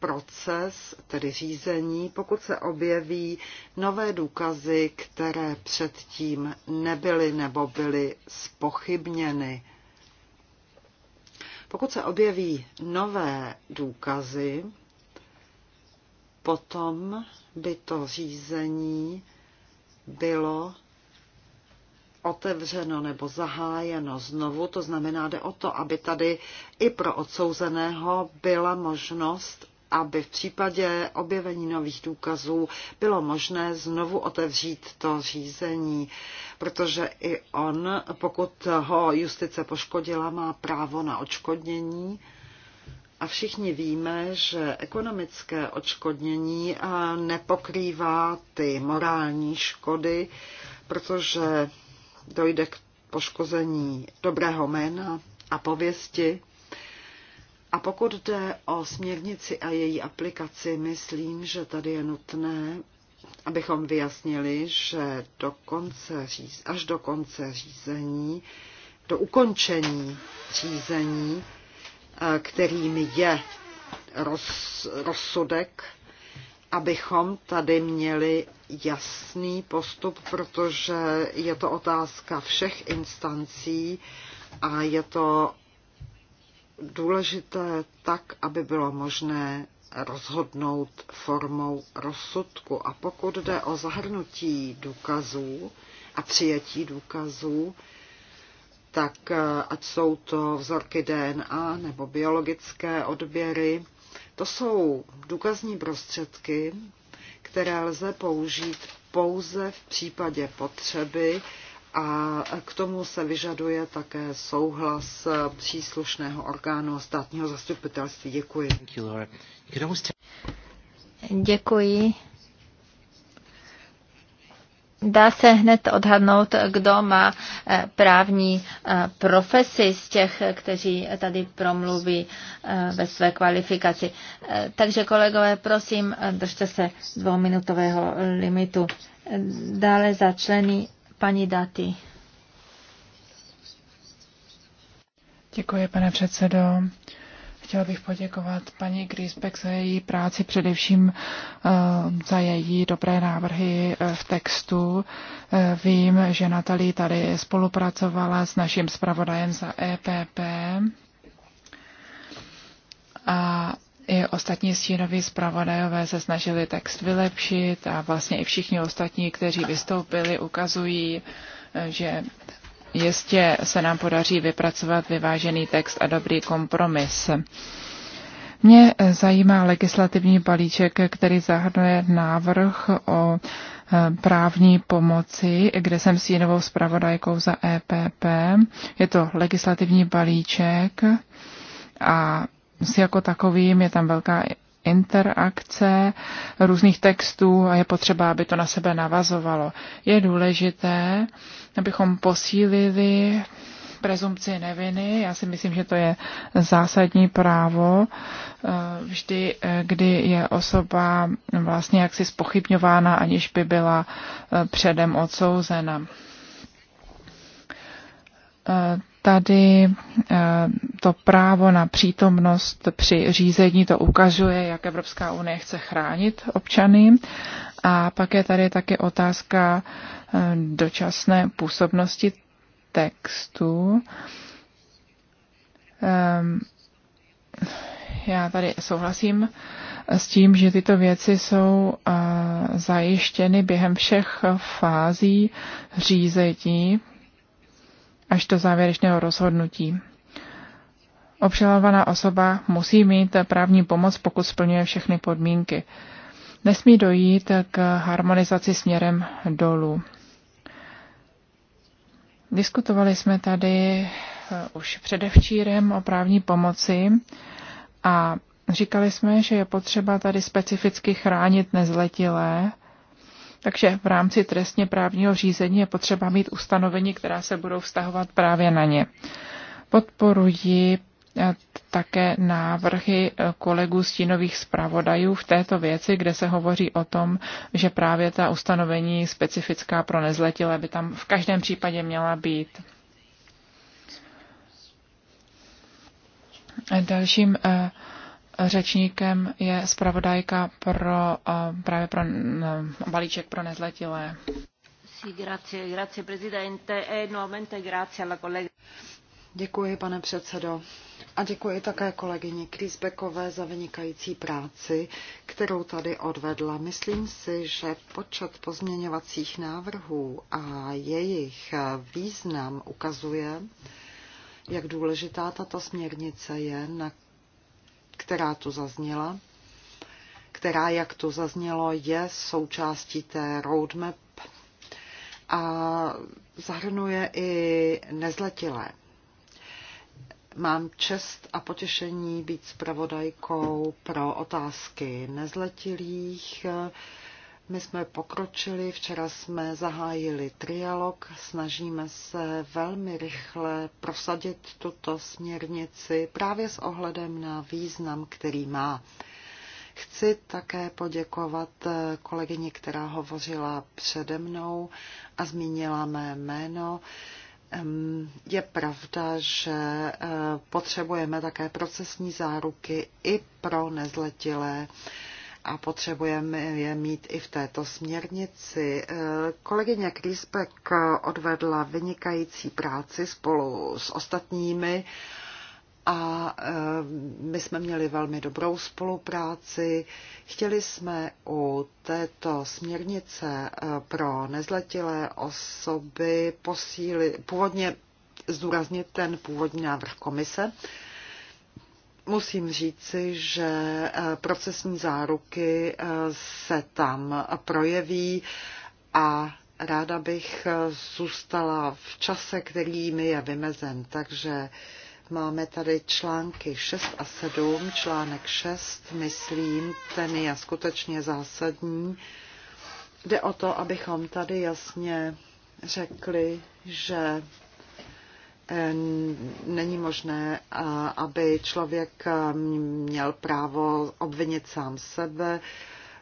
proces, tedy řízení, pokud se objeví nové důkazy, které předtím nebyly nebo byly spochybněny. Pokud se objeví nové důkazy, potom by to řízení bylo otevřeno nebo zahájeno znovu. To znamená, jde o to, aby tady i pro odsouzeného byla možnost aby v případě objevení nových důkazů bylo možné znovu otevřít to řízení, protože i on, pokud ho justice poškodila, má právo na odškodnění. A všichni víme, že ekonomické odškodnění eh, nepokrývá ty morální škody, protože dojde k poškození dobrého jména a pověsti. A pokud jde o směrnici a její aplikaci, myslím, že tady je nutné, abychom vyjasnili, že do konce říz, až do konce řízení, do ukončení řízení, eh, kterým je roz, rozsudek abychom tady měli jasný postup, protože je to otázka všech instancí a je to důležité tak, aby bylo možné rozhodnout formou rozsudku. A pokud jde o zahrnutí důkazů a přijetí důkazů, tak eh, ať jsou to vzorky DNA nebo biologické odběry, to jsou důkazní prostředky, které lze použít pouze v případě potřeby a k tomu se vyžaduje také souhlas příslušného orgánu státního zastupitelství. Děkuji. Děkuji. Dá se hned odhadnout, kdo má eh, právní eh, profesi z těch, kteří tady promluví eh, ve své kvalifikaci. Takže kolegové, prosím, držte se dvouminutového limitu. Dále za členy paní Daty. Děkuji, pane předsedo. Chtěl bych poděkovat paní Grisbeck za její práci, především eh, za její dobré návrhy eh, v textu. Eh, vím, že Natalie tady spolupracovala s naším zpravodajem za EPP a i ostatní stínoví zpravodajové se snažili text vylepšit a vlastně i všichni ostatní, kteří vystoupili, ukazují, že jistě se nám podaří vypracovat vyvážený text a dobrý kompromis. Mě zajímá legislativní balíček, který zahrnuje návrh o e, právní pomoci, kde jsem s jinou zpravodajkou za EPP. Je to legislativní balíček a s jako takovým je tam velká interakce různých textů a je potřeba, aby to na sebe navazovalo. Je důležité, abychom posílili prezumci neviny. Já si myslím, že to je zásadní právo. Eh, vždy, eh, kdy je osoba vlastně jaksi spochybňována, aniž by byla eh, předem odsouzena tady eh, to právo na přítomnost při řízení to ukazuje, jak Evropská unie chce chránit občany. A pak je tady také otázka eh, dočasné působnosti textu. Ehm, já tady souhlasím s tím, že tyto věci jsou eh, zajištěny během všech fází řízení až do závěrečného rozhodnutí. Obžalovaná osoba musí mít právní pomoc, pokud splňuje všechny podmínky. Nesmí dojít k harmonizaci směrem dolů. Diskutovali jsme tady eh, už předevčírem o právní pomoci a říkali jsme, že je potřeba tady specificky chránit nezletilé, takže v rámci trestně právního řízení je potřeba mít ustanovení, která se budou vztahovat právě na ně. Podporuji eh, také návrhy eh, kolegů stínových zpravodajů v této věci, kde se hovoří o tom, že právě ta ustanovení specifická pro nezletilé by tam v každém případě měla být. Dalším eh, řečníkem je zpravodajka pro, eh, právě pro eh, balíček pro nezletilé. E děkuji, pane předsedo. A děkuji také kolegyni Krýsbekové za vynikající práci, kterou tady odvedla. Myslím si, že počet pozměňovacích návrhů a jejich eh, význam ukazuje, jak důležitá tato směrnice je, na která tu zazněla, která, jak tu zaznělo, je součástí té roadmap a zahrnuje i nezletilé. Mám čest a potěšení být zpravodajkou pro otázky nezletilých. My jsme pokročili, včera jsme zahájili trialog, snažíme se velmi rychle prosadit tuto směrnici právě s ohledem na význam, který má. Chci také poděkovat kolegyni, která hovořila přede mnou a zmínila mé jméno. Je pravda, že eh, potřebujeme také procesní záruky i pro nezletilé a potřebujeme je mít i v této směrnici. Kolegyně Kríspek odvedla vynikající práci spolu s ostatními a eh, my jsme měli velmi dobrou spolupráci. Chtěli jsme u této směrnice eh, pro nezletilé osoby posílit, původně zdůraznit ten původní návrh komise, musím říci, že eh, procesní záruky eh, se tam projeví a ráda bych eh, zůstala v čase, který mi je vymezen. Takže máme tady články 6 a 7. Článek 6, myslím, ten je skutečně zásadní. Jde o to, abychom tady jasně řekli, že není možné, aby člověk měl právo obvinit sám sebe.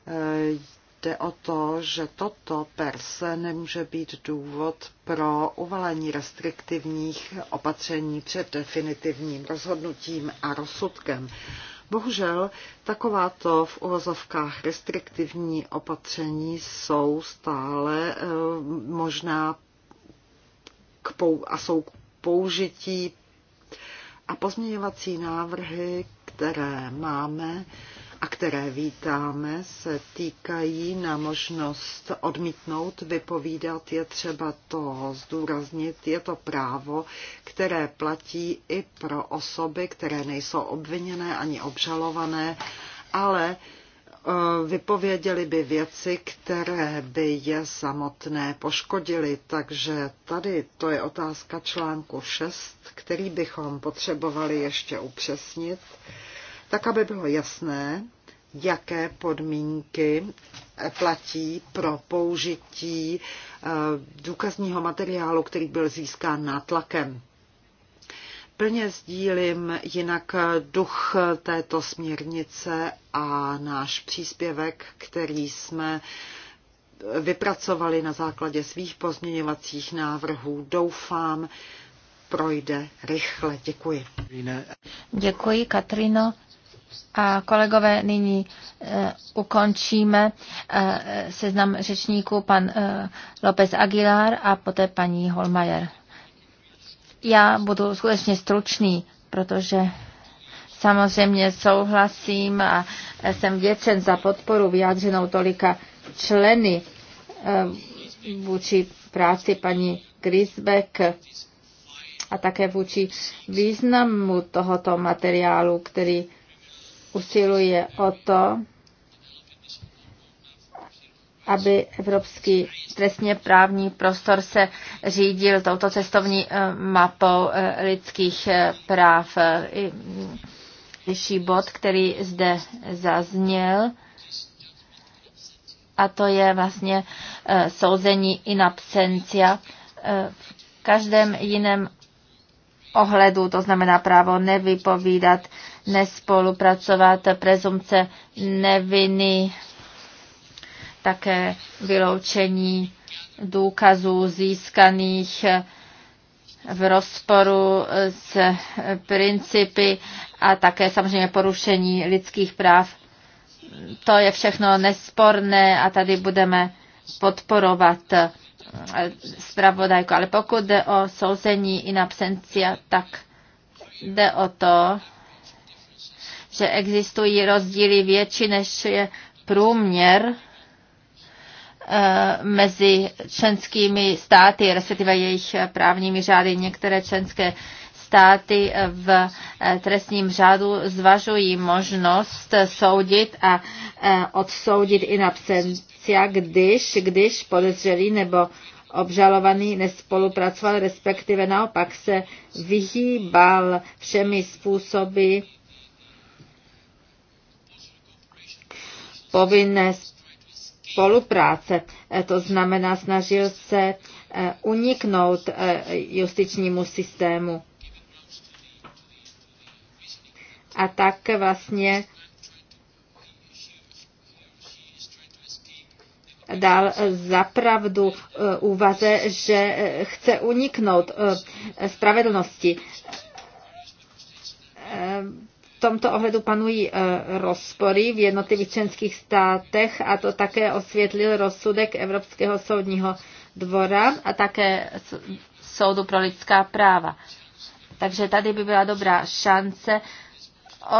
E, jde o to, že toto per se nemůže být důvod pro uvalení restriktivních opatření před definitivním rozhodnutím a rozsudkem. Bohužel takováto v uvozovkách restriktivní opatření jsou stále e, možná a jsou použití a pozměňovací návrhy, které máme a které vítáme, se týkají na možnost odmítnout, vypovídat. Je třeba to zdůraznit. Je to právo, které platí i pro osoby, které nejsou obviněné ani obžalované, ale Eh, vypověděli by věci, které by je samotné poškodily. Takže tady to je otázka článku 6, který bychom potřebovali ještě upřesnit, tak aby bylo jasné, jaké podmínky platí pro použití eh, důkazního materiálu, který byl získán nátlakem. Plně sdílím jinak duch této směrnice a náš příspěvek, který jsme vypracovali na základě svých pozměňovacích návrhů. Doufám, projde rychle. Děkuji. Děkuji, Katrino. A kolegové, nyní e, ukončíme e, seznam řečníků pan e, López Aguilar a poté paní Holmajer. Já budu skutečně stručný, protože samozřejmě souhlasím a jsem vděčen za podporu vyjádřenou tolika členy eh, vůči práci paní Grisbeck a také vůči významu tohoto materiálu, který usiluje o to, aby evropský trestně právní prostor se řídil touto cestovní eh, mapou eh, lidských eh, práv. Mm, vyšší bod, který zde zazněl, a to je vlastně souzení in absentia. V každém jiném ohledu, to znamená právo nevypovídat, nespolupracovat, prezumce neviny, také vyloučení důkazů získaných v rozporu s principy a také samozřejmě porušení lidských práv. To je všechno nesporné a tady budeme podporovat zpravodajku. Ale pokud jde o souzení in absentia, tak jde o to, že existují rozdíly větší, než je průměr Eh, mezi členskými státy, respektive jejich právními řády. Některé členské státy v eh, trestním řádu zvažují možnost soudit a eh, odsoudit in absentia, když, když podezřelý nebo obžalovaný nespolupracoval, respektive naopak se vyhýbal všemi způsoby povinné spolupráce. E, to znamená, snažil se e, uniknout e, justičnímu systému. A tak vlastně dal zapravdu úvaze, že chce uniknout spravedlnosti tomto ohledu panují e, rozpory v jednotlivých členských státech a to také osvětlil rozsudek Evropského soudního dvora a také Soudu pro lidská práva. Takže tady by byla dobrá šance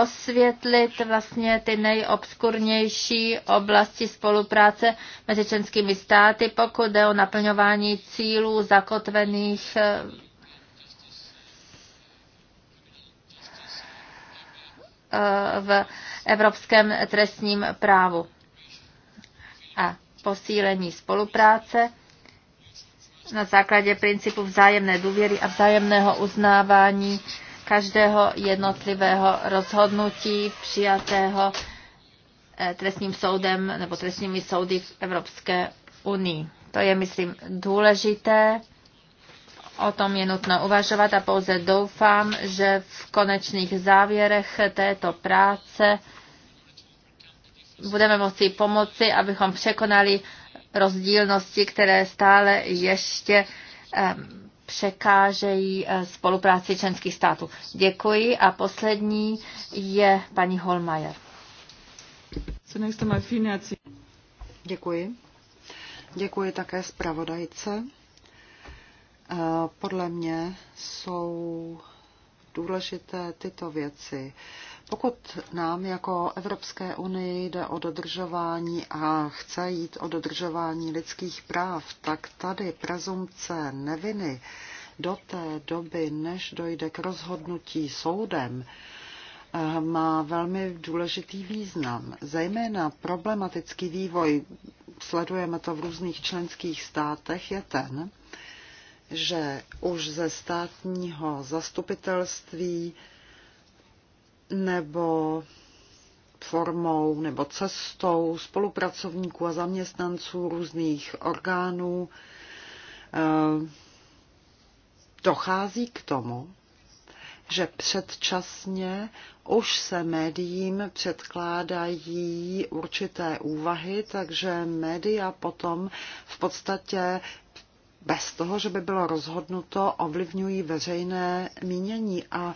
osvětlit vlastně ty nejobskurnější oblasti spolupráce mezi členskými státy, pokud jde o naplňování cílů zakotvených e, Eh, v evropském trestním právu a posílení spolupráce na základě principu vzájemné důvěry a vzájemného uznávání každého jednotlivého rozhodnutí přijatého eh, trestním soudem nebo trestními soudy v Evropské unii. To je, myslím, důležité O tom je nutno uvažovat a pouze doufám, že v konečných závěrech této práce budeme moci pomoci, abychom překonali rozdílnosti, které stále ještě překážejí eh, spolupráci členských států. Děkuji a poslední je paní Holmajer. Děkuji. Děkuji také zpravodajce Eh, podle mě jsou důležité tyto věci. Pokud nám jako Evropské unii jde o dodržování a chce jít o dodržování lidských práv, tak tady prezumce neviny do té doby, než dojde k rozhodnutí soudem, eh, má velmi důležitý význam. Zejména problematický vývoj, sledujeme to v různých členských státech, je ten, že už ze státního zastupitelství nebo formou nebo cestou spolupracovníků a zaměstnanců různých orgánů eh, dochází k tomu, že předčasně už se médiím předkládají určité úvahy, takže média potom v podstatě bez toho, že by bylo rozhodnuto, ovlivňují veřejné mínění. A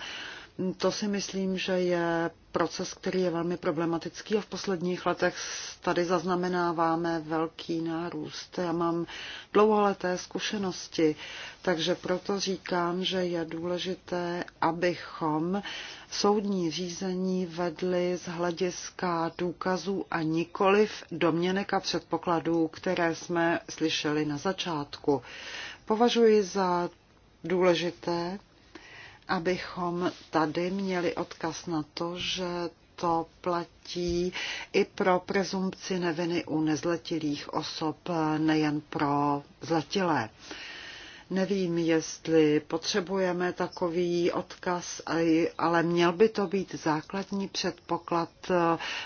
to si myslím, že je proces, který je velmi problematický a v posledních letech tady zaznamenáváme velký nárůst. Já mám dlouholeté zkušenosti, takže proto říkám, že je důležité, abychom soudní řízení vedli z hlediska důkazů a nikoliv domněnek a předpokladů, které jsme slyšeli na začátku. Považuji za důležité, abychom tady měli odkaz na to, že to platí i pro prezumpci neviny u nezletilých osob, nejen pro zletilé. Nevím, jestli potřebujeme takový odkaz, ale měl by to být základní předpoklad.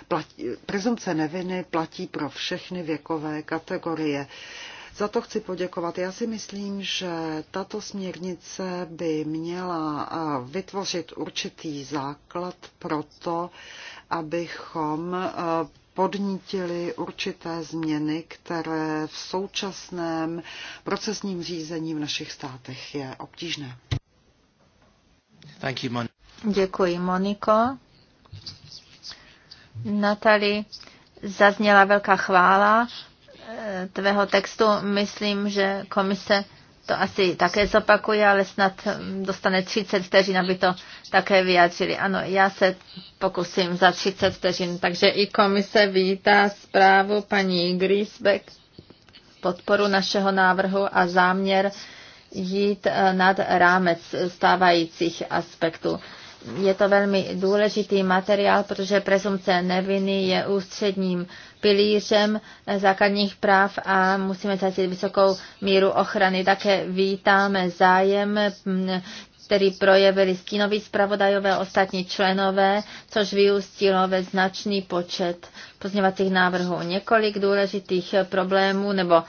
Platí, prezumce neviny platí pro všechny věkové kategorie. Za to chci poděkovat. Já si myslím, že tato směrnice by měla vytvořit určitý základ pro to, abychom podnítili určité změny, které v současném procesním řízení v našich státech je obtížné. Thank you, Mon- Děkuji, Moniko. Natali, zazněla velká chvála tvého textu. Myslím, že komise to asi také zopakuje, ale snad dostane 30 vteřin, aby to také vyjádřili. Ano, já se pokusím za 30 vteřin. Takže i komise vítá zprávu paní Griesbeck, podporu našeho návrhu a záměr jít eh, nad rámec stávajících aspektů. Je to velmi důležitý materiál, protože prezumce neviny je ústředním pilířem eh, základních práv a musíme zajistit vysokou míru ochrany. Také vítáme zájem mm, který projevili stínoví zpravodajové ostatní členové, což vyústilo ve značný počet pozměvacích návrhů. Několik důležitých eh, problémů nebo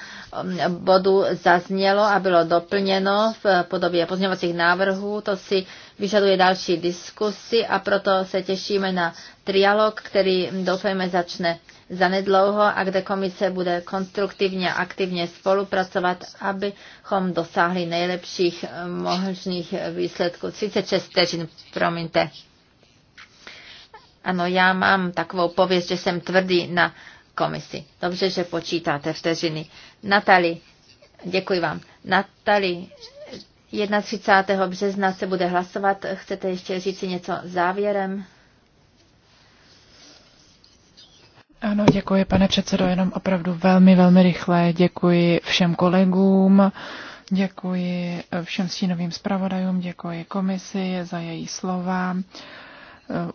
mm, bodů zaznělo a bylo doplněno v podobě pozměvacích návrhů. To si vyžaduje další diskusy a proto se těšíme na trialog, který mm, doufejme začne zanedlouho a kde komise bude konstruktivně a aktivně spolupracovat, abychom dosáhli nejlepších eh, možných výsledků. 36 vteřin, promiňte. Ano, já mám takovou pověst, že jsem tvrdý na komisi. Dobře, že počítáte vteřiny. Natali, děkuji vám. Natali, 31. března se bude hlasovat. Chcete ještě říci něco závěrem? Ano, děkuji, pane předsedo, jenom opravdu velmi, velmi rychle. Děkuji všem kolegům, děkuji všem stínovým zpravodajům, děkuji komisi za její slova.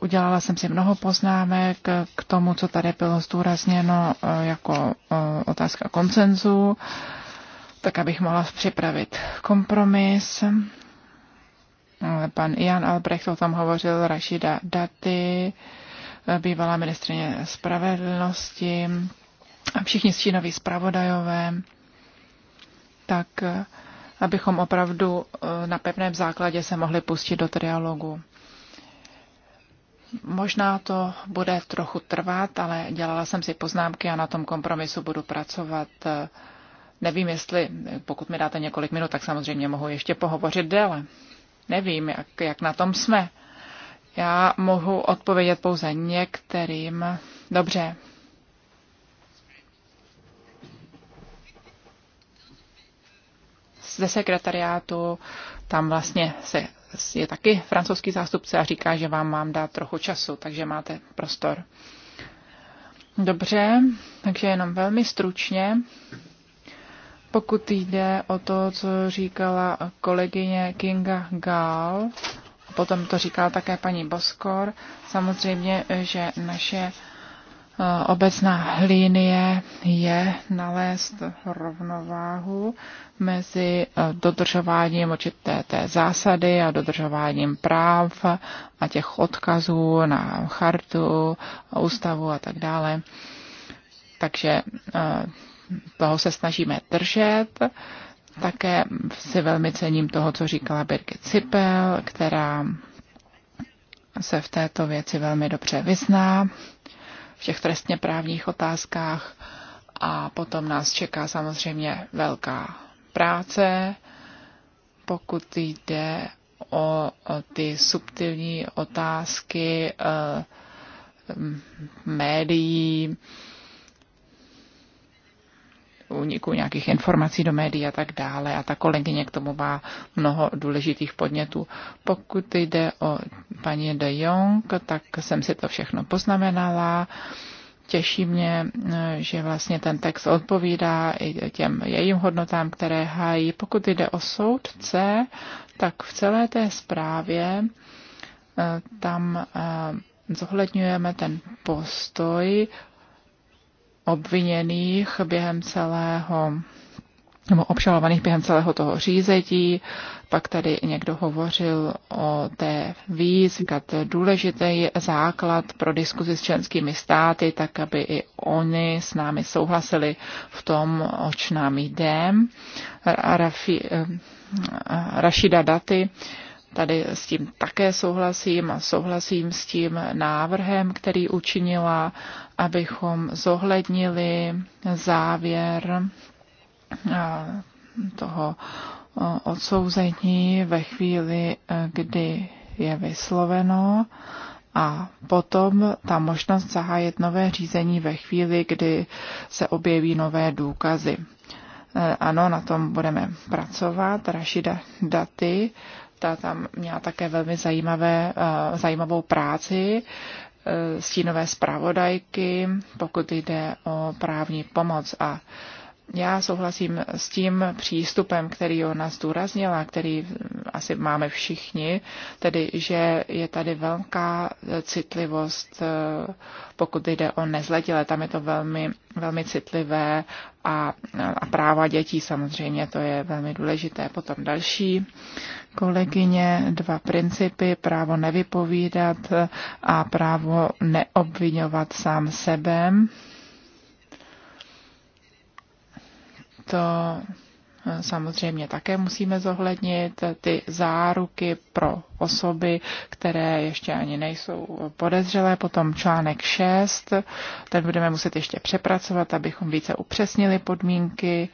Udělala jsem si mnoho poznámek k tomu, co tady bylo zdůrazněno eh, jako eh, otázka koncenzu, tak abych mohla připravit kompromis. Pan Ian Albrecht o tom hovořil, Rašida Daty, bývalá ministrině spravedlnosti a všichni stínoví zpravodajové, tak eh, abychom opravdu eh, na pevném základě se mohli pustit do trialogu. Možná to bude trochu trvat, ale dělala jsem si poznámky a na tom kompromisu budu pracovat. Nevím, jestli, pokud mi dáte několik minut, tak samozřejmě mohu ještě pohovořit déle. Nevím, jak, jak na tom jsme. Já mohu odpovědět pouze některým. Dobře. Ze sekretariátu tam vlastně se, je taky francouzský zástupce a říká, že vám mám dát trochu času, takže máte prostor. Dobře, takže jenom velmi stručně. Pokud jde o to, co říkala kolegyně Kinga Gál potom to říkala také paní Boskor, samozřejmě, že naše eh, obecná linie je nalézt rovnováhu mezi eh, dodržováním určité té zásady a dodržováním práv a těch odkazů na chartu, ústavu a tak dále. Takže eh, toho se snažíme držet také si velmi cením toho, co říkala Birgit Cipel, která se v této věci velmi dobře vyzná, v těch trestně právních otázkách. A potom nás čeká samozřejmě velká práce, pokud jde o, ty subtilní otázky eh, médií, uniku nějakých informací do médií a tak dále. A ta kolegyně k tomu má mnoho důležitých podnětů. Pokud jde o paní de Jong, tak jsem si to všechno poznamenala. Těší mě, že vlastně ten text odpovídá i těm jejím hodnotám, které hájí. Pokud jde o soudce, tak v celé té zprávě eh, tam eh, zohledňujeme ten postoj obviněných během celého nebo obžalovaných během celého toho řízení. Pak tady někdo hovořil o té výzkat důležitý základ pro diskuzi s členskými státy, tak aby i oni s námi souhlasili v tom, oč nám jde. Rafi, eh, Rašida Daty Tady s tím také souhlasím a souhlasím s tím návrhem, který učinila, abychom zohlednili závěr toho odsouzení ve chvíli, e, kdy je vysloveno a potom ta možnost zahájit nové řízení ve chvíli, kdy se objeví nové důkazy. E, ano, na tom budeme pracovat. Rašida Daty ta tam měla také velmi zajímavé, eh, zajímavou práci eh, stínové zpravodajky, pokud jde o právní pomoc a já souhlasím s tím přístupem, který ona zdůraznila, který asi máme všichni, tedy že je tady velká citlivost, eh, pokud jde o nezletilé, tam je to velmi, velmi citlivé a, a práva dětí samozřejmě, to je velmi důležité. Potom další kolegyně, dva principy, právo nevypovídat a právo neobvinovat sám sebem. to eh, samozřejmě také musíme zohlednit ty záruky pro osoby, které ještě ani nejsou podezřelé. Potom článek 6, ten budeme muset ještě přepracovat, abychom více upřesnili podmínky.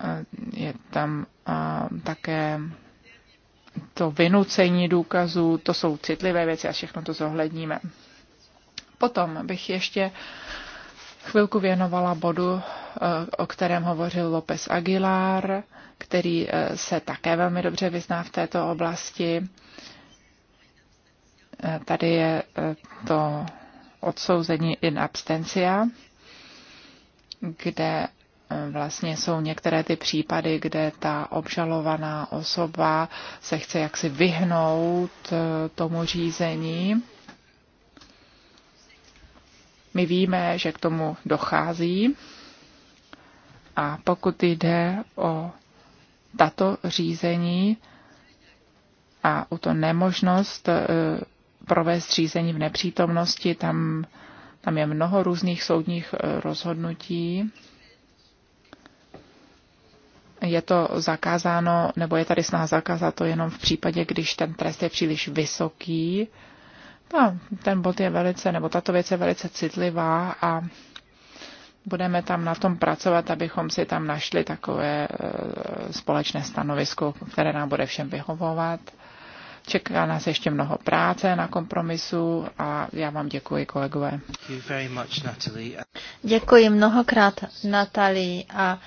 Eh, je tam eh, také to vynucení důkazů, to jsou citlivé věci a všechno to zohledníme. Potom bych ještě uh, chvilku věnovala bodu, eh, o kterém hovořil López Aguilar, který eh, se také velmi dobře vyzná v této oblasti. Eh, tady je to odsouzení in abstencia, kde vlastně jsou některé ty případy, kde ta obžalovaná osoba se chce jaksi vyhnout tomu řízení my víme, že k tomu dochází a pokud jde o tato řízení a o to nemožnost e, provést řízení v nepřítomnosti, tam, tam je mnoho různých soudních e, rozhodnutí. Je to zakázáno, nebo je tady snaha zakázat to jenom v případě, když ten trest je příliš vysoký. No, ten bod je velice, nebo tato věc je velice citlivá a budeme tam na tom pracovat, abychom si tam našli takové eh, společné stanovisko, které nám bude všem vyhovovat. Čeká nás ještě mnoho práce na kompromisu a já vám děkuji, kolegové. Děkuji mnohokrát, Natalie. A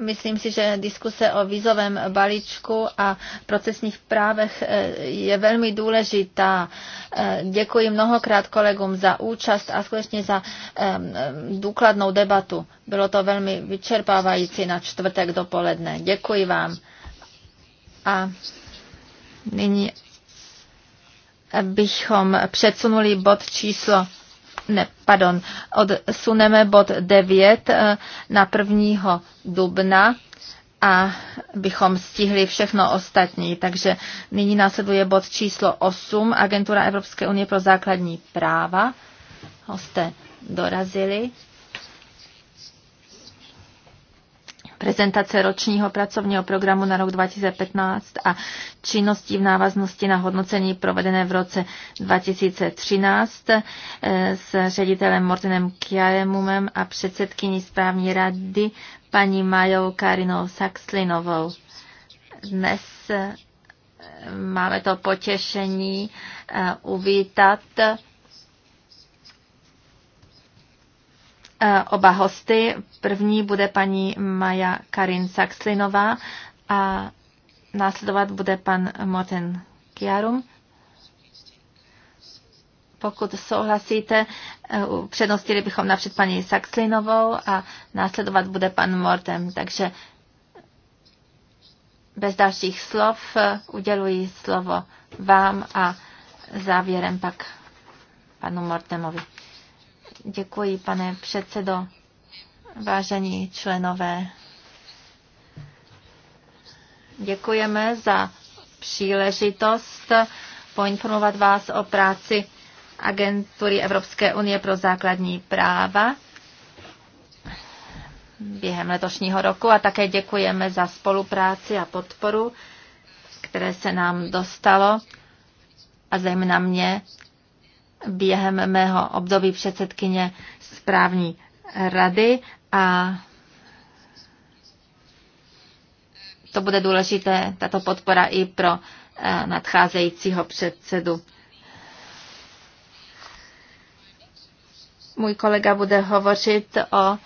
Myslím si, že diskuse o vízovém balíčku a procesních právech eh, je velmi důležitá. Eh, děkuji mnohokrát kolegům za účast a skutečně za ehm, ehm, důkladnou debatu. Bylo to velmi vyčerpávající na čtvrtek dopoledne. Děkuji vám. A nyní eh, bychom předsunuli bod číslo ne, pardon, odsuneme bod 9 eh, na 1. dubna a bychom stihli všechno ostatní. Takže nyní následuje bod číslo 8, Agentura Evropské unie pro základní práva. Hosté dorazili. prezentace ročního pracovního programu na rok 2015 a činností v návaznosti na hodnocení provedené v roce 2013 eh, s ředitelem Mortenem Kjaremumem a předsedkyní správní rady paní Majou Karinou Saxlinovou. Dnes eh, máme to potěšení eh, uvítat Eh, oba hosty. První bude paní Maja Karin Saxlinová a následovat bude pan Morten Kiarum. Pokud souhlasíte, eh, přednostili bychom napřed paní Saxlinovou a následovat bude pan Mortem. Takže bez dalších slov eh, uděluji slovo vám a závěrem pak panu Mortemovi. Děkuji, pane předsedo, vážení členové. Děkujeme za příležitost poinformovat vás o práci Agentury Evropské unie pro základní práva během letošního roku a také děkujeme za spolupráci a podporu, které se nám dostalo a zejména mě během mého období předsedkyně správní rady a to bude důležité, tato podpora i pro eh, nadcházejícího předsedu. Můj kolega bude hovořit o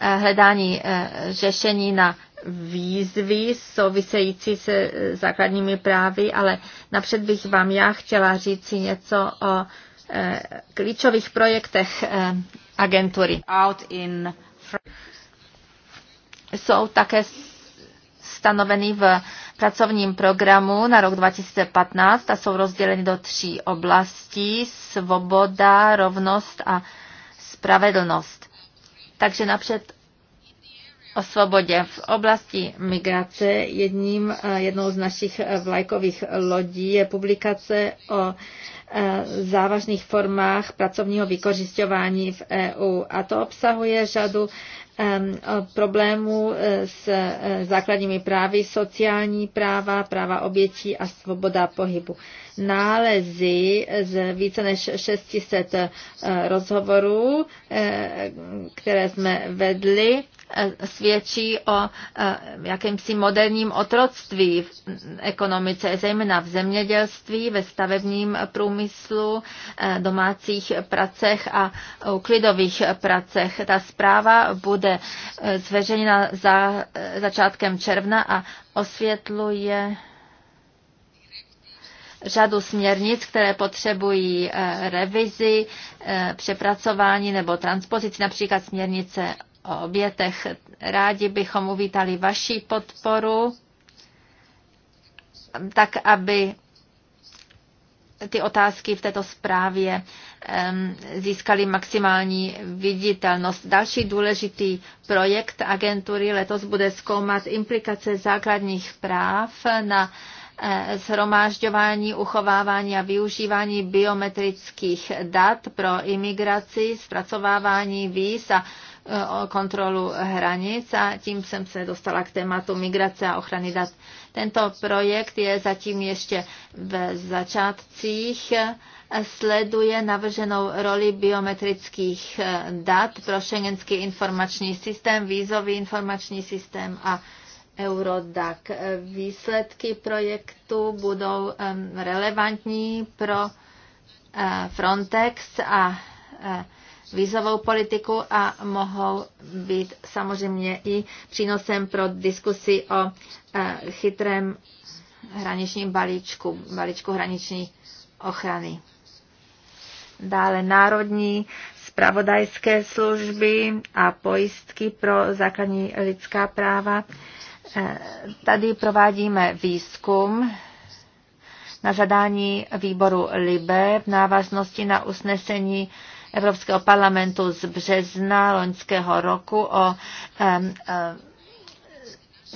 eh, hledání eh, řešení na výzvy související se základními právy, ale napřed bych vám já chtěla říci něco o Eh, klíčových projektech eh, agentury. Jsou také stanoveny v pracovním programu na rok 2015 a jsou rozděleny do tří oblastí svoboda, rovnost a spravedlnost. Takže napřed o svobodě. V oblasti migrace jedním, eh, jednou z našich eh, vlajkových lodí je publikace o eh, závažných formách pracovního vykořišťování v EU. A to obsahuje řadu problémů s základními právy, sociální práva, práva obětí a svoboda pohybu nálezy z více než 600 eh, rozhovorů, eh, které jsme vedli, eh, svědčí o jakémsi moderním otroctví v ekonomice, zejména v zemědělství, ve stavebním průmyslu, domácích pracech a uklidových pracech. Ta zpráva bude zveřejněna za začátkem června a osvětluje řadu směrnic, které potřebují eh, revizi, eh, přepracování nebo transpozici, například směrnice o obětech. Rádi bychom uvítali vaši podporu, tak aby ty otázky v této zprávě ehm, získali maximální viditelnost. Další důležitý projekt agentury letos bude zkoumat implikace základních práv na Eh, zhromážďování, uchovávání a využívání biometrických dat pro imigraci, zpracovávání víz a eh, kontrolu hranic a tím jsem se dostala k tématu migrace a ochrany dat. Tento projekt je zatím ještě v začátcích, eh, sleduje navrženou roli biometrických dat pro šengenský informační systém, vízový informační systém a Eurodac. Výsledky projektu budou relevantní pro e, Frontex a e, vízovou politiku a mohou být samozřejmě i přínosem pro diskusi o e, chytrém hraničním balíčku, balíčku hraniční ochrany. Dále národní spravodajské služby a pojistky pro základní lidská práva Tady provádíme výzkum na zadání výboru LIBE v návaznosti na usnesení Evropského parlamentu z března loňského roku o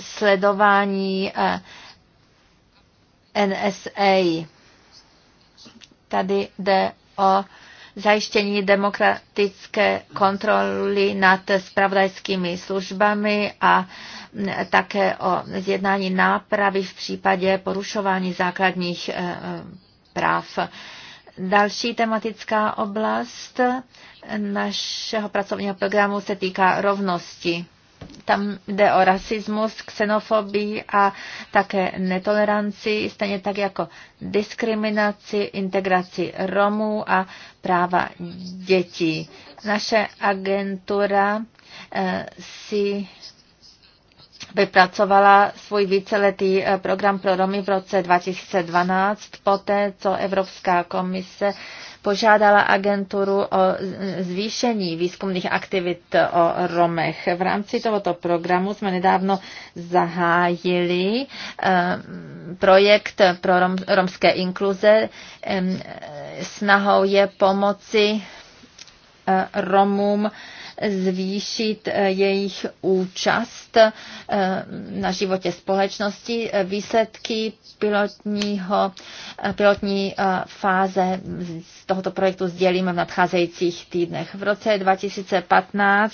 sledování NSA. Tady jde o zajištění demokratické kontroly nad spravodajskými službami a také o zjednání nápravy v případě porušování základních eh, práv. Další tematická oblast našeho pracovního programu se týká rovnosti tam jde o rasismus, xenofobii a také netoleranci, stejně tak jako diskriminaci, integraci Romů a práva dětí. Naše agentura eh, si vypracovala svůj víceletý eh, program pro Romy v roce 2012, poté co Evropská komise požádala agenturu o zvýšení výzkumných aktivit o Romech. V rámci tohoto programu jsme nedávno zahájili eh, projekt pro romské inkluze. Eh, snahou je pomoci Romům zvýšit eh, jejich účast eh, na životě společnosti. Eh, výsledky pilotního, pilotní fáze z tohoto projektu sdělíme v nadcházejících týdnech. V roce 2015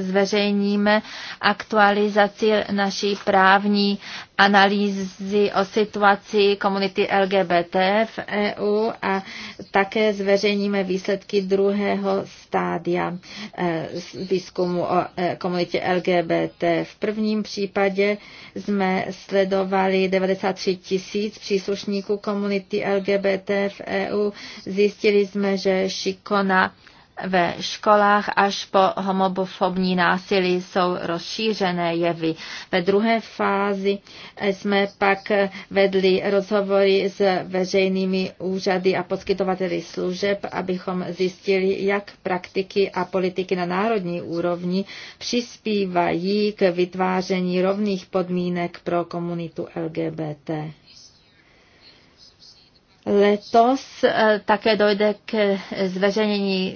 zveřejníme aktualizaci naší právní analýzy o situaci komunity LGBT v EU a také zveřejníme výsledky druhého stádia eh, výzkumu o eh, komunitě LGBT. V prvním případě jsme sledovali 93 tisíc příslušníků komunity LGBT v EU. Zjistili jsme, že šikona ve školách až po homofobní násilí jsou rozšířené jevy. Ve druhé fázi jsme pak vedli rozhovory s veřejnými úřady a poskytovateli služeb, abychom zjistili, jak praktiky a politiky na národní úrovni přispívají k vytváření rovných podmínek pro komunitu LGBT. Letos eh, také dojde k zveřejnění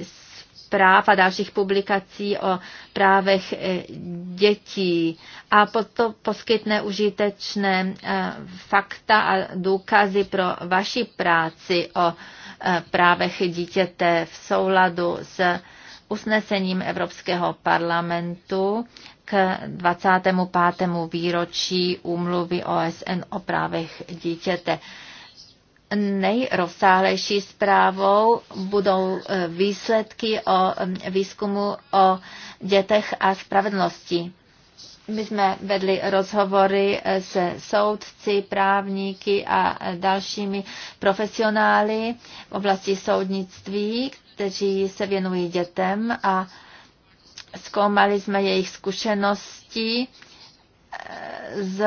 zpráv a dalších publikací o právech eh, dětí a to poskytne užitečné eh, fakta a důkazy pro vaši práci o eh, právech dítěte v souladu s usnesením Evropského parlamentu k 25. výročí úmluvy OSN o právech dítěte nejrozsáhlejší zprávou budou eh, výsledky o mm, výzkumu o dětech a spravedlnosti. My jsme vedli rozhovory eh, se soudci, právníky a eh, dalšími profesionály v oblasti soudnictví, kteří se věnují dětem a zkoumali jsme jejich zkušenosti z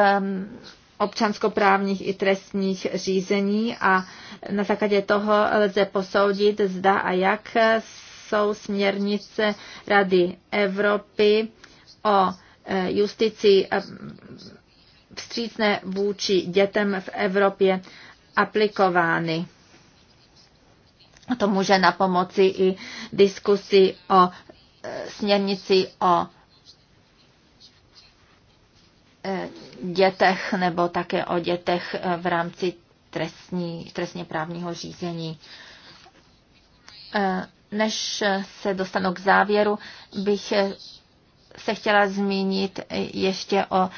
občanskoprávních i trestních řízení a na základě toho lze posoudit, zda a jak jsou směrnice Rady Evropy o e, justici e, vstřícné vůči dětem v Evropě aplikovány. To může na pomoci i diskusi o e, směrnici o dětech nebo také o dětech eh, v rámci trestní, trestně právního řízení. Eh, než se dostanu k závěru, bych eh, se chtěla zmínit ještě o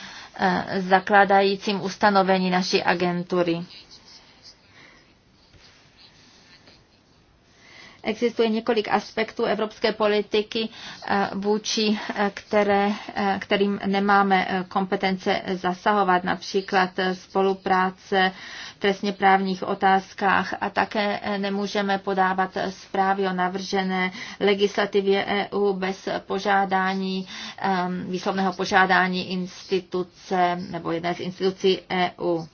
zakládajícím ustanovení naší agentury. Existuje několik aspektů evropské politiky eh, vůči, eh, které, eh, kterým nemáme kompetence zasahovat, například spolupráce v trestně právních otázkách a také nemůžeme podávat zprávy o navržené legislativě EU bez požádání, ehm, výslovného požádání instituce nebo jedné z institucí EU.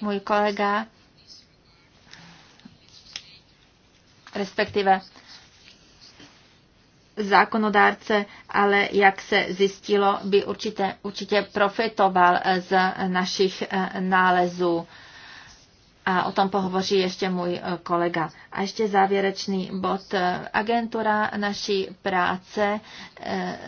Můj kolega respektive zákonodárce, ale jak se zjistilo, by určitě, určitě profitoval z našich eh, nálezů a o tom pohovoří ještě můj eh, kolega. A ještě závěrečný bod. Eh, agentura naší práce eh,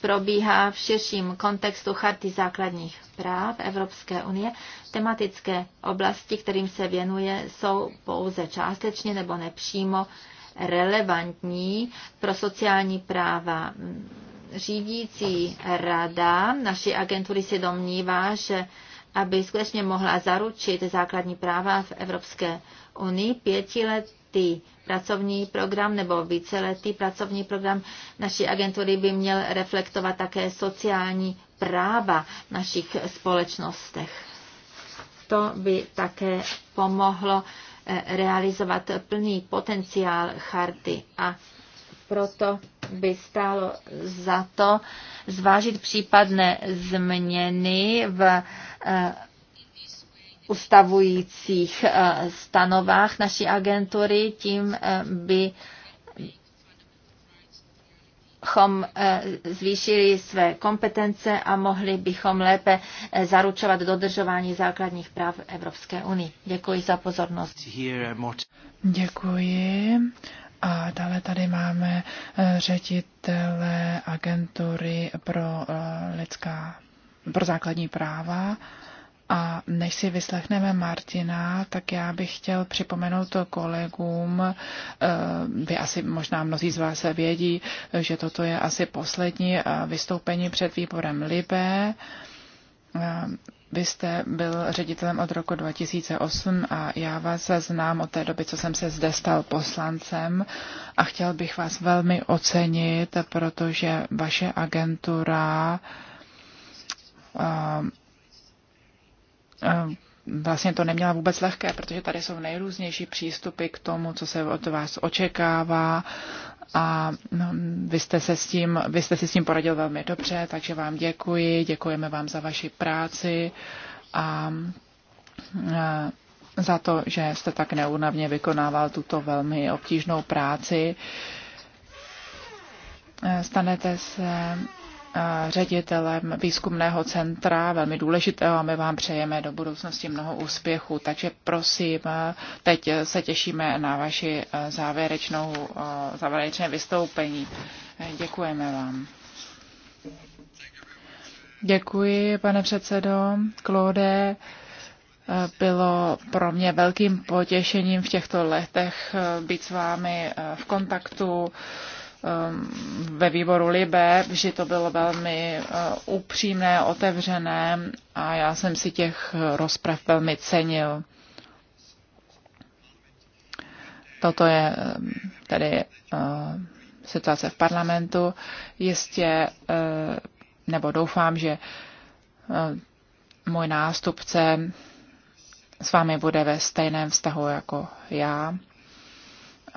probíhá v širším kontextu Charty základních práv Evropské unie. Tematické oblasti, kterým se věnuje, jsou pouze částečně nebo nepřímo relevantní pro sociální práva. Řídící rada naší agentury se domnívá, že aby skutečně mohla zaručit základní práva v Evropské unii, pětiletý pracovní program nebo víceletý pracovní program naší agentury by měl reflektovat také sociální práva v našich společnostech. To by také pomohlo eh, realizovat plný potenciál charty a proto by stálo za to zvážit případné změny v eh, ustavujících eh, stanovách naší agentury, tím by eh, bychom zvýšili své kompetence a mohli bychom lépe zaručovat dodržování základních práv Evropské unie. Děkuji za pozornost. Děkuji. A dále tady máme eh, ředitele agentury pro eh, lidská, pro základní práva. A než si vyslechneme Martina, tak já bych chtěl připomenout to kolegům, eh, vy asi možná mnozí z vás vědí, že toto je asi poslední vystoupení před výborem Libé. Vy jste byl ředitelem od roku 2008 a já vás znám od té doby, co jsem se zde stal poslancem a chtěl bych vás velmi ocenit, protože vaše agentura vlastně to neměla vůbec lehké, protože tady jsou nejrůznější přístupy k tomu, co se od vás očekává a hm, vy jste, se s tím, vy jste si s tím poradil velmi dobře, takže vám děkuji, děkujeme vám za vaši práci a hm, za to, že jste tak neúnavně vykonával tuto velmi obtížnou práci. Hm, stanete se Eh, ředitelem výzkumného centra, velmi důležitého a my vám přejeme do budoucnosti mnoho úspěchu. Takže prosím, eh, teď se těšíme na vaši eh, závěrečnou, závěrečné vystoupení. Děkujeme vám. Děkuji, pane předsedo. Claude, bylo pro mě velkým potěšením v těchto letech být s vámi v kontaktu Um, ve výboru Libe, že to bylo velmi uh, upřímné, otevřené a já jsem si těch rozprav velmi cenil. Toto je um, tedy uh, situace v parlamentu. Jistě, uh, nebo doufám, že můj nástupce s vámi bude ve stejném vztahu jako já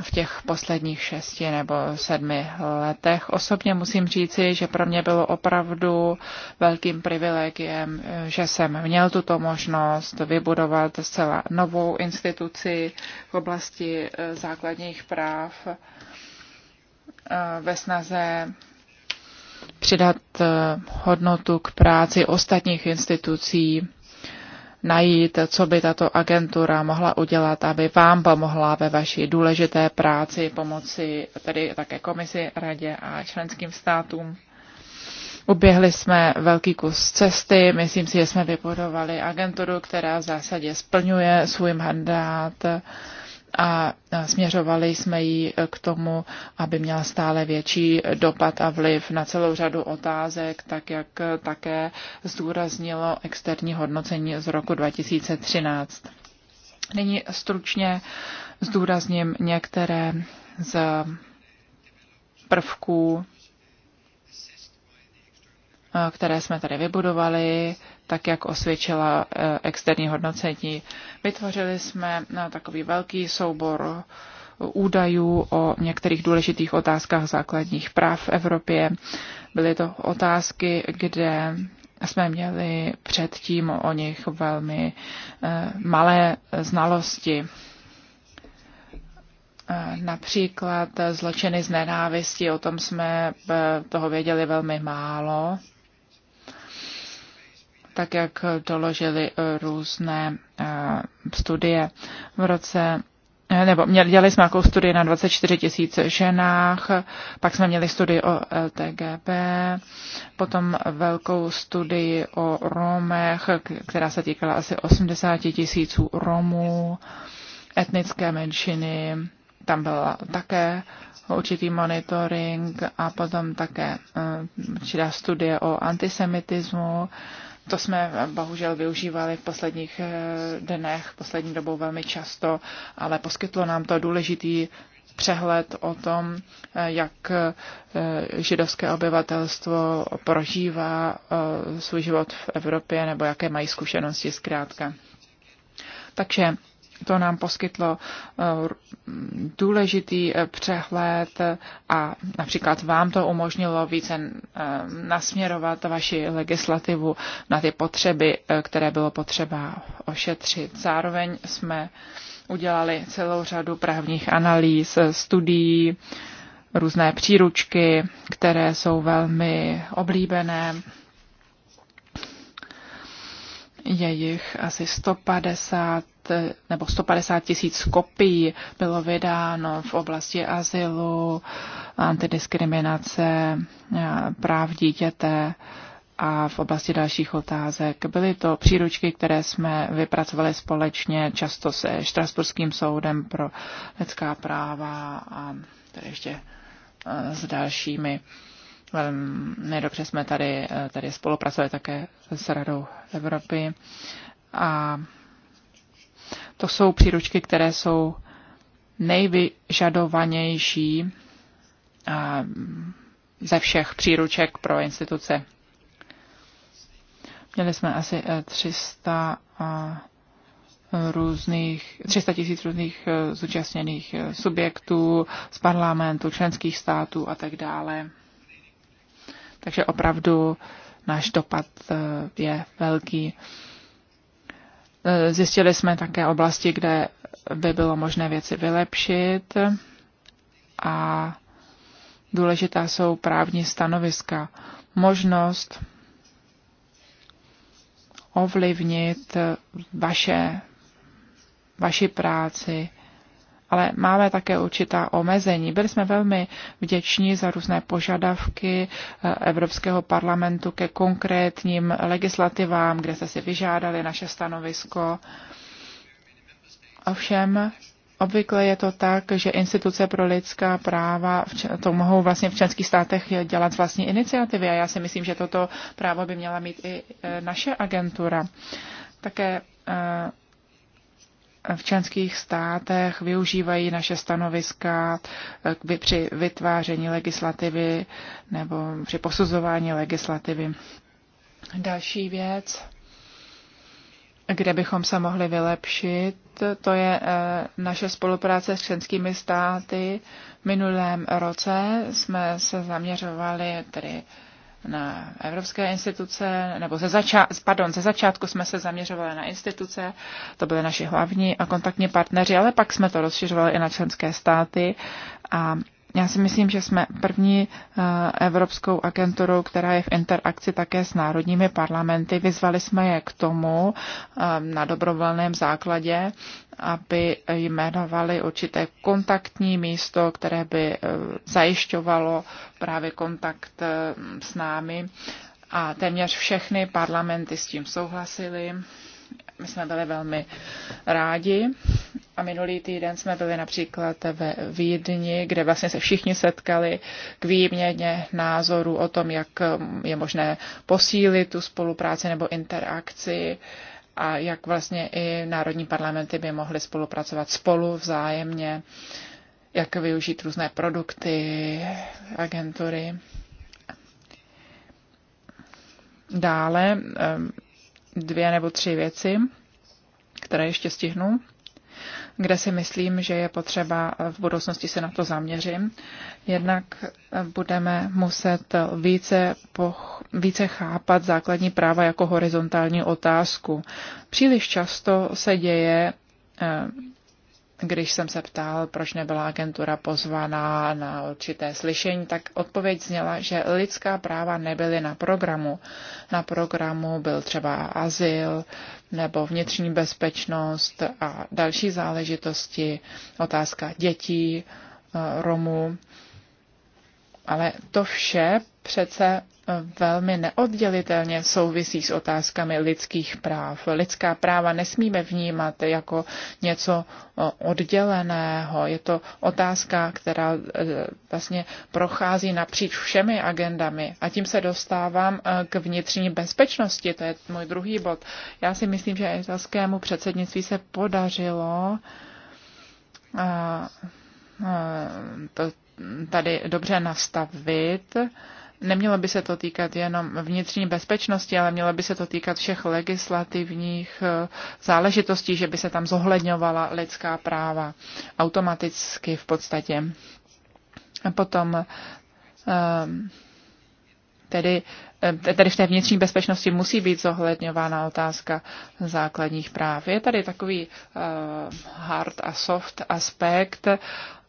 v těch posledních šesti nebo sedmi letech. Osobně musím říci, že pro mě bylo opravdu velkým privilegiem, že jsem měl tuto možnost vybudovat zcela novou instituci v oblasti eh, základních práv eh, ve snaze přidat eh, hodnotu k práci ostatních institucí najít, co by tato agentura mohla udělat, aby vám pomohla ve vaší důležité práci, pomoci tedy také komisi, radě a členským státům. Uběhli jsme velký kus cesty, myslím si, že jsme vybudovali agenturu, která v zásadě splňuje svůj mandát a směřovali jsme ji k tomu, aby měla stále větší dopad a vliv na celou řadu otázek, tak jak také zdůraznilo externí hodnocení z roku 2013. Nyní stručně zdůrazním některé z prvků, které jsme tady vybudovali, tak jak osvědčila eh, externí hodnocení. Vytvořili jsme eh, takový velký soubor eh, údajů o některých důležitých otázkách základních práv v Evropě. Byly to otázky, kde jsme měli předtím o nich velmi malé znalosti. Například zločiny z nenávisti, o tom jsme toho věděli velmi málo tak jak doložili eh, různé eh, studie. V roce eh, nebo měli, dělali jsme nějakou studii na 24 tisíc ženách, pak jsme měli studii o LTGB, potom velkou studii o Romech, která se týkala asi 80 tisíců Romů, etnické menšiny, tam byl také určitý monitoring a potom také určitá studie o antisemitismu to jsme eh, bohužel využívali v posledních eh, dnech, poslední dobou velmi často, ale poskytlo nám to důležitý přehled o tom, eh, jak židovské obyvatelstvo prožívá svůj život v Evropě nebo jaké mají zkušenosti zkrátka. Takže to nám poskytlo eh, důležitý eh, přehled a například vám to umožnilo více eh, nasměrovat vaši legislativu na ty potřeby, které bylo potřeba ošetřit. Zároveň jsme udělali celou řadu právních analýz, studií, různé příručky, které jsou velmi oblíbené. Je jich asi 150 nebo 150 tisíc kopií bylo vydáno v oblasti azylu, antidiskriminace, práv dítěte a v oblasti dalších otázek. Byly to příručky, které jsme vypracovali společně, často se Štrasburským soudem pro lidská práva a tady ještě e, s dalšími. Nejdobře jsme tady, e, tady spolupracovali také s Radou Evropy a to jsou příručky, které jsou nejvyžadovanější eh, ze všech příruček pro instituce. Měli jsme asi 300 eh, eh, různých, 300 tisíc různých zúčastněných subjektů z parlamentu, členských států a tak dále. Takže opravdu náš dopad je velký. Eh, zjistili jsme také oblasti, kde by bylo možné věci vylepšit a důležitá jsou právní stanoviska. Možnost ovlivnit vaše, vaši práci, ale máme také určitá omezení. Byli jsme velmi vděční za různé požadavky eh, Evropského parlamentu ke konkrétním legislativám, kde se si vyžádali naše stanovisko. Ovšem, Obvykle je to tak, že instituce pro lidská práva to mohou vlastně v členských státech dělat z vlastní iniciativy a já si myslím, že toto právo by měla mít i eh, naše agentura. Také eh, v členských státech využívají naše stanoviska při vytváření legislativy nebo při posuzování legislativy. Další věc, kde bychom se mohli vylepšit, to je eh, naše spolupráce s členskými státy. V minulém roce jsme se zaměřovali tedy na evropské instituce, nebo ze, zača- pardon, ze začátku jsme se zaměřovali na instituce, to byly naši hlavní a kontaktní partneři, ale pak jsme to rozšiřovali i na členské státy a já si myslím, že jsme první eh, evropskou agenturou, která je v interakci také s národními parlamenty. Vyzvali jsme je k tomu eh, na dobrovolném základě, aby jmenovali určité kontaktní místo, které by eh, zajišťovalo právě kontakt s námi. A téměř všechny parlamenty s tím souhlasily. My jsme byli velmi rádi a minulý týden jsme byli například ve Vídni, kde vlastně se všichni setkali k výměně názorů o tom, jak je možné posílit tu spolupráci nebo interakci a jak vlastně i národní parlamenty by mohly spolupracovat spolu vzájemně, jak využít různé produkty, agentury. Dále dvě nebo tři věci, které ještě stihnu, kde si myslím, že je potřeba v budoucnosti se na to zaměřím. Jednak budeme muset více, poch, více chápat základní práva jako horizontální otázku. Příliš často se děje eh, když jsem se ptal, proč nebyla agentura pozvaná na určité slyšení, tak odpověď zněla, že lidská práva nebyly na programu. Na programu byl třeba azyl nebo vnitřní bezpečnost a další záležitosti, otázka dětí, eh, Romů. Ale to vše přece velmi neoddělitelně souvisí s otázkami lidských práv. Lidská práva nesmíme vnímat jako něco eh, odděleného. Je to otázka, která eh, vlastně prochází napříč všemi agendami. A tím se dostávám eh, k vnitřní bezpečnosti. To je můj druhý bod. Já si myslím, že italskému předsednictví se podařilo to tady dobře nastavit nemělo by se to týkat jenom vnitřní bezpečnosti, ale mělo by se to týkat všech legislativních eh, záležitostí, že by se tam zohledňovala lidská práva automaticky v podstatě. A potom ehm, tedy, eh, tedy v té vnitřní bezpečnosti musí být zohledňována otázka základních práv. Je tady takový ehm, hard a soft aspekt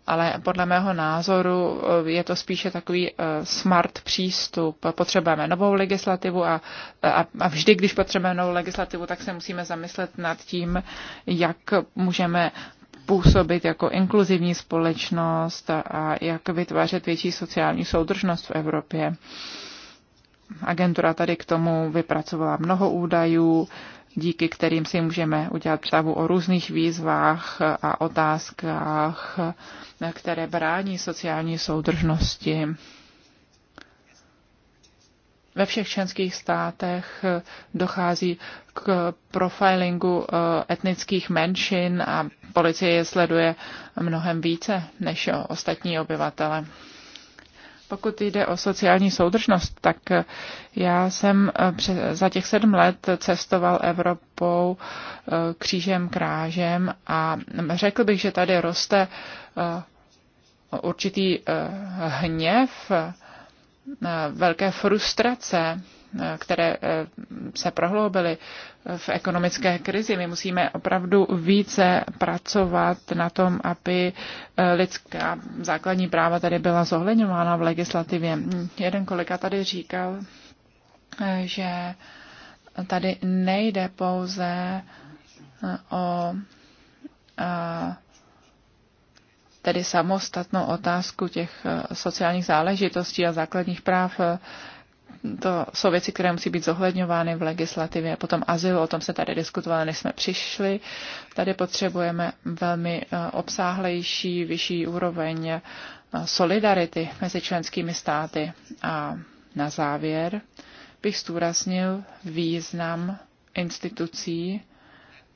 ale podle mého názoru eh, je to spíše takový eh, smart přístup. Potřebujeme novou legislativu a, a, a vždy, když potřebujeme novou legislativu, tak se musíme zamyslet nad tím, jak můžeme působit jako inkluzivní společnost a jak vytvářet větší sociální soudržnost v Evropě. Agentura tady k tomu vypracovala mnoho údajů, díky kterým si můžeme udělat představu o různých výzvách a otázkách, které brání sociální soudržnosti. Ve všech členských státech dochází k profilingu eh, etnických menšin a policie je sleduje mnohem více než ostatní obyvatele. Pokud jde o sociální soudržnost, tak já jsem eh, za těch sedm let cestoval Evropou eh, křížem krážem a řekl bych, že tady roste eh, určitý hněv, velké frustrace, které se prohloubily v ekonomické krizi. My musíme opravdu více pracovat na tom, aby eh, lidská základní práva tady byla zohledňována v legislativě. Jeden kolega tady říkal, eh, že tady nejde pouze eh, o tedy samostatnou otázku těch sociálních záležitostí a základních práv to jsou věci, které musí být zohledňovány v legislativě. Potom azyl, o tom se tady diskutovalo, než jsme přišli. Tady potřebujeme velmi eh, obsáhlejší, vyšší úroveň eh, solidarity mezi členskými státy. A na závěr bych zdůraznil význam institucí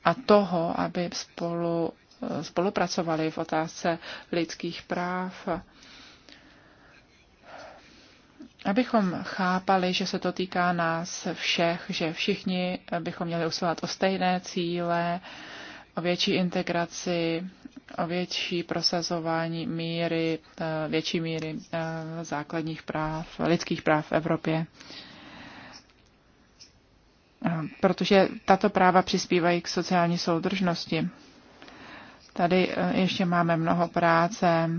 a toho, aby spolu eh, spolupracovali v otázce lidských práv Abychom chápali, že se to týká nás všech, že všichni bychom měli usilovat o stejné cíle, o větší integraci, o větší prosazování míry, eh, větší míry eh, základních práv, lidských práv v Evropě. Eh, protože tato práva přispívají k sociální soudržnosti. Tady ještě máme mnoho práce,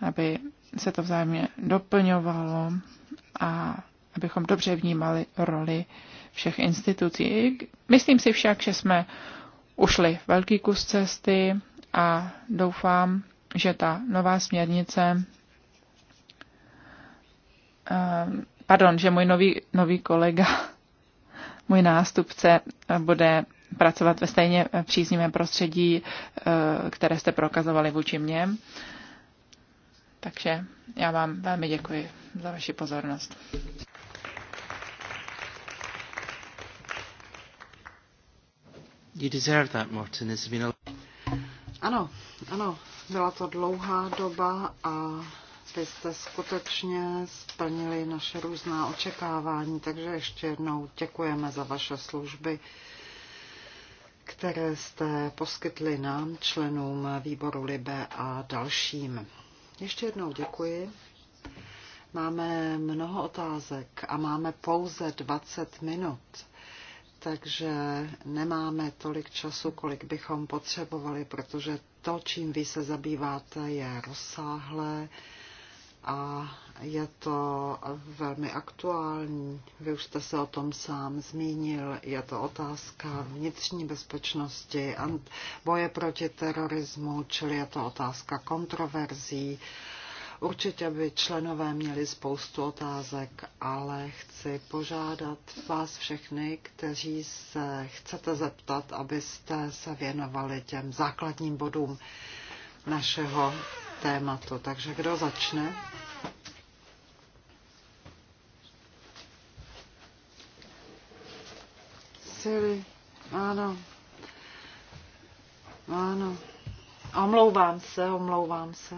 aby se to vzájemně doplňovalo a abychom dobře vnímali roli všech institucí. Myslím si však, že jsme ušli velký kus cesty a doufám, že ta nová směrnice, ehm, pardon, že můj nový, nový kolega, můj nástupce bude pracovat ve stejně příznivém prostředí, eh, které jste prokazovali vůči mně. Takže já vám velmi děkuji za vaši pozornost. You deserve that, Martin. It's been a... Ano, ano, byla to dlouhá doba a vy jste skutečně splnili naše různá očekávání, takže ještě jednou děkujeme za vaše služby, které jste poskytli nám, členům výboru Libe a dalším. Ještě jednou děkuji. Máme mnoho otázek a máme pouze 20 minut, takže nemáme tolik času, kolik bychom potřebovali, protože to, čím vy se zabýváte, je rozsáhlé a je to velmi aktuální. Vy už jste se o tom sám zmínil. Je to otázka vnitřní bezpečnosti, boje proti terorismu, čili je to otázka kontroverzí. Určitě by členové měli spoustu otázek, ale chci požádat vás všechny, kteří se chcete zeptat, abyste se věnovali těm základním bodům našeho tématu. Takže kdo začne? Sily, ano. Ano. Omlouvám se, omlouvám se.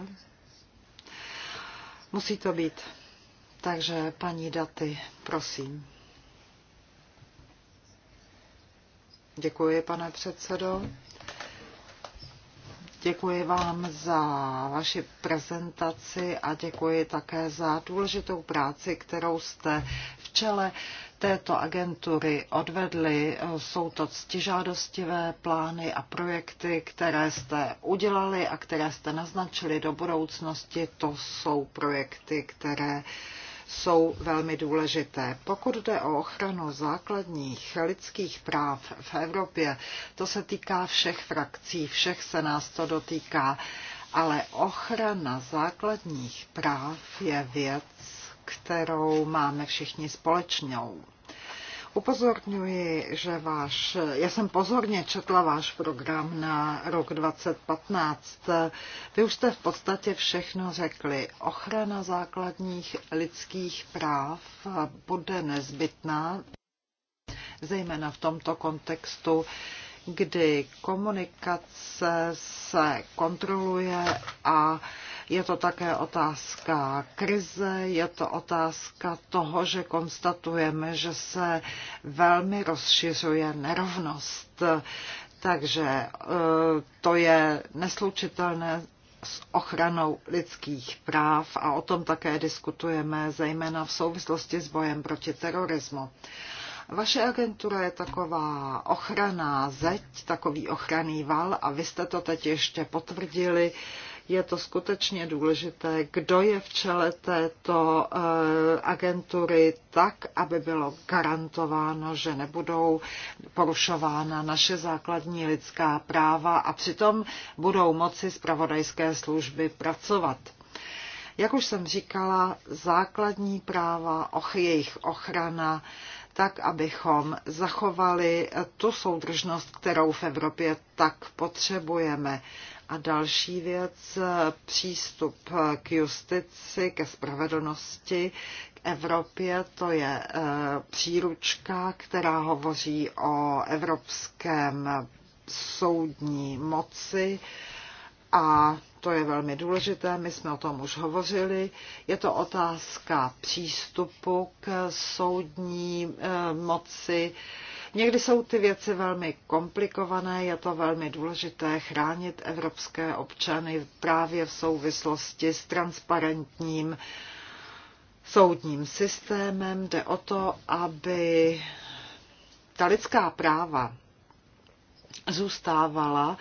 Musí to být. Takže paní Daty, prosím. Děkuji, pane předsedo. Děkuji vám za vaši prezentaci a děkuji také za důležitou práci, kterou jste v čele této agentury odvedli. Jsou to ctižádostivé plány a projekty, které jste udělali a které jste naznačili do budoucnosti. To jsou projekty, které jsou velmi důležité. Pokud jde o ochranu základních lidských práv v Evropě, to se týká všech frakcí, všech se nás to dotýká, ale ochrana základních práv je věc, kterou máme všichni společnou. Upozorňuji, že váš, já jsem pozorně četla váš program na rok 2015. Vy už jste v podstatě všechno řekli. Ochrana základních lidských práv bude nezbytná, zejména v tomto kontextu, kdy komunikace se kontroluje a je to také otázka krize, je to otázka toho, že konstatujeme, že se velmi rozšiřuje nerovnost. Takže e, to je neslučitelné s ochranou lidských práv a o tom také diskutujeme, zejména v souvislosti s bojem proti terorismu. Vaše agentura je taková ochranná zeď, takový ochranný val a vy jste to teď ještě potvrdili. Uh, je to skutečně důležité, kdo je v čele této eh, agentury, tak, aby bylo garantováno, že nebudou porušována naše základní lidská práva a přitom budou moci zpravodajské služby pracovat. Jak už jsem říkala, základní práva, och, jejich ochrana, tak, abychom zachovali tu soudržnost, kterou v Evropě tak potřebujeme. A další věc, přístup k justici, ke spravedlnosti, k Evropě, to je eh, příručka, která hovoří o evropském soudní moci a to je velmi důležité, my jsme o tom už hovořili. Je to otázka přístupu k soudní eh, moci, Někdy jsou ty věci velmi komplikované, je to velmi důležité chránit evropské občany právě v souvislosti s transparentním soudním systémem. Jde o to, aby ta lidská práva zůstávala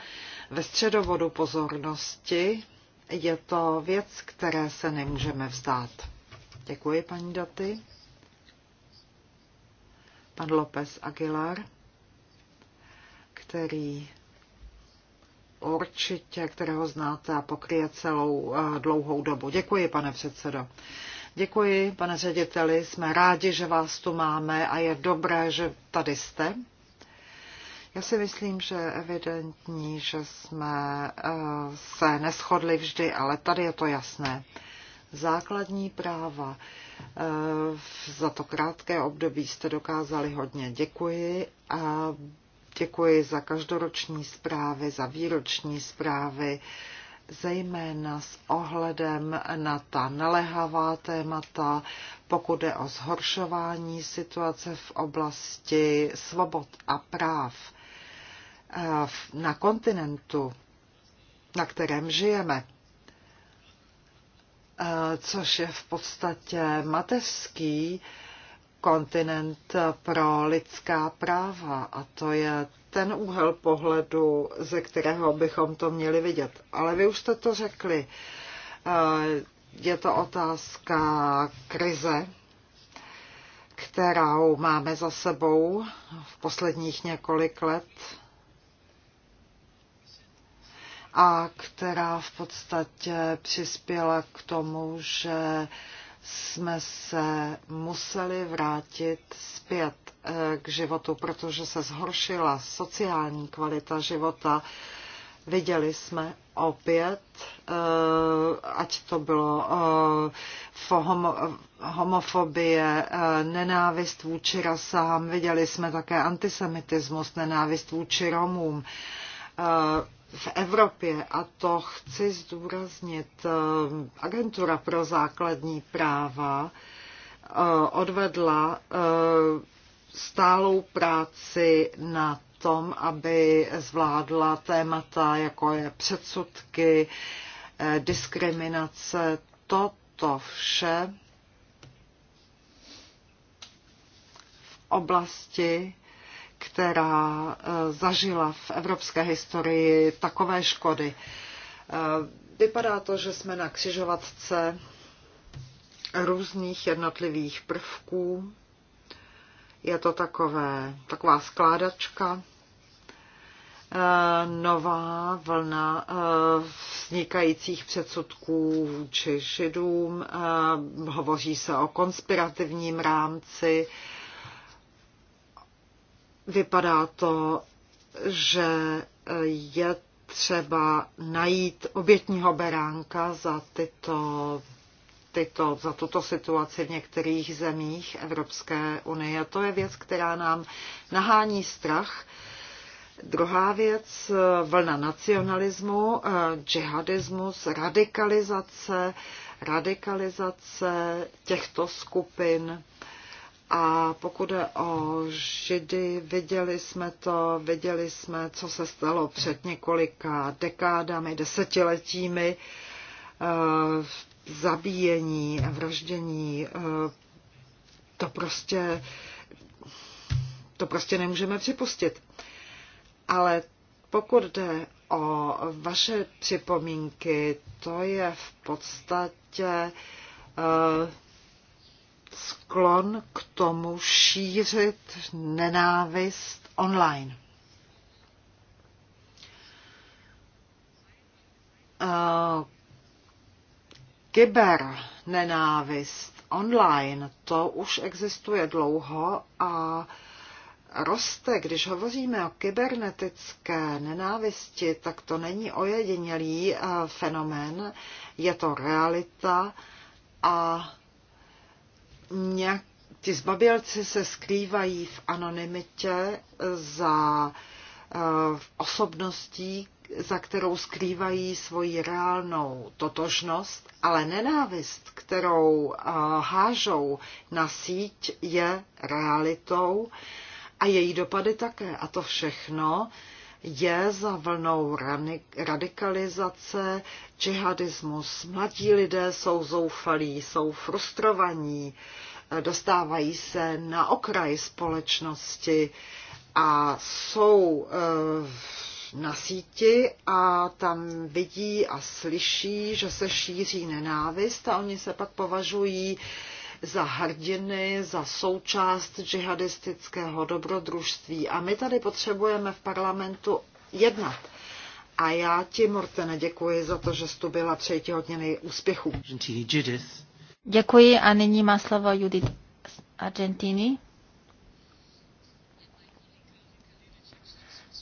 ve středovodu pozornosti. Je to věc, které se nemůžeme vzdát. Děkuji, paní Daty pan López Aguilar, který určitě, kterého znáte a pokryje celou eh, dlouhou dobu. Děkuji, pane předsedo. Děkuji, pane řediteli, jsme rádi, že vás tu máme a je dobré, že tady jste. Já si myslím, že je evidentní, že jsme eh, se neschodli vždy, ale tady je to jasné. Základní práva. Eh, za to krátké období jste dokázali hodně. Děkuji a děkuji za každoroční zprávy, za výroční zprávy, zejména s ohledem na ta naléhavá témata, pokud jde o zhoršování situace v oblasti svobod a práv eh, na kontinentu, na kterém žijeme což je v podstatě mateřský kontinent pro lidská práva. A to je ten úhel pohledu, ze kterého bychom to měli vidět. Ale vy už jste to řekli. Eh, je to otázka krize, kterou máme za sebou v posledních několik let a která v podstatě přispěla k tomu, že jsme se museli vrátit zpět eh, k životu, protože se zhoršila sociální kvalita života. Viděli jsme opět, eh, ať to bylo eh, homofobie, nenávist vůči rasám, viděli jsme také antisemitismus, nenávist vůči Romům v Evropě, a to chci zdůraznit, eh, Agentura pro základní práva eh, odvedla eh, stálou práci na tom, aby zvládla témata, jako je předsudky, diskriminace. Toto vše v oblasti která eh, zažila v evropské historii takové škody. Eh, vypadá to, že jsme na křižovatce různých jednotlivých prvků. Je to takové, taková skládačka, eh, nová vlna vznikajících předsudků vůči židům, hovoří se o konspirativním rámci, Vypadá to, že je třeba najít obětního beránka za, tyto, tyto, za tuto situaci v některých zemích Evropské unie. To je věc, která nám nahání strach. Druhá věc, vlna nacionalismu, džihadismus, radikalizace, radikalizace těchto skupin a pokud je o Židy, viděli jsme to, viděli jsme, co se stalo před několika dekádami, desetiletími eh, zabíjení, vraždění. Eh, to prostě, to prostě nemůžeme připustit. Ale pokud jde o vaše připomínky, to je v podstatě uh, sklon k tomu šířit nenávist online. Eh, kyber nenávist online, to už existuje dlouho a roste. Když hovoříme o kybernetické nenávisti, tak to není ojedinělý eh, fenomén, je to realita a nějak, ty zbabělci se skrývají v anonymitě za eh, osobností, za kterou skrývají svoji reálnou totožnost, ale nenávist, kterou eh, hážou na síť, je realitou a její dopady také. A to všechno je za vlnou radikalizace, džihadismus. Mladí lidé jsou zoufalí, jsou frustrovaní, dostávají se na okraj společnosti a jsou eh, na síti a tam vidí a slyší, že se šíří nenávist a oni se pak považují za hrdiny, za součást džihadistického dobrodružství. A my tady potřebujeme v parlamentu jednat. A já ti, Mortene, děkuji za to, že jsi tu byla. třetí hodně úspěchů. Děkuji a nyní má slovo Judith z Argentiny.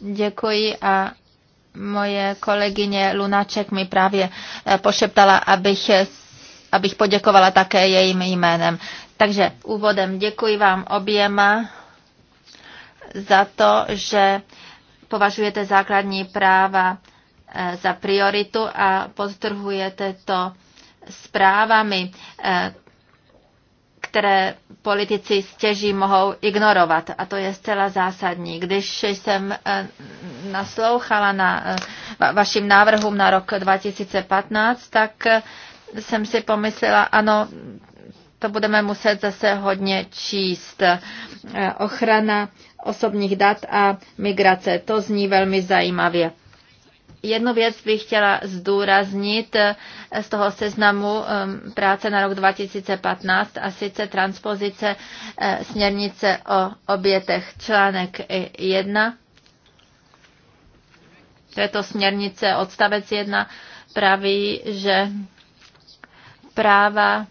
Děkuji a moje kolegyně Lunaček mi právě eh, pošeptala, abych abych poděkovala také jejím jménem. Takže úvodem děkuji vám oběma za to, že považujete základní práva eh, za prioritu a podtrhujete to zprávami, eh, které politici stěží mohou ignorovat. A to je zcela zásadní. Když jsem eh, naslouchala na vašim návrhům na rok 2015, tak jsem si pomyslela, ano, to budeme muset zase hodně číst. Eh, ochrana osobních dat a migrace, to zní velmi zajímavě. Jednu věc bych chtěla zdůraznit eh, z toho seznamu ehm, práce na rok 2015 a sice transpozice eh, směrnice o obětech článek 1. To je to směrnice odstavec 1 praví, že práva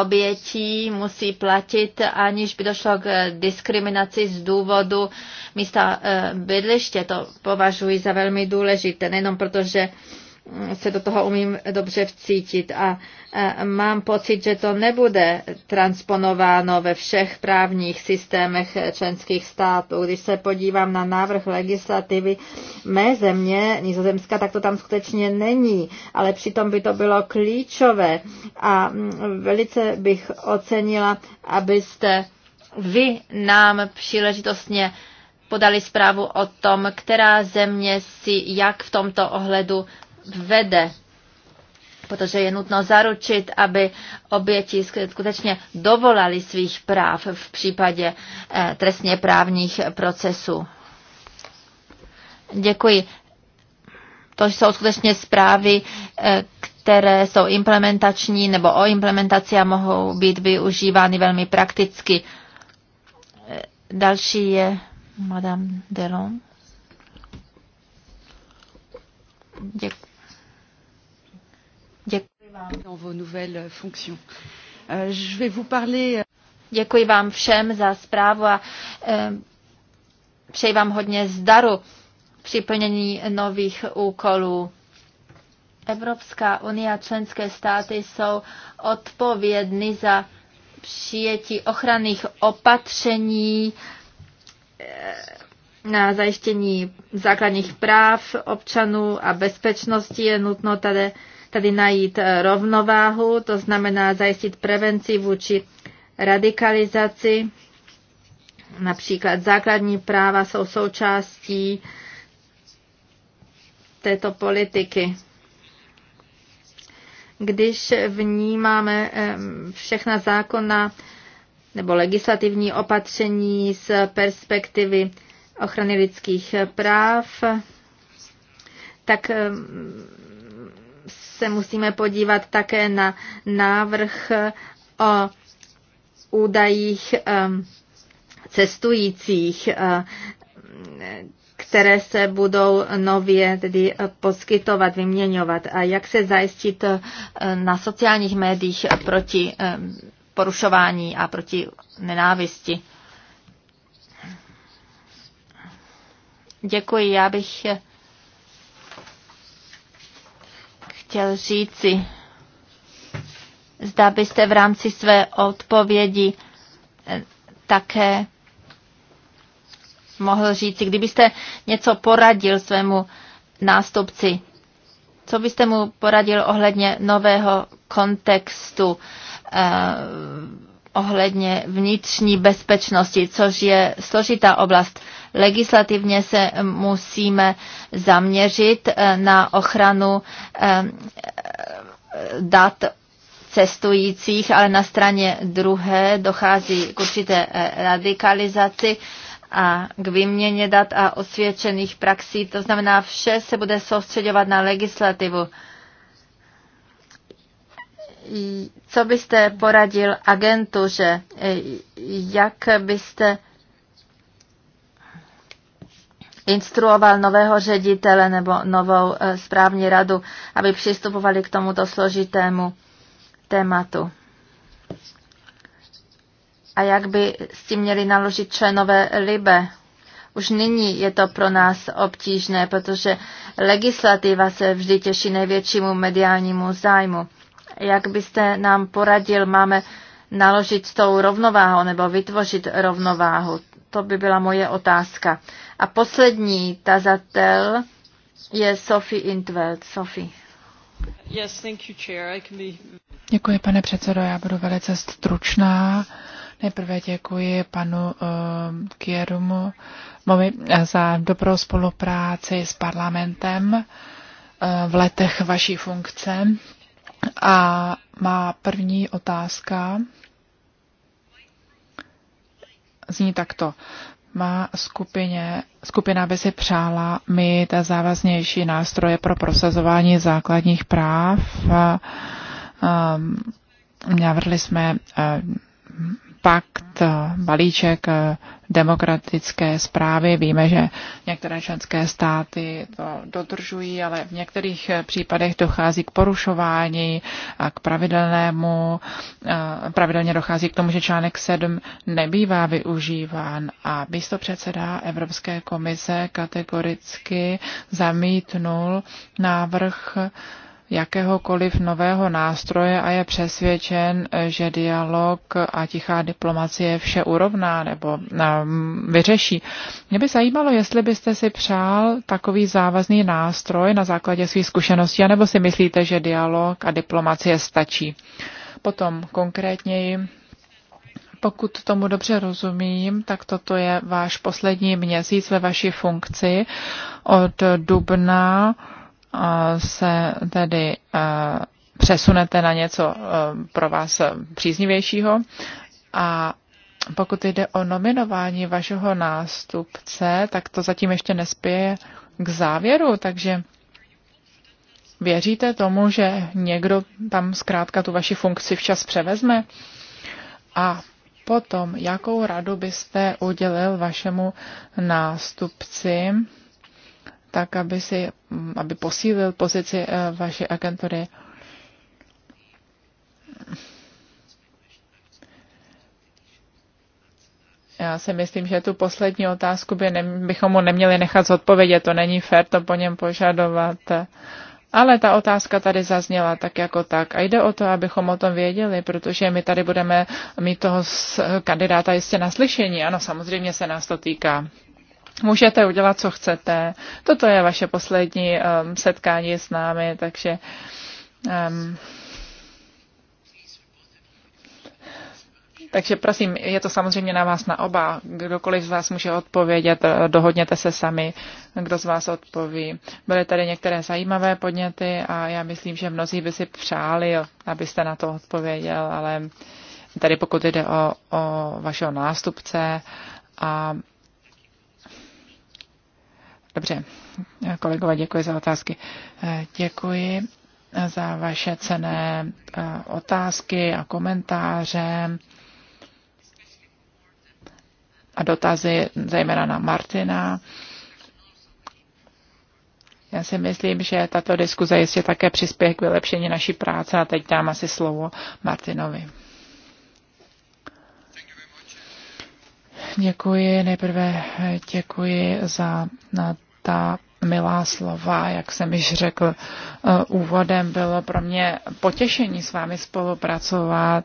obětí musí platit, aniž by došlo k diskriminaci z důvodu místa eh, bydliště. To považuji za velmi důležité, nejenom protože že se do toho umím dobře vcítit a e, mám pocit, že to nebude transponováno ve všech právních systémech členských států. Když se podívám na návrh legislativy mé země, Nizozemska, tak to tam skutečně není, ale přitom by to bylo klíčové a velice bych ocenila, abyste vy nám příležitostně podali zprávu o tom, která země si jak v tomto ohledu vede protože je nutno zaručit, aby oběti skutečně dovolali svých práv v případě eh, trestně právních procesů. Děkuji. To jsou skutečně zprávy, eh, které jsou implementační nebo o implementaci a mohou být využívány velmi prakticky. Eh, další je Madame Delon. Děkuji. Euh, euh, Děkuji vám všem za zprávu a eh, přeji vám hodně zdaru při plnění nových úkolů. Evropská unie a členské státy jsou odpovědny za přijetí ochranných opatření eh, na zajištění základních práv občanů a bezpečnosti. Je nutno tady tedy najít eh, rovnováhu, to znamená zajistit prevenci vůči radikalizaci. Například základní práva jsou součástí této politiky. Když vnímáme všechna zákona nebo legislativní opatření z perspektivy ochrany lidských práv, tak se musíme podívat také na návrh eh, o údajích ehm, cestujících, eh, které se budou nově tedy eh, poskytovat, vyměňovat a jak se zajistit na sociálních médiích proti ehm, porušování a proti nenávisti. Děkuji, já bych chtěl říci. Zda byste v rámci své odpovědi eh, také mohl říci, kdybyste něco poradil svému nástupci, co byste mu poradil ohledně nového kontextu eh, ohledně vnitřní bezpečnosti, což je složitá oblast. Legislativně se musíme zaměřit eh, na ochranu eh, dat cestujících, ale na straně druhé dochází k určité eh, radikalizaci a k výměně dat a osvědčených praxí. To znamená, vše se bude soustředovat na legislativu co byste poradil agentuře, e, jak byste instruoval nového ředitele nebo novou e, správní radu, aby přistupovali k tomuto složitému tématu. A jak by s tím měli naložit členové LIBE? Už nyní je to pro nás obtížné, protože legislativa se vždy těší největšímu mediálnímu zájmu. Jak byste nám poradil, máme naložit s tou rovnováhou nebo vytvořit rovnováhu? To by byla moje otázka. A poslední tazatel je Sophie Intveld. Sophie. Yes, thank you, chair. I can be... Děkuji, pane předsedo. Já budu velice stručná. Nejprve děkuji panu uh, Kierumu mami, za dobrou spolupráci s parlamentem uh, v letech vaší funkce. A má první otázka zní takto. Má skupině, skupina by si přála mít závaznější nástroje pro prosazování základních práv. Um, navrhli jsme eh, pakt, balíček demokratické zprávy. Víme, že některé členské státy to dodržují, ale v některých případech dochází k porušování a k pravidelnému, eh, pravidelně dochází k tomu, že článek 7 nebývá využíván a místo předseda Evropské komise kategoricky zamítnul návrh jakéhokoliv nového nástroje a je přesvědčen, že dialog a tichá diplomacie vše urovná nebo vyřeší. Mě by zajímalo, jestli byste si přál takový závazný nástroj na základě svých zkušeností, anebo si myslíte, že dialog a diplomacie stačí. Potom konkrétněji pokud tomu dobře rozumím, tak toto je váš poslední měsíc ve vaší funkci od dubna se tedy e, přesunete na něco e, pro vás příznivějšího. A pokud jde o nominování vašeho nástupce, tak to zatím ještě nespěje k závěru, takže věříte tomu, že někdo tam zkrátka tu vaši funkci včas převezme? A potom, jakou radu byste udělil vašemu nástupci? tak aby, si, aby posílil pozici eh, vaší agentury. Já si myslím, že tu poslední otázku by ne, bychom mu neměli nechat zodpovědět. To není fér to po něm požadovat. Ale ta otázka tady zazněla tak jako tak. A jde o to, abychom o tom věděli, protože my tady budeme mít toho kandidáta jistě na slyšení. Ano, samozřejmě se nás to týká. Můžete udělat, co chcete. Toto je vaše poslední um, setkání s námi, takže. Um, Takže prosím, je to samozřejmě na vás na oba. Kdokoliv z vás může odpovědět, eh, dohodněte se sami, kdo z vás odpoví. Byly tady některé zajímavé podněty a já myslím, že mnozí by si přáli, abyste na to odpověděl, ale tady pokud jde o, o vašeho nástupce a Dobře, kolegové, děkuji za otázky. Eh, děkuji za vaše cené eh, otázky a komentáře a dotazy, zejména na Martina. Já si myslím, že tato diskuze jistě také přispěje k vylepšení naší práce a teď dám asi slovo Martinovi. Děkuji. Nejprve děkuji za ta milá slova, jak jsem již řekl eh, úvodem, bylo pro mě potěšení s vámi spolupracovat,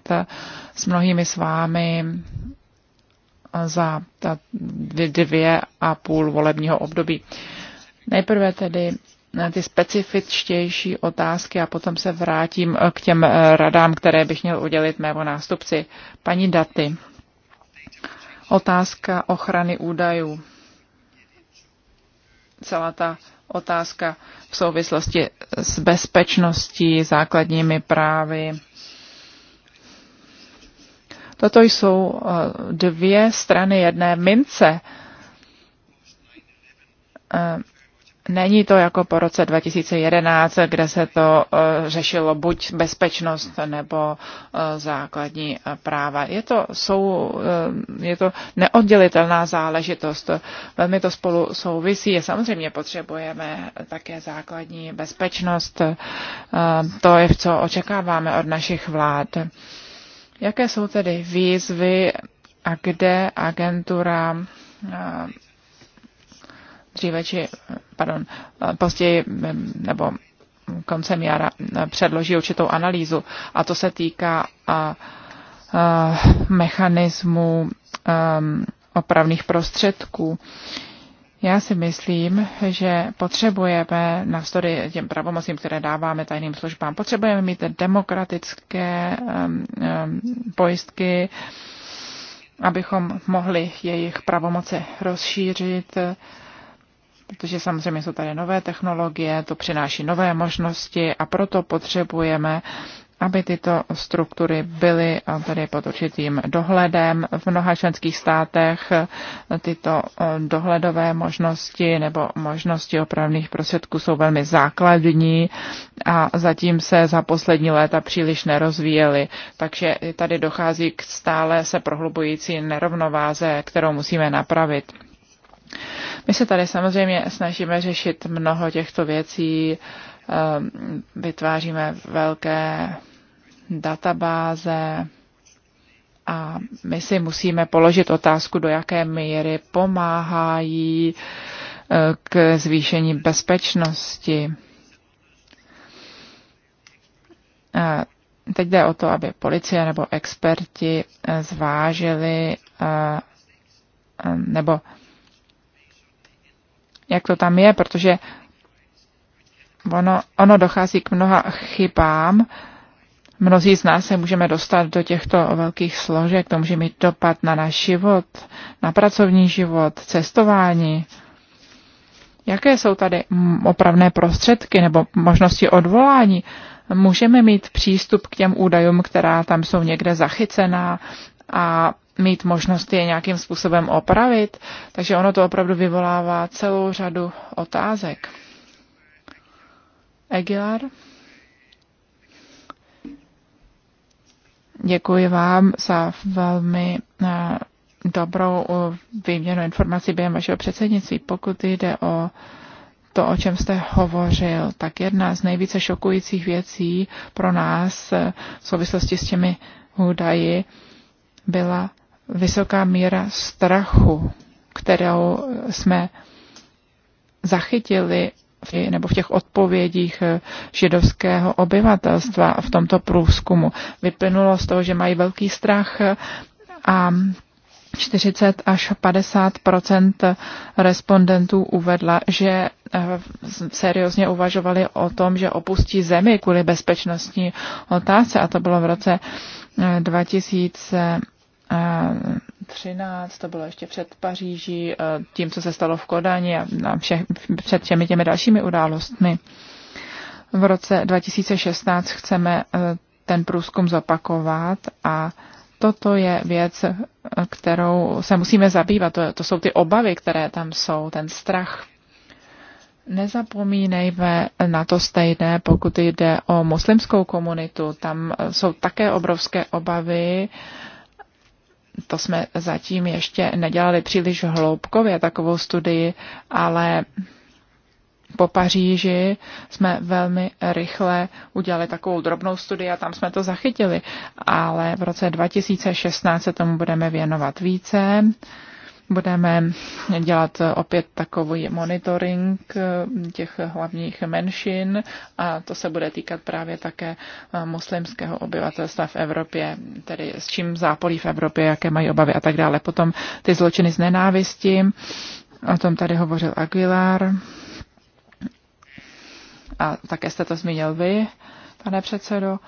s mnohými s vámi eh, za ta dvě a půl volebního období. Nejprve tedy ty specifičtější otázky a potom se vrátím eh, k těm radám, které bych měl udělit mému nástupci. Paní Daty, otázka ochrany údajů celá ta otázka v souvislosti s bezpečností, základními právy. Toto jsou eh, dvě strany jedné mince. Eh, Není to jako po roce 2011, kde se to eh, řešilo buď bezpečnost nebo eh, základní eh, práva. Je to, jsou, je to neoddělitelná záležitost. Velmi to spolu souvisí. Samozřejmě potřebujeme také základní bezpečnost. To je, co očekáváme od našich vlád. Jaké jsou tedy výzvy a kde agentura dříve či, pardon, později mm, nebo koncem jara předloží určitou analýzu a to se týká a, a, mechanismu a, um, opravných prostředků. Já si myslím, že potřebujeme, navzdory těm pravomocím, které dáváme tajným službám, potřebujeme mít demokratické um, um, pojistky, abychom mohli jejich pravomoce rozšířit. Uh, protože samozřejmě jsou tady nové technologie, to přináší nové možnosti a proto potřebujeme aby tyto struktury byly tady pod určitým dohledem. V mnoha členských státech tyto eh, dohledové možnosti nebo možnosti opravných prostředků jsou velmi základní a zatím se za poslední léta příliš nerozvíjely. Takže tady dochází k stále se prohlubující nerovnováze, kterou musíme napravit. My se tady samozřejmě snažíme řešit mnoho těchto věcí, ehm, vytváříme velké databáze a my si musíme položit otázku, do jaké míry pomáhají eh, k zvýšení bezpečnosti. A teď jde o to, aby policie nebo experti eh, zvážili eh, nebo jak to tam je, protože ono, ono dochází k mnoha chybám. Mnozí z nás se můžeme dostat do těchto velkých složek, to může mít dopad na náš život, na pracovní život, cestování. Jaké jsou tady opravné prostředky nebo možnosti odvolání? Můžeme mít přístup k těm údajům, která tam jsou někde zachycená a mít možnost je nějakým způsobem opravit, takže ono to opravdu vyvolává celou řadu otázek. Aguilar? Děkuji vám za velmi eh, dobrou eh, výměnu informací během vašeho předsednictví. Pokud jde o to, o čem jste hovořil, tak jedna z nejvíce šokujících věcí pro nás eh, v souvislosti s těmi údaji byla vysoká míra strachu, kterou jsme zachytili nebo v těch odpovědích eh, židovského obyvatelstva v tomto průzkumu. Vyplynulo z toho, že mají velký strach eh, a 40 až 50 respondentů uvedla, že eh, seriózně uvažovali o tom, že opustí zemi kvůli bezpečnostní otázce a to bylo v roce 2000 13, to bylo ještě před Paříží, eh, tím, co se stalo v Kodani a všech, před všemi těmi dalšími událostmi. V roce 2016 chceme eh, ten průzkum zopakovat a toto je věc, eh, kterou se musíme zabývat. To, to jsou ty obavy, které tam jsou, ten strach. Nezapomínejme na to stejné, pokud jde o muslimskou komunitu. Tam jsou také obrovské obavy to jsme zatím ještě nedělali příliš hloubkově takovou studii, ale po Paříži jsme velmi rychle udělali takovou drobnou studii a tam jsme to zachytili. Ale v roce 2016 se tomu budeme věnovat více budeme dělat opět takový monitoring eh, těch hlavních menšin a to se bude týkat právě také eh, muslimského obyvatelstva v Evropě, tedy s čím zápolí v Evropě, jaké mají obavy a tak dále. Potom ty zločiny z nenávisti, o tom tady hovořil Aguilar a také jste to zmínil vy, pane předsedo.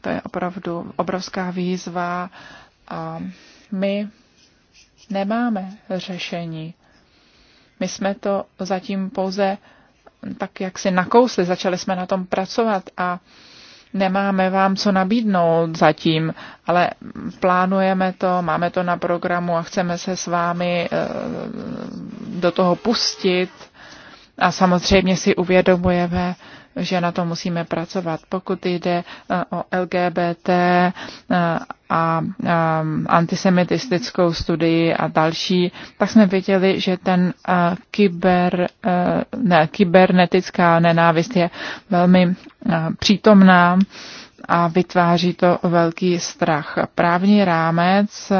To je opravdu obrovská výzva a my nemáme řešení. My jsme to zatím pouze tak, jak si nakousli, začali jsme na tom pracovat a nemáme vám co nabídnout zatím, ale plánujeme to, máme to na programu a chceme se s vámi eh, do toho pustit. A samozřejmě si uvědomujeme, že na to musíme pracovat. Pokud jde eh, o LGBT eh, a eh, antisemitistickou studii a další, tak jsme viděli, že ten kyber, ne, kybernetická nenávist je velmi přítomná a vytváří to velký strach. Právní rámec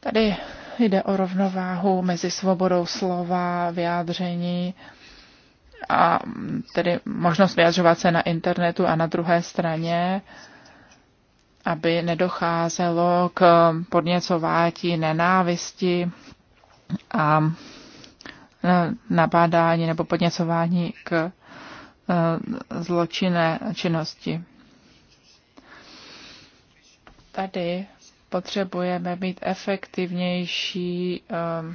tady jde o rovnováhu mezi svobodou slova, vyjádření, a tedy možnost vyjadřovat se na internetu a na druhé straně, aby nedocházelo k podněcování nenávisti a nabádání nebo podněcování k eh, zločinné činnosti. Tady potřebujeme být efektivnější eh,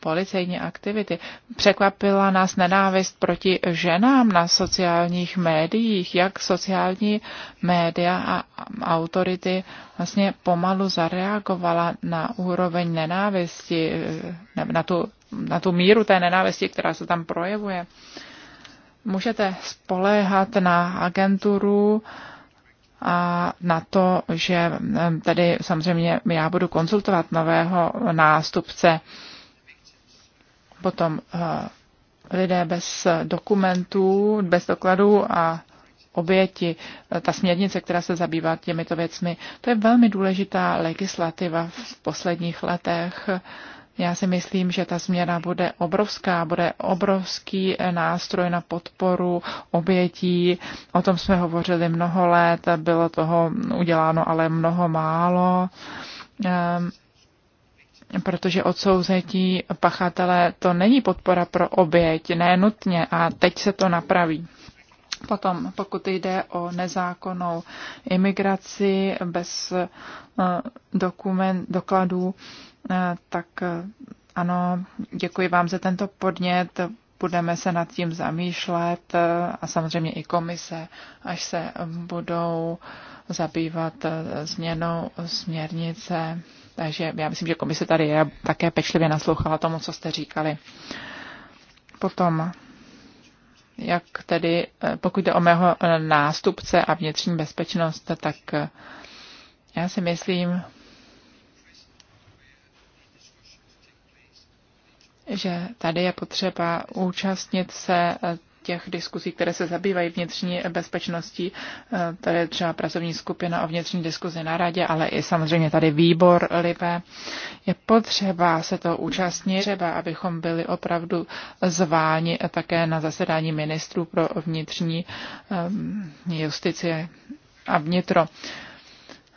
policejní aktivity. Překvapila nás nenávist proti ženám na sociálních médiích, jak sociální média a autority vlastně pomalu zareagovala na úroveň nenávisti, na tu, na tu míru té nenávisti, která se tam projevuje. Můžete spoléhat na agenturu, a na to, že tady samozřejmě já budu konzultovat nového nástupce potom eh, lidé bez dokumentů, bez dokladů a oběti, eh, ta směrnice, která se zabývá těmito věcmi, to je velmi důležitá legislativa v posledních letech. Já si myslím, že ta změna bude obrovská, bude obrovský eh, nástroj na podporu obětí. O tom jsme hovořili mnoho let, bylo toho uděláno ale mnoho málo. Ehm, protože odsouzetí pachatele to není podpora pro oběť, ne nutně a teď se to napraví. Potom, pokud jde o nezákonnou imigraci bez eh, dokument, dokladů, eh, tak eh, ano, děkuji vám za tento podnět. Budeme se nad tím zamýšlet a samozřejmě i komise, až se budou zabývat změnou směrnice takže já myslím, že komise tady je také pečlivě naslouchala tomu, co jste říkali. Potom, jak tedy, eh, pokud jde o mého eh, nástupce a vnitřní bezpečnost, tak eh, já si myslím, že tady je potřeba účastnit se těch diskuzí, které se zabývají vnitřní bezpečností. Eh, to je třeba pracovní skupina o vnitřní diskuzi na radě, ale i samozřejmě tady výbor LIBE. Je potřeba se to účastnit, třeba abychom byli opravdu zváni také na zasedání ministrů pro vnitřní ehm, justici a vnitro.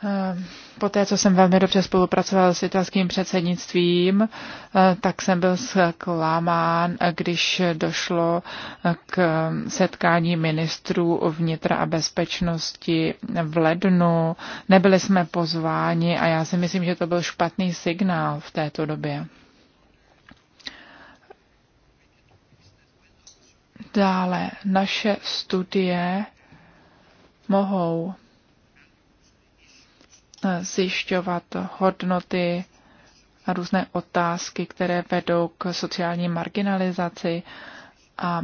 Eh, po té, co jsem velmi dobře spolupracoval s italským předsednictvím, eh, tak jsem byl zklamán, když došlo eh, k setkání ministrů vnitra a bezpečnosti v lednu. Nebyli jsme pozváni a já si myslím, že to byl špatný signál v této době. Dále naše studie mohou zjišťovat hodnoty a různé otázky, které vedou k sociální marginalizaci a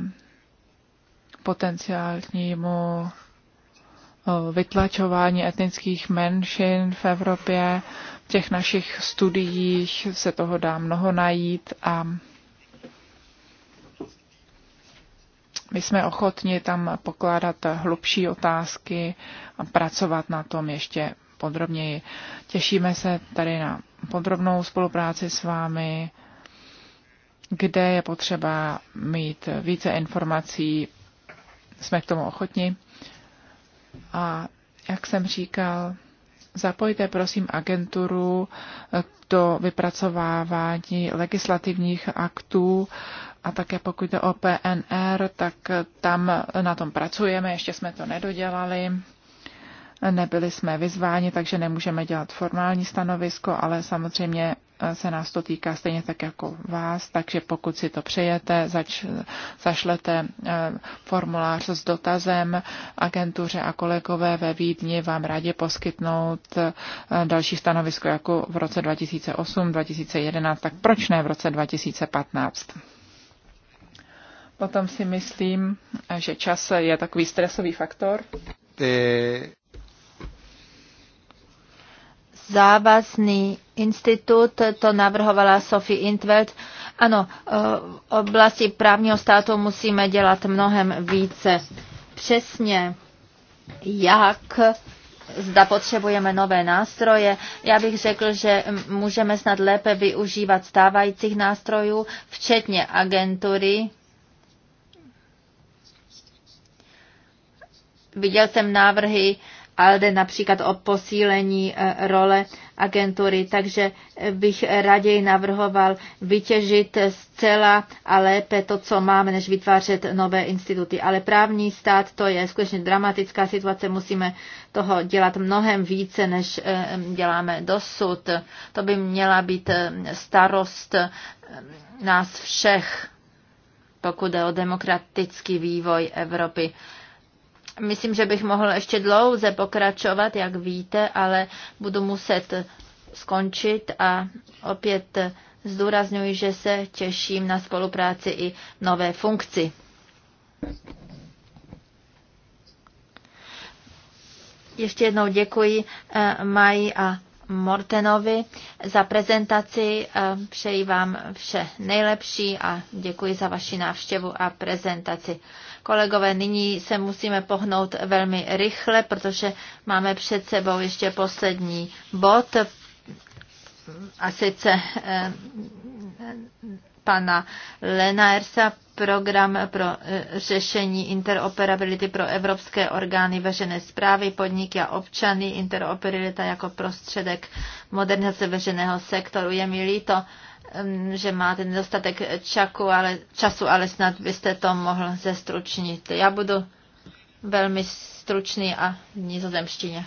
potenciálnímu eh, vytlačování etnických menšin v Evropě. V těch našich studiích se toho dá mnoho najít a my jsme ochotni tam pokládat hlubší otázky a pracovat na tom ještě podrobněji. Těšíme se tady na podrobnou spolupráci s vámi, kde je potřeba mít více informací. Jsme k tomu ochotni. A jak jsem říkal, zapojte prosím agenturu do vypracovávání legislativních aktů a také pokud jde o PNR, tak tam na tom pracujeme, ještě jsme to nedodělali. Nebyli jsme vyzváni, takže nemůžeme dělat formální stanovisko, ale samozřejmě eh, se nás to týká stejně tak jako vás, takže pokud si to přejete, zač, zašlete eh, formulář s dotazem agentuře a kolegové ve Vídni vám rádi poskytnout eh, další stanovisko jako v roce 2008, 2011, tak proč ne v roce 2015? Potom si myslím, že čas je takový stresový faktor. Ty závazný institut, to navrhovala Sophie Intveld. Ano, v eh, oblasti právního státu musíme dělat mnohem více. Přesně jak zda potřebujeme nové nástroje. Já bych řekl, že můžeme snad lépe využívat stávajících nástrojů, včetně agentury. Viděl jsem návrhy ALDE například o posílení e, role agentury, takže e, bych raději navrhoval vytěžit zcela a lépe to, co máme, než vytvářet nové instituty. Ale právní stát, to je skutečně dramatická situace, musíme toho dělat mnohem více, než e, děláme dosud. To by měla být starost nás všech, pokud je o demokratický vývoj Evropy. Myslím, že bych mohl ještě dlouze pokračovat, jak víte, ale budu muset skončit a opět zdůrazňuji, že se těším na spolupráci i nové funkci. Ještě jednou děkuji eh, Maji a Mortenovi za prezentaci. Eh, přeji vám vše nejlepší a děkuji za vaši návštěvu a prezentaci. Kolegové, nyní se musíme pohnout velmi rychle, protože máme před sebou ještě poslední bod a sice eh, pana Lenaersa program pro eh, řešení interoperability pro evropské orgány veřejné zprávy, podniky a občany, interoperabilita jako prostředek modernizace veřejného sektoru. Je mi líto, že máte nedostatek čaku, ale, času, ale snad byste to mohl zestručnit. Já budu velmi stručný a v nizozemštině.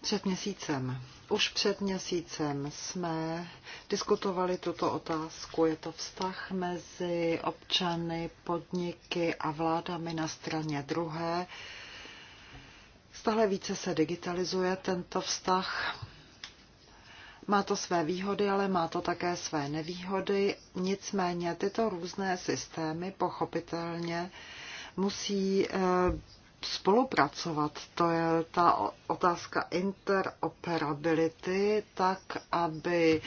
Před měsícem, už před měsícem jsme diskutovali tuto otázku. Je to vztah mezi občany, podniky a vládami na straně druhé. Stále více se digitalizuje tento vztah má to své výhody, ale má to také své nevýhody. Nicméně tyto různé systémy pochopitelně musí eh, spolupracovat. To je ta otázka interoperability, tak aby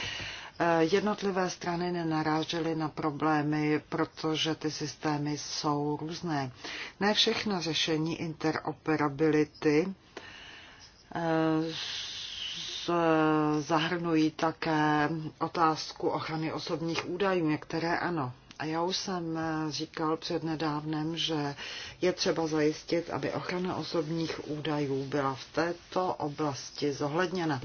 eh, jednotlivé strany nenarážely na problémy, protože ty systémy jsou různé. Ne všechna řešení interoperability eh, Eh, zahrnují také otázku ochrany osobních údajů, některé ano. A já už jsem eh, říkal před nedávnem, že je třeba zajistit, aby ochrana osobních údajů byla v této oblasti zohledněna.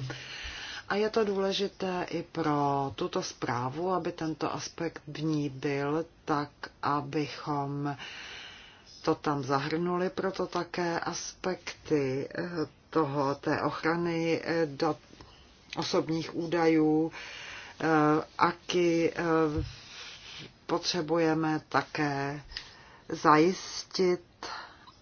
A je to důležité i pro tuto zprávu, aby tento aspekt v ní byl, tak abychom to tam zahrnuli, proto také aspekty eh, toho, té ochrany do osobních údajů, eh, aky eh, potřebujeme také zajistit,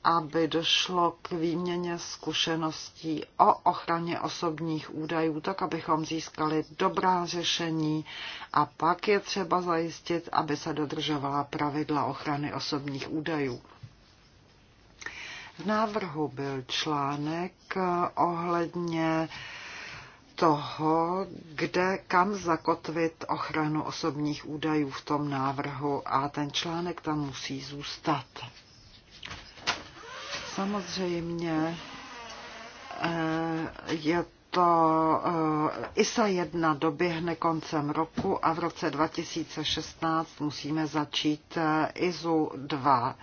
aby došlo k výměně zkušeností o ochraně osobních údajů, tak abychom získali dobrá řešení a pak je třeba zajistit, aby se dodržovala pravidla ochrany osobních údajů. V návrhu byl článek eh, ohledně uh, toho, kde, kam zakotvit ochranu osobních údajů v tom návrhu a ten článek tam musí zůstat. Samozřejmě eh, je to eh, ISA 1 doběhne koncem roku a v roce 2016 musíme začít eh, ISU 2.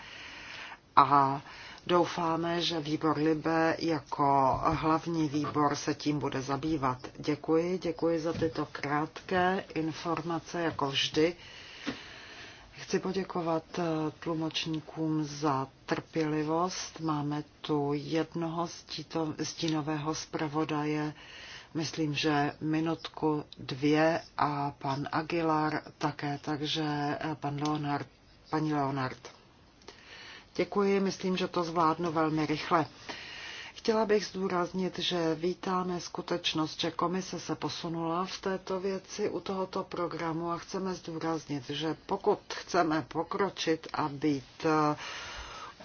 A Doufáme, že výbor Libe jako hlavní výbor se tím bude zabývat. Děkuji, děkuji za tyto krátké informace, jako vždy. Chci poděkovat eh, tlumočníkům za trpělivost. Máme tu jednoho stínového zpravodaje, myslím, že minutku dvě a pan Aguilar také, takže eh, pan Leonard, paní Leonard. Děkuji, myslím, že to zvládnu velmi rychle. Chtěla bych zdůraznit, že vítáme skutečnost, že komise se posunula v této věci u tohoto programu a chceme zdůraznit, že pokud chceme pokročit a být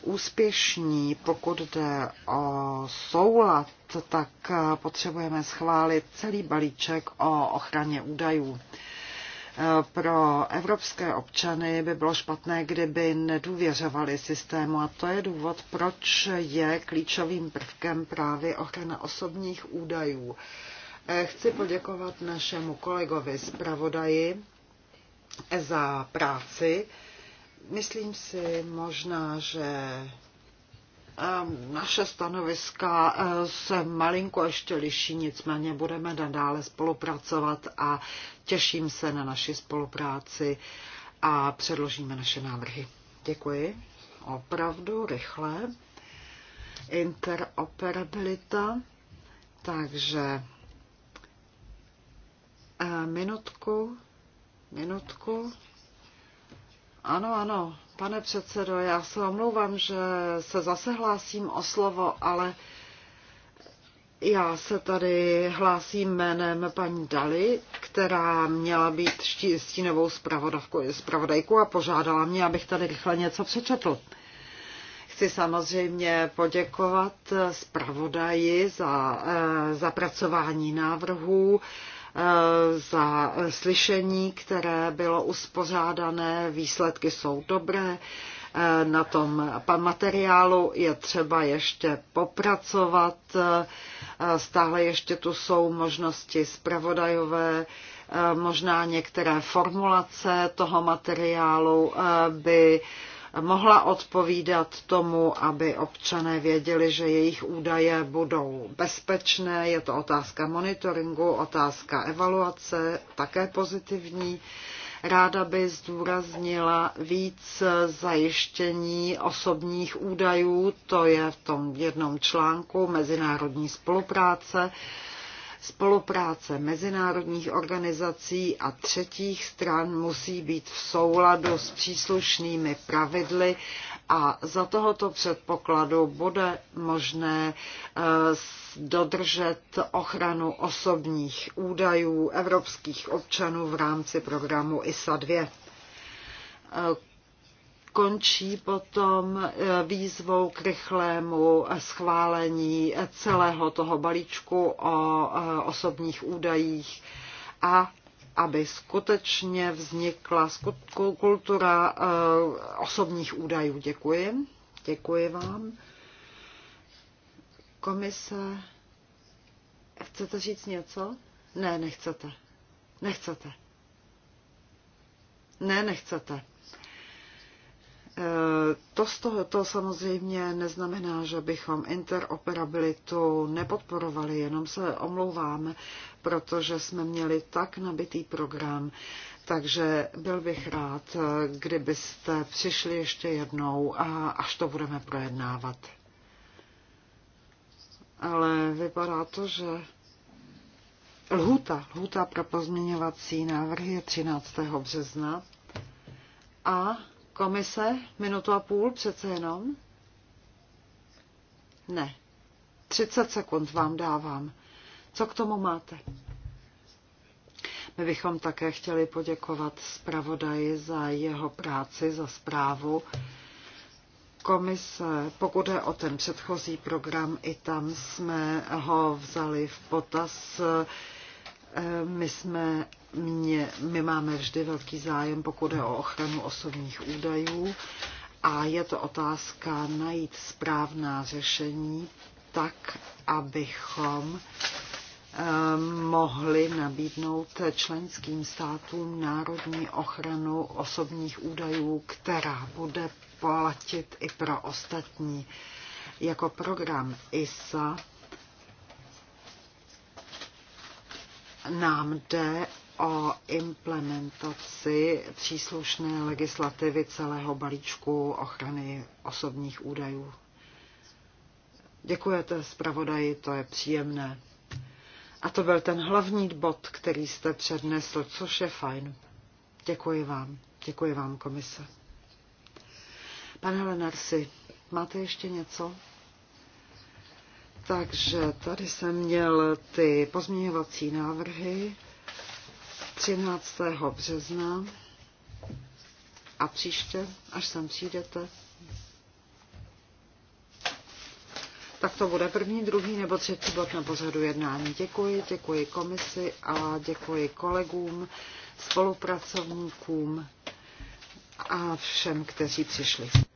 úspěšní, pokud jde o soulad, tak potřebujeme schválit celý balíček o ochraně údajů pro evropské občany by bylo špatné, kdyby nedůvěřovali systému a to je důvod, proč je klíčovým prvkem právě ochrana osobních údajů. Eh, chci poděkovat našemu kolegovi zpravodaji za práci. Myslím si možná, že Ehm, naše stanoviska eh, se malinko ještě liší, nicméně budeme nadále spolupracovat a těším se na naši spolupráci a předložíme naše návrhy. Děkuji. Opravdu rychle. Interoperabilita. Takže eh, minutku, minutku. Ano, ano, Pane předsedo, já se omlouvám, že se zase hlásím o slovo, ale já se tady hlásím jménem paní Dali, která měla být stínovou zpravodajku a požádala mě, abych tady rychle něco přečetl. Chci samozřejmě poděkovat zpravodaji za eh, zapracování návrhů. Eh, za slyšení, které bylo uspořádané. Výsledky jsou dobré. Eh, na tom materiálu je třeba ještě popracovat. Eh, stále ještě tu jsou možnosti zpravodajové. Možná některé formulace toho materiálu by mohla odpovídat tomu, aby občané věděli, že jejich údaje budou bezpečné. Je to otázka monitoringu, otázka evaluace, také pozitivní. Ráda by zdůraznila víc zajištění osobních údajů, to je v tom jednom článku mezinárodní spolupráce. Spolupráce mezinárodních organizací a třetích stran musí být v souladu s příslušnými pravidly a za tohoto předpokladu bude možné eh, dodržet ochranu osobních údajů evropských občanů v rámci programu ISA 2 končí potom eh, výzvou k rychlému schválení celého toho balíčku o eh, osobních údajích a aby skutečně vznikla kultura eh, osobních údajů. Děkuji. Děkuji vám. Komise, chcete říct něco? Ne, nechcete. Nechcete. Ne, nechcete. To, z toho, to samozřejmě neznamená, že bychom interoperabilitu nepodporovali, jenom se omlouváme, protože jsme měli tak nabitý program, takže byl bych rád, kdybyste přišli ještě jednou, a až to budeme projednávat. Ale vypadá to, že lhuta, lhuta pro pozměňovací návrhy je 13. března a Komise, minutu a půl přece jenom? Ne. 30 sekund vám dávám. Co k tomu máte? My bychom také chtěli poděkovat zpravodaji za jeho práci, za zprávu. Komise, pokud je o ten předchozí program, i tam jsme ho vzali v potaz. Eh, my, jsme, mě, my máme vždy velký zájem, pokud je o ochranu osobních údajů a je to otázka najít správná řešení tak, abychom eh, mohli nabídnout členským státům národní ochranu osobních údajů, která bude platit i pro ostatní. Jako program ISA nám jde o implementaci příslušné legislativy celého balíčku ochrany osobních údajů. Děkujete zpravodaji, to je příjemné. A to byl ten hlavní bod, který jste přednesl, což je fajn. Děkuji vám. Děkuji vám, komise. Pane Lenarsi, máte ještě něco? Takže tady jsem měl ty pozměňovací návrhy 13. března a příště, až sem přijdete, tak to bude první, druhý nebo třetí bod na pořadu jednání. Děkuji, děkuji komisi a děkuji kolegům, spolupracovníkům a všem, kteří přišli.